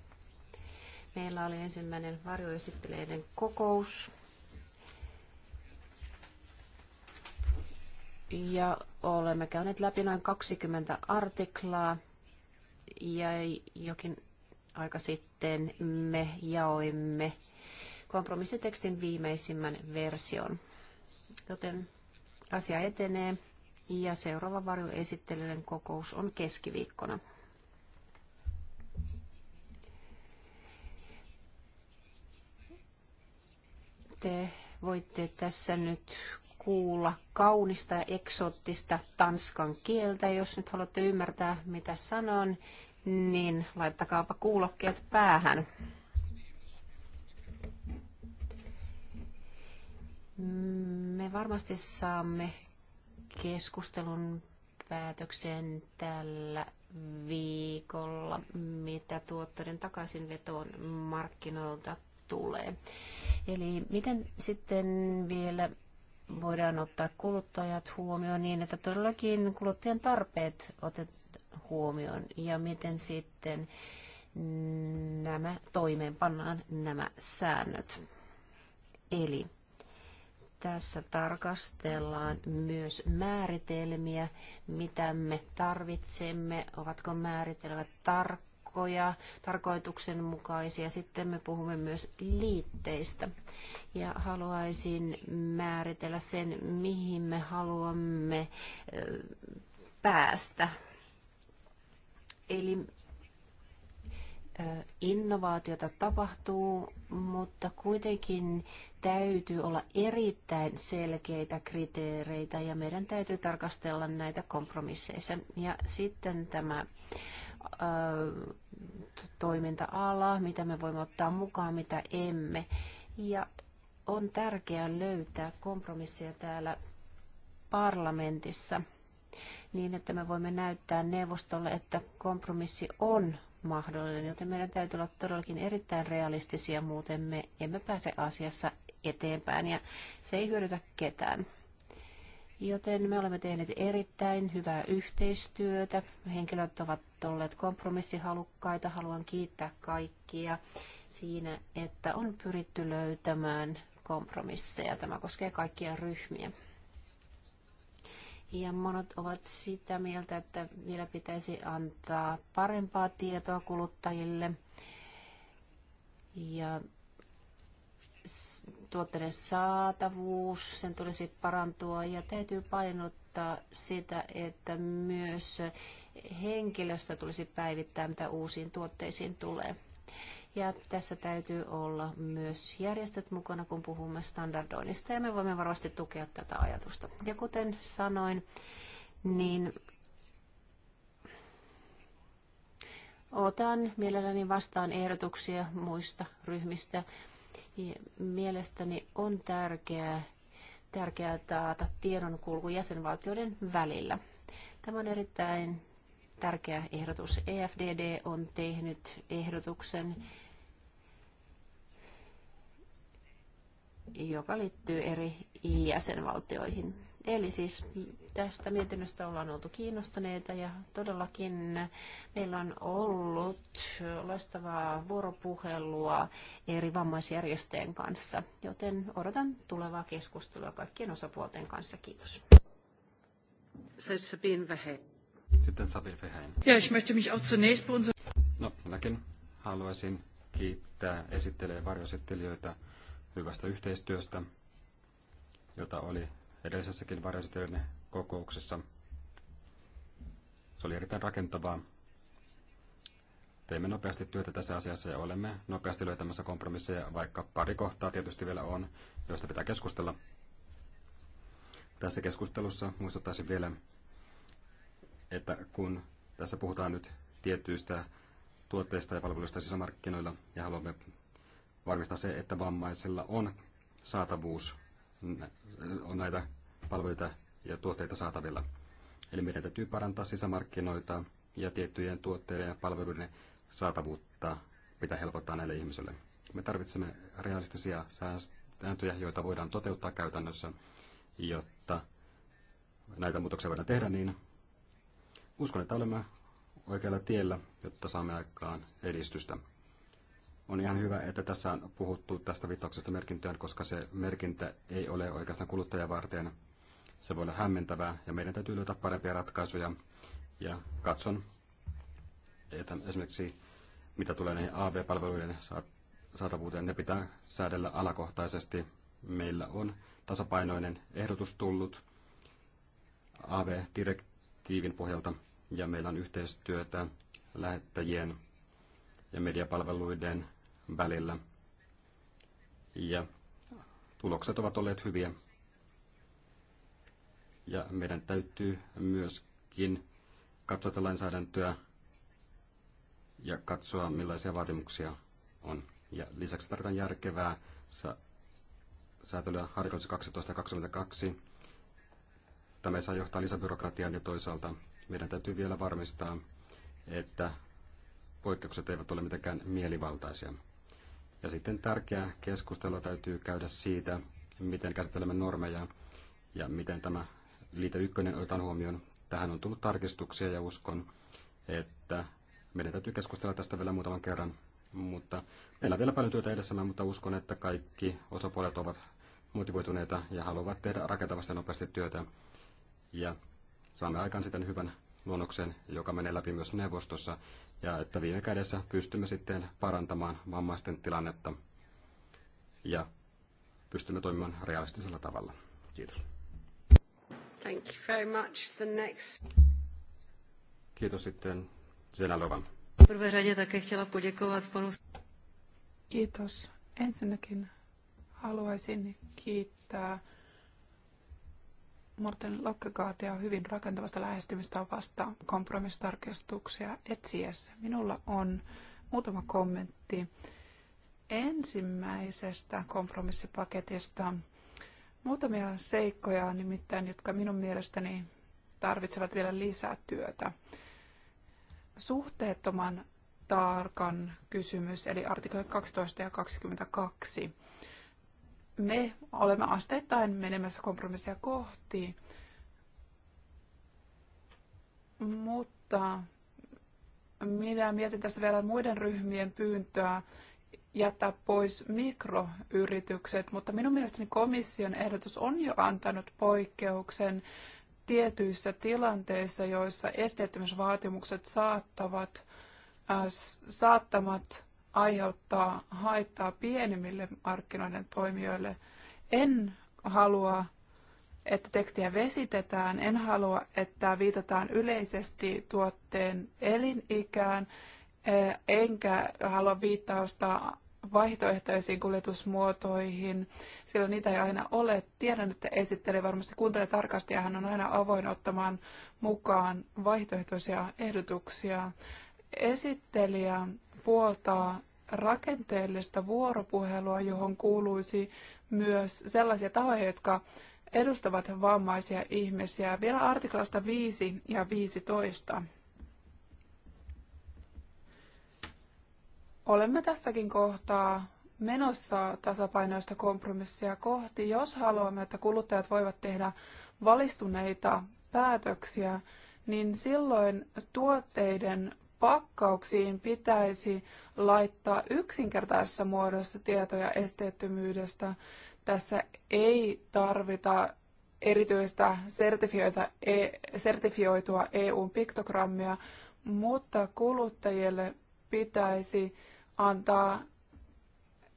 Meillä oli ensimmäinen varjoesitteleiden kokous ja olemme käyneet läpi noin 20 artiklaa ja jokin aika sitten me jaoimme kompromissitekstin viimeisimmän version. Joten asia etenee ja seuraava varjoesittelyiden kokous on keskiviikkona. Te voitte tässä nyt kuulla kaunista ja eksoottista tanskan kieltä. Jos nyt haluatte ymmärtää, mitä sanon, niin laittakaapa kuulokkeet päähän. Me varmasti saamme keskustelun päätökseen tällä viikolla, mitä tuottojen takaisinvetoon markkinoilta tulee. Eli miten sitten vielä voidaan ottaa kuluttajat huomioon niin, että todellakin kuluttajien tarpeet otetaan huomioon ja miten sitten nämä toimeenpannaan nämä säännöt. Eli tässä tarkastellaan myös määritelmiä, mitä me tarvitsemme, ovatko määritelmät tarkkaan tarkkoja, tarkoituksenmukaisia. Sitten me puhumme myös liitteistä ja haluaisin määritellä sen, mihin me haluamme päästä. Eli innovaatiota tapahtuu, mutta kuitenkin täytyy olla erittäin selkeitä kriteereitä ja meidän täytyy tarkastella näitä kompromisseissa. Ja sitten tämä äh, toiminta-ala, mitä me voimme ottaa mukaan, mitä emme. Ja on tärkeää löytää kompromisseja täällä parlamentissa niin, että me voimme näyttää neuvostolle, että kompromissi on mahdollinen, joten meidän täytyy olla todellakin erittäin realistisia, muuten me emme pääse asiassa eteenpäin ja se ei hyödytä ketään. Joten me olemme tehneet erittäin hyvää yhteistyötä. Henkilöt ovat olleet kompromissihalukkaita. Haluan kiittää kaikkia siinä, että on pyritty löytämään kompromisseja. Tämä koskee kaikkia ryhmiä. Ja monet ovat sitä mieltä, että vielä pitäisi antaa parempaa tietoa kuluttajille. Ja tuotteiden saatavuus, sen tulisi parantua ja täytyy painottaa sitä, että myös henkilöstä tulisi päivittää, mitä uusiin tuotteisiin tulee. Ja tässä täytyy olla myös järjestöt mukana, kun puhumme standardoinnista, ja me voimme varmasti tukea tätä ajatusta. Ja kuten sanoin, niin otan mielelläni vastaan ehdotuksia muista ryhmistä, Mielestäni on tärkeää, tärkeää taata tiedonkulku jäsenvaltioiden välillä. Tämä on erittäin tärkeä ehdotus. EFDD on tehnyt ehdotuksen, joka liittyy eri jäsenvaltioihin. Eli siis tästä mietinnöstä ollaan oltu kiinnostuneita ja todellakin meillä on ollut loistavaa vuoropuhelua eri vammaisjärjestöjen kanssa, joten odotan tulevaa keskustelua kaikkien osapuolten kanssa. Kiitos. Sitten Sabine Vehein. Ja, ich möchte mich auch zunächst bei unser... No, minäkin haluaisin kiittää esittelee varjoesittelijöitä hyvästä yhteistyöstä, jota oli edellisessäkin varjoesitelijöiden kokouksessa. Se oli erittäin rakentavaa. Teimme nopeasti työtä tässä asiassa ja olemme nopeasti löytämässä kompromisseja, vaikka pari kohtaa tietysti vielä on, joista pitää keskustella. Tässä keskustelussa muistuttaisin vielä, että kun tässä puhutaan nyt tietyistä tuotteista ja palveluista sisämarkkinoilla ja haluamme varmistaa se, että vammaisilla on saatavuus on näitä palveluita ja tuotteita saatavilla. Eli meidän täytyy parantaa sisämarkkinoita ja tiettyjen tuotteiden ja palveluiden saatavuutta pitää helpottaa näille ihmisille. Me tarvitsemme realistisia sääntöjä, joita voidaan toteuttaa käytännössä, jotta näitä muutoksia voidaan tehdä, niin uskon, että olemme oikealla tiellä, jotta saamme aikaan edistystä on ihan hyvä, että tässä on puhuttu tästä vitoksesta merkintöön, koska se merkintä ei ole oikeastaan kuluttajan varten. Se voi olla hämmentävää ja meidän täytyy löytää parempia ratkaisuja. Ja katson, että esimerkiksi mitä tulee näihin AV-palveluiden saatavuuteen, ne pitää säädellä alakohtaisesti. Meillä on tasapainoinen ehdotus tullut AV-direktiivin pohjalta ja meillä on yhteistyötä lähettäjien ja mediapalveluiden välillä. Ja tulokset ovat olleet hyviä. Ja meidän täytyy myöskin katsoa lainsäädäntöä ja katsoa, millaisia vaatimuksia on. Ja lisäksi tarvitaan järkevää säätelyä artikoissa 12 ja 22. Tämä ei saa johtaa lisäbyrokratiaan ja toisaalta meidän täytyy vielä varmistaa, että poikkeukset eivät ole mitenkään mielivaltaisia. Ja sitten tärkeää keskustelua täytyy käydä siitä, miten käsittelemme normeja ja miten tämä liite ykkönen otetaan huomioon. Tähän on tullut tarkistuksia ja uskon, että meidän täytyy keskustella tästä vielä muutaman kerran. Mutta meillä on vielä paljon työtä edessämme, mutta uskon, että kaikki osapuolet ovat motivoituneita ja haluavat tehdä rakentavasti nopeasti työtä. Ja saamme aikaan sitten hyvän luonnoksen, joka menee läpi myös neuvostossa, ja että viime kädessä pystymme sitten parantamaan vammaisten tilannetta ja pystymme toimimaan realistisella tavalla. Kiitos. Thank you very much. The next... Kiitos sitten Zenalovan. Kiitos. Ensinnäkin haluaisin kiittää Morten Lokkegaardia hyvin rakentavasta lähestymistavasta kompromistarkistuksia etsiessä. Minulla on muutama kommentti ensimmäisestä kompromissipaketista. Muutamia seikkoja nimittäin, jotka minun mielestäni tarvitsevat vielä lisää työtä. Suhteettoman tarkan kysymys, eli artiklat 12 ja 22 me olemme asteittain menemässä kompromissia kohti, mutta minä mietin tässä vielä muiden ryhmien pyyntöä jättää pois mikroyritykset, mutta minun mielestäni komission ehdotus on jo antanut poikkeuksen tietyissä tilanteissa, joissa esteettömyysvaatimukset saattavat, äh, saattamat aiheuttaa haittaa pienemmille markkinoiden toimijoille. En halua, että tekstiä vesitetään, en halua, että viitataan yleisesti tuotteen elinikään, e, enkä halua viittausta vaihtoehtoisiin kuljetusmuotoihin, sillä niitä ei aina ole. Tiedän, että esitteli varmasti kuuntelee tarkasti ja hän on aina avoin ottamaan mukaan vaihtoehtoisia ehdotuksia. Esittelijä puoltaa rakenteellista vuoropuhelua, johon kuuluisi myös sellaisia tahoja, jotka edustavat vammaisia ihmisiä. Vielä artiklasta 5 ja 15. Olemme tässäkin kohtaa menossa tasapainoista kompromissia kohti, jos haluamme, että kuluttajat voivat tehdä valistuneita päätöksiä, niin silloin tuotteiden pakkauksiin pitäisi laittaa yksinkertaisessa muodossa tietoja esteettömyydestä. Tässä ei tarvita erityistä sertifioita, e, sertifioitua EU-piktogrammia, mutta kuluttajille pitäisi antaa,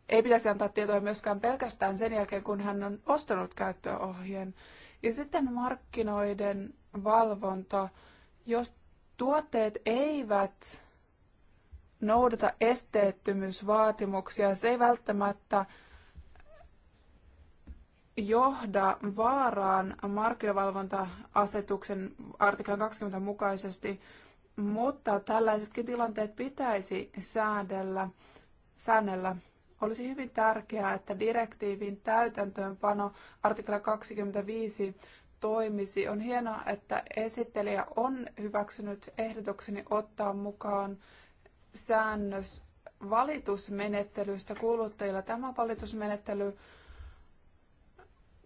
ei pitäisi antaa tietoja myöskään pelkästään sen jälkeen, kun hän on ostanut käyttöohjeen. Ja sitten markkinoiden valvonta, jos tuotteet eivät noudata esteettömyysvaatimuksia. Se ei välttämättä johda vaaraan markkinavalvonta-asetuksen artiklan 20 mukaisesti, mutta tällaisetkin tilanteet pitäisi säädellä, säännellä. Olisi hyvin tärkeää, että direktiivin täytäntöönpano artikla 25 toimisi. On hienoa, että esittelijä on hyväksynyt ehdotukseni ottaa mukaan säännös valitusmenettelystä kuluttajilla. Tämä valitusmenettely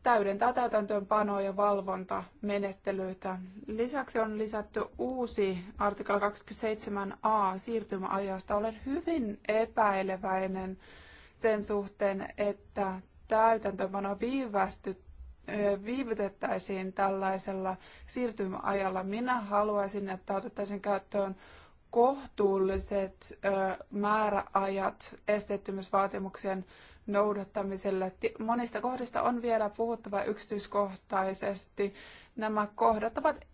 täydentää täytäntöönpanoa ja valvontamenettelyitä. Lisäksi on lisätty uusi artikla 27a siirtymäajasta. Olen hyvin epäileväinen sen suhteen, että täytäntöönpano viivästyttää viivytettäisiin tällaisella siirtymäajalla. Minä haluaisin, että otettaisiin käyttöön kohtuulliset määräajat esteettömyysvaatimuksien noudattamiselle. Monista kohdista on vielä puhuttava yksityiskohtaisesti. Nämä kohdat ovat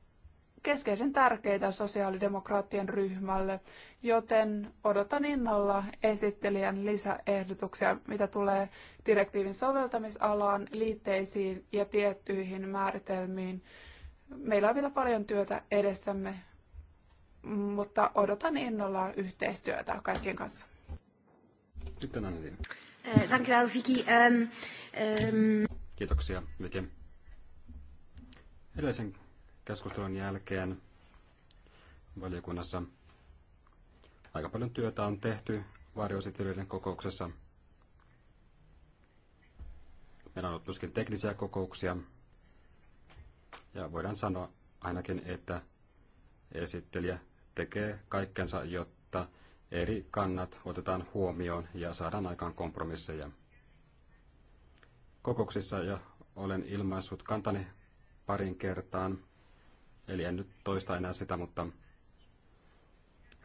keskeisen tärkeitä sosiaalidemokraattien ryhmälle, joten odotan innolla esittelijän lisäehdotuksia, mitä tulee direktiivin soveltamisalaan, liitteisiin ja tiettyihin määritelmiin. Meillä on vielä paljon työtä edessämme, mutta odotan innolla yhteistyötä kaikkien kanssa. Sitten on eh, Dank ehm, ehm. Kiitoksia, Vicky. Edellisen keskustelun jälkeen valiokunnassa. Aika paljon työtä on tehty varjoesittelyiden kokouksessa. Meillä on ollut myöskin teknisiä kokouksia. Ja voidaan sanoa ainakin, että esittelijä tekee kaikkensa, jotta eri kannat otetaan huomioon ja saadaan aikaan kompromisseja. Kokouksissa ja olen ilmaissut kantani parin kertaan Eli en nyt toista enää sitä, mutta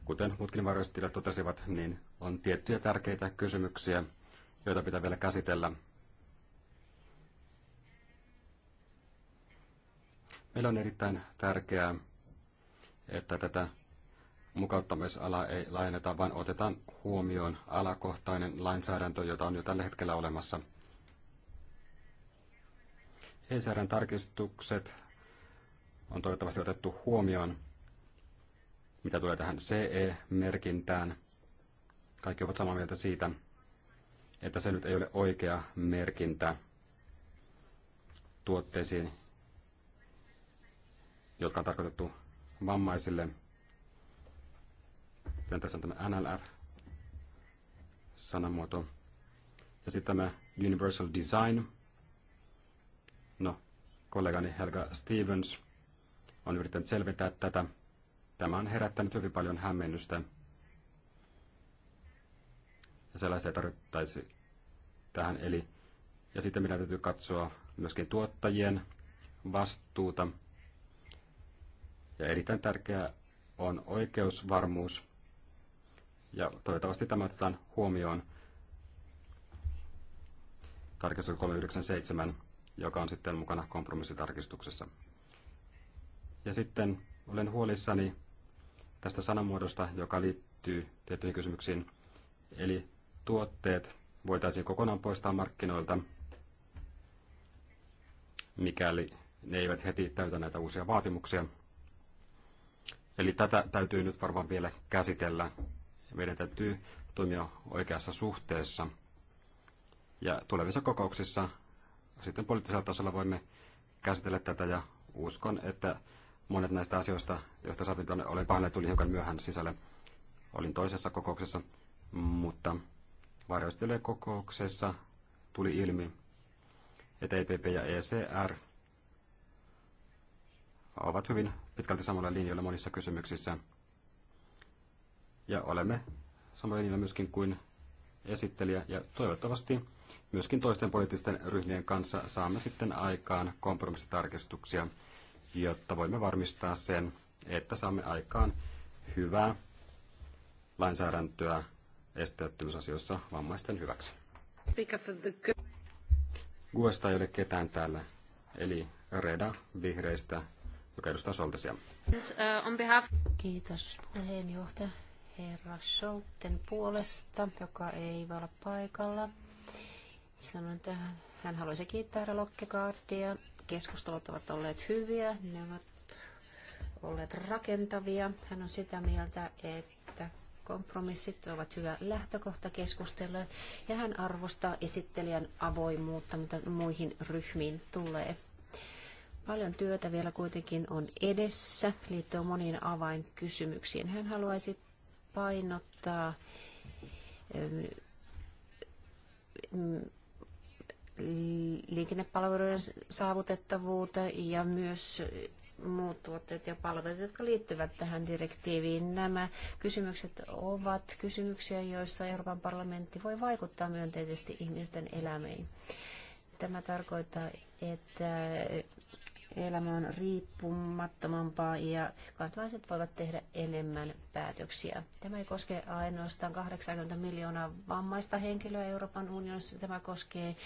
kuten muutkin varjoistelijat totesivat, niin on tiettyjä tärkeitä kysymyksiä, joita pitää vielä käsitellä. Meillä on erittäin tärkeää, että tätä mukauttamisalaa ei laajenneta, vaan otetaan huomioon alakohtainen lainsäädäntö, jota on jo tällä hetkellä olemassa. ECRn tarkistukset on toivottavasti otettu huomioon, mitä tulee tähän CE-merkintään. Kaikki ovat samaa mieltä siitä, että se nyt ei ole oikea merkintä tuotteisiin, jotka on tarkoitettu vammaisille. Sitten tässä on tämä NLR-sanamuoto. Ja sitten tämä Universal Design. No, kollegani Helga Stevens on yrittänyt selventää tätä. Tämä on herättänyt hyvin paljon hämmennystä. Ja sellaista ei tarvittaisi tähän. Eli, ja sitten meidän täytyy katsoa myöskin tuottajien vastuuta. Ja erittäin tärkeää on oikeusvarmuus. Ja toivottavasti tämä otetaan huomioon tarkistus 397, joka on sitten mukana kompromissitarkistuksessa. Ja sitten olen huolissani tästä sanamuodosta, joka liittyy tiettyihin kysymyksiin. Eli tuotteet voitaisiin kokonaan poistaa markkinoilta, mikäli ne eivät heti täytä näitä uusia vaatimuksia. Eli tätä täytyy nyt varmaan vielä käsitellä. Meidän täytyy toimia oikeassa suhteessa. Ja tulevissa kokouksissa sitten poliittisella tasolla voimme käsitellä tätä ja uskon, että monet näistä asioista, joista saatiin tuonne, olen pahoillani, tuli hiukan myöhään sisälle. Olin toisessa kokouksessa, mutta kokouksessa tuli ilmi, että EPP ja ECR ovat hyvin pitkälti samalla linjalla monissa kysymyksissä. Ja olemme samalla linjalla myöskin kuin esittelijä ja toivottavasti myöskin toisten poliittisten ryhmien kanssa saamme sitten aikaan kompromissitarkistuksia, jotta voimme varmistaa sen, että saamme aikaan hyvää lainsäädäntöä esteettömyysasioissa vammaisten hyväksi. Guesta ei ole ketään täällä, eli Reda Vihreistä, joka edustaa Soltesia. Kiitos puheenjohtaja herra Scholten puolesta, joka ei voi olla paikalla. Sanon, että hän haluaisi kiittää herra Lokkegaardia Keskustelut ovat olleet hyviä, ne ovat olleet rakentavia. Hän on sitä mieltä, että kompromissit ovat hyvä lähtökohta keskustella ja hän arvostaa esittelijän avoimuutta, mitä muihin ryhmiin tulee. Paljon työtä vielä kuitenkin on edessä liittyen moniin avainkysymyksiin. Hän haluaisi painottaa liikennepalveluiden saavutettavuutta ja myös muut tuotteet ja palvelut, jotka liittyvät tähän direktiiviin. Nämä kysymykset ovat kysymyksiä, joissa Euroopan parlamentti voi vaikuttaa myönteisesti ihmisten elämiin. Tämä tarkoittaa, että elämä on riippumattomampaa ja kansalaiset voivat tehdä enemmän päätöksiä. Tämä ei koske ainoastaan 80 miljoonaa vammaista henkilöä Euroopan unionissa. Tämä koskee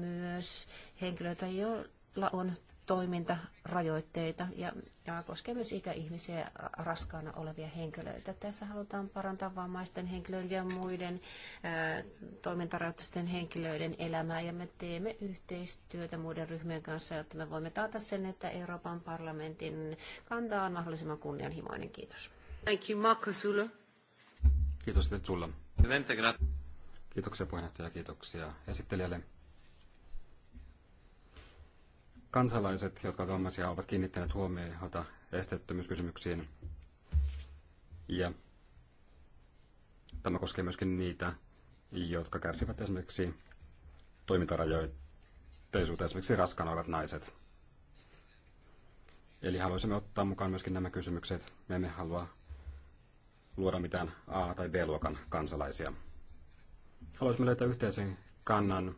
myös henkilöitä, joilla on toimintarajoitteita ja, ja koskee myös ikäihmisiä raskaana olevia henkilöitä. Tässä halutaan parantaa vammaisten henkilöiden ja muiden toimintarajoitusten toimintarajoitteisten henkilöiden elämää ja me teemme yhteistyötä muiden ryhmien kanssa, jotta me voimme taata sen, että Euroopan parlamentin kanta on mahdollisimman kunnianhimoinen. Kiitos. Thank you, Marco Sulla. Kiitos, Sulla. Kiitoksia puheenjohtaja, kiitoksia esittelijälle. Kansalaiset, jotka ovat vammaisia, ovat kiinnittäneet huomiota esteettömyyskysymyksiin. Ja tämä koskee myöskin niitä, jotka kärsivät esimerkiksi toimintarajoitteisuutta, esimerkiksi raskaana olevat naiset. Eli haluaisimme ottaa mukaan myöskin nämä kysymykset. Me emme halua luoda mitään A- tai B-luokan kansalaisia haluaisimme löytää yhteisen kannan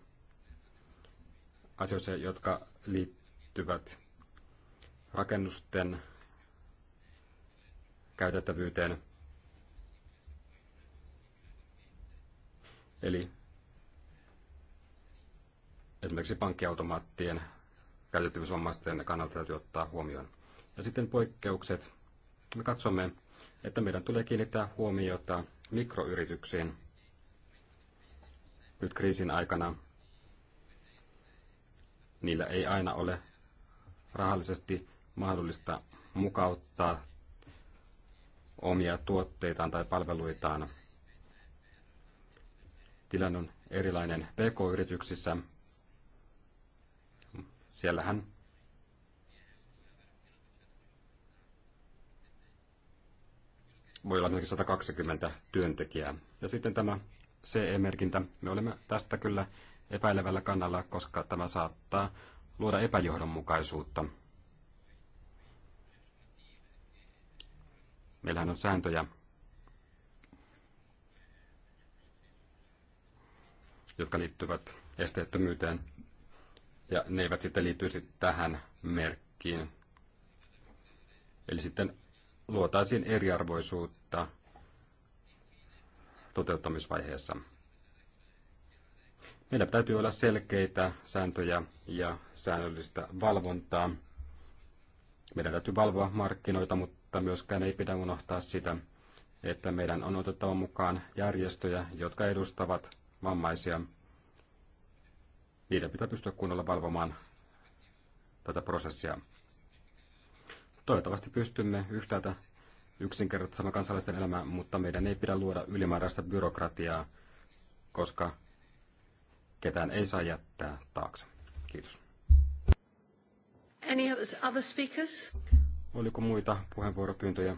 asioissa, jotka liittyvät rakennusten käytettävyyteen. Eli esimerkiksi pankkiautomaattien käytettävyysvammaisten kannalta täytyy ottaa huomioon. Ja sitten poikkeukset. Me katsomme, että meidän tulee kiinnittää huomiota mikroyrityksiin – nyt kriisin aikana niillä ei aina ole rahallisesti mahdollista mukauttaa omia tuotteitaan tai palveluitaan. Tilanne on erilainen PK-yrityksissä. Siellähän voi olla 120 työntekijää. Ja sitten tämä CE-merkintä. Me olemme tästä kyllä epäilevällä kannalla, koska tämä saattaa luoda epäjohdonmukaisuutta. Meillähän on sääntöjä, jotka liittyvät esteettömyyteen, ja ne eivät sitten liittyisi tähän merkkiin. Eli sitten luotaisiin eriarvoisuutta toteuttamisvaiheessa. Meillä täytyy olla selkeitä sääntöjä ja säännöllistä valvontaa. Meidän täytyy valvoa markkinoita, mutta myöskään ei pidä unohtaa sitä, että meidän on otettava mukaan järjestöjä, jotka edustavat vammaisia. Niitä pitää pystyä kunnolla valvomaan tätä prosessia. Toivottavasti pystymme yhtäältä yksinkertaisemman kansalaisten elämää, mutta meidän ei pidä luoda ylimääräistä byrokratiaa, koska ketään ei saa jättää taakse. Kiitos. Any other speakers? Oliko muita puheenvuoropyyntöjä?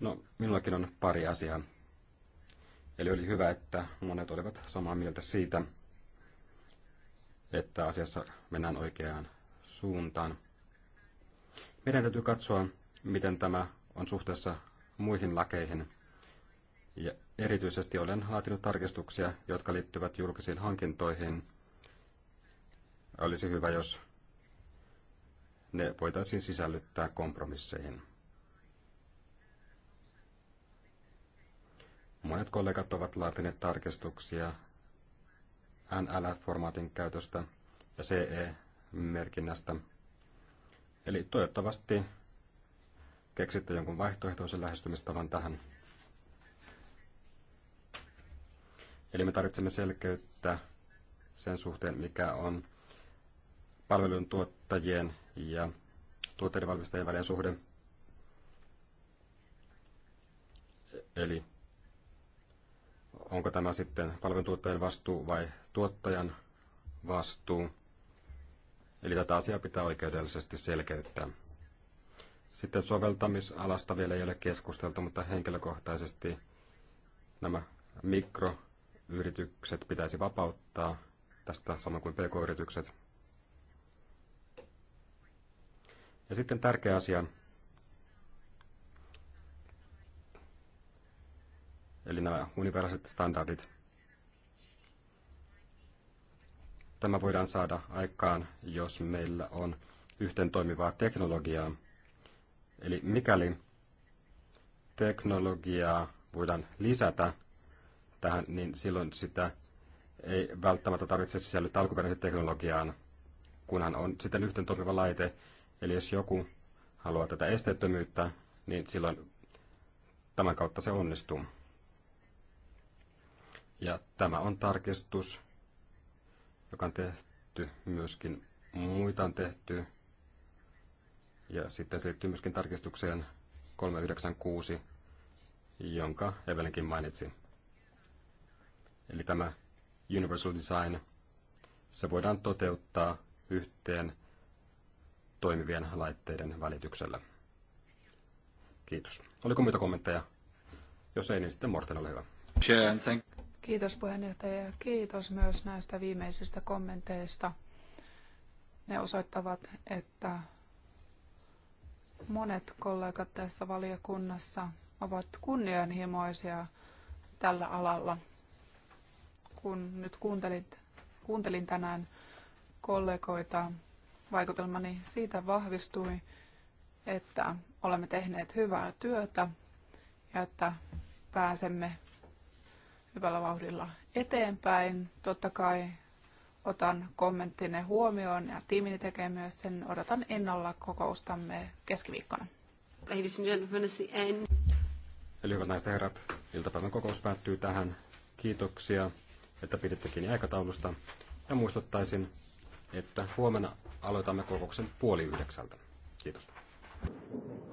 No, minullakin on pari asiaa. Eli oli hyvä, että monet olivat samaa mieltä siitä, että asiassa mennään oikeaan suuntaan. Meidän täytyy katsoa, miten tämä on suhteessa muihin lakeihin. Ja erityisesti olen laatinut tarkistuksia, jotka liittyvät julkisiin hankintoihin. Olisi hyvä, jos ne voitaisiin sisällyttää kompromisseihin. Monet kollegat ovat laatineet tarkistuksia NLF-formaatin käytöstä ja CE-merkinnästä. Eli toivottavasti keksitte jonkun vaihtoehtoisen lähestymistavan tähän. Eli me tarvitsemme selkeyttä sen suhteen, mikä on palvelun tuottajien ja tuotteiden valmistajien välinen suhde. Eli onko tämä sitten palvelun tuottajan vastuu vai tuottajan vastuu. Eli tätä asiaa pitää oikeudellisesti selkeyttää. Sitten soveltamisalasta vielä ei ole keskusteltu, mutta henkilökohtaisesti nämä mikroyritykset pitäisi vapauttaa tästä samoin kuin pk-yritykset. Ja sitten tärkeä asia, eli nämä universaaliset standardit. Tämä voidaan saada aikaan, jos meillä on yhteen toimivaa teknologiaa – Eli mikäli teknologiaa voidaan lisätä tähän, niin silloin sitä ei välttämättä tarvitse sisällyttää alkuperäiseen teknologiaan, kunhan on sitten yhteen toimiva laite. Eli jos joku haluaa tätä esteettömyyttä, niin silloin tämän kautta se onnistuu. Ja tämä on tarkistus, joka on tehty myöskin, muita on tehty ja sitten se liittyy myöskin tarkistukseen 396, jonka Evelinkin mainitsi. Eli tämä Universal Design, se voidaan toteuttaa yhteen toimivien laitteiden välityksellä. Kiitos. Oliko muita kommentteja? Jos ei, niin sitten Morten, ole hyvä. Kiitos puheenjohtaja ja kiitos myös näistä viimeisistä kommenteista. Ne osoittavat, että Monet kollegat tässä valiokunnassa ovat kunnianhimoisia tällä alalla. Kun nyt kuuntelit, kuuntelin tänään kollegoita, vaikutelmani siitä vahvistui, että olemme tehneet hyvää työtä ja että pääsemme hyvällä vauhdilla eteenpäin. Totta kai otan kommenttinne huomioon ja tiimini tekee myös sen. Odotan innolla kokoustamme keskiviikkona. Ladies and gentlemen, it's the end. Eli hyvät naiset herrat, iltapäivän kokous päättyy tähän. Kiitoksia, että piditte kiinni aikataulusta. Ja muistuttaisin, että huomenna aloitamme kokouksen puoli yhdeksältä. Kiitos.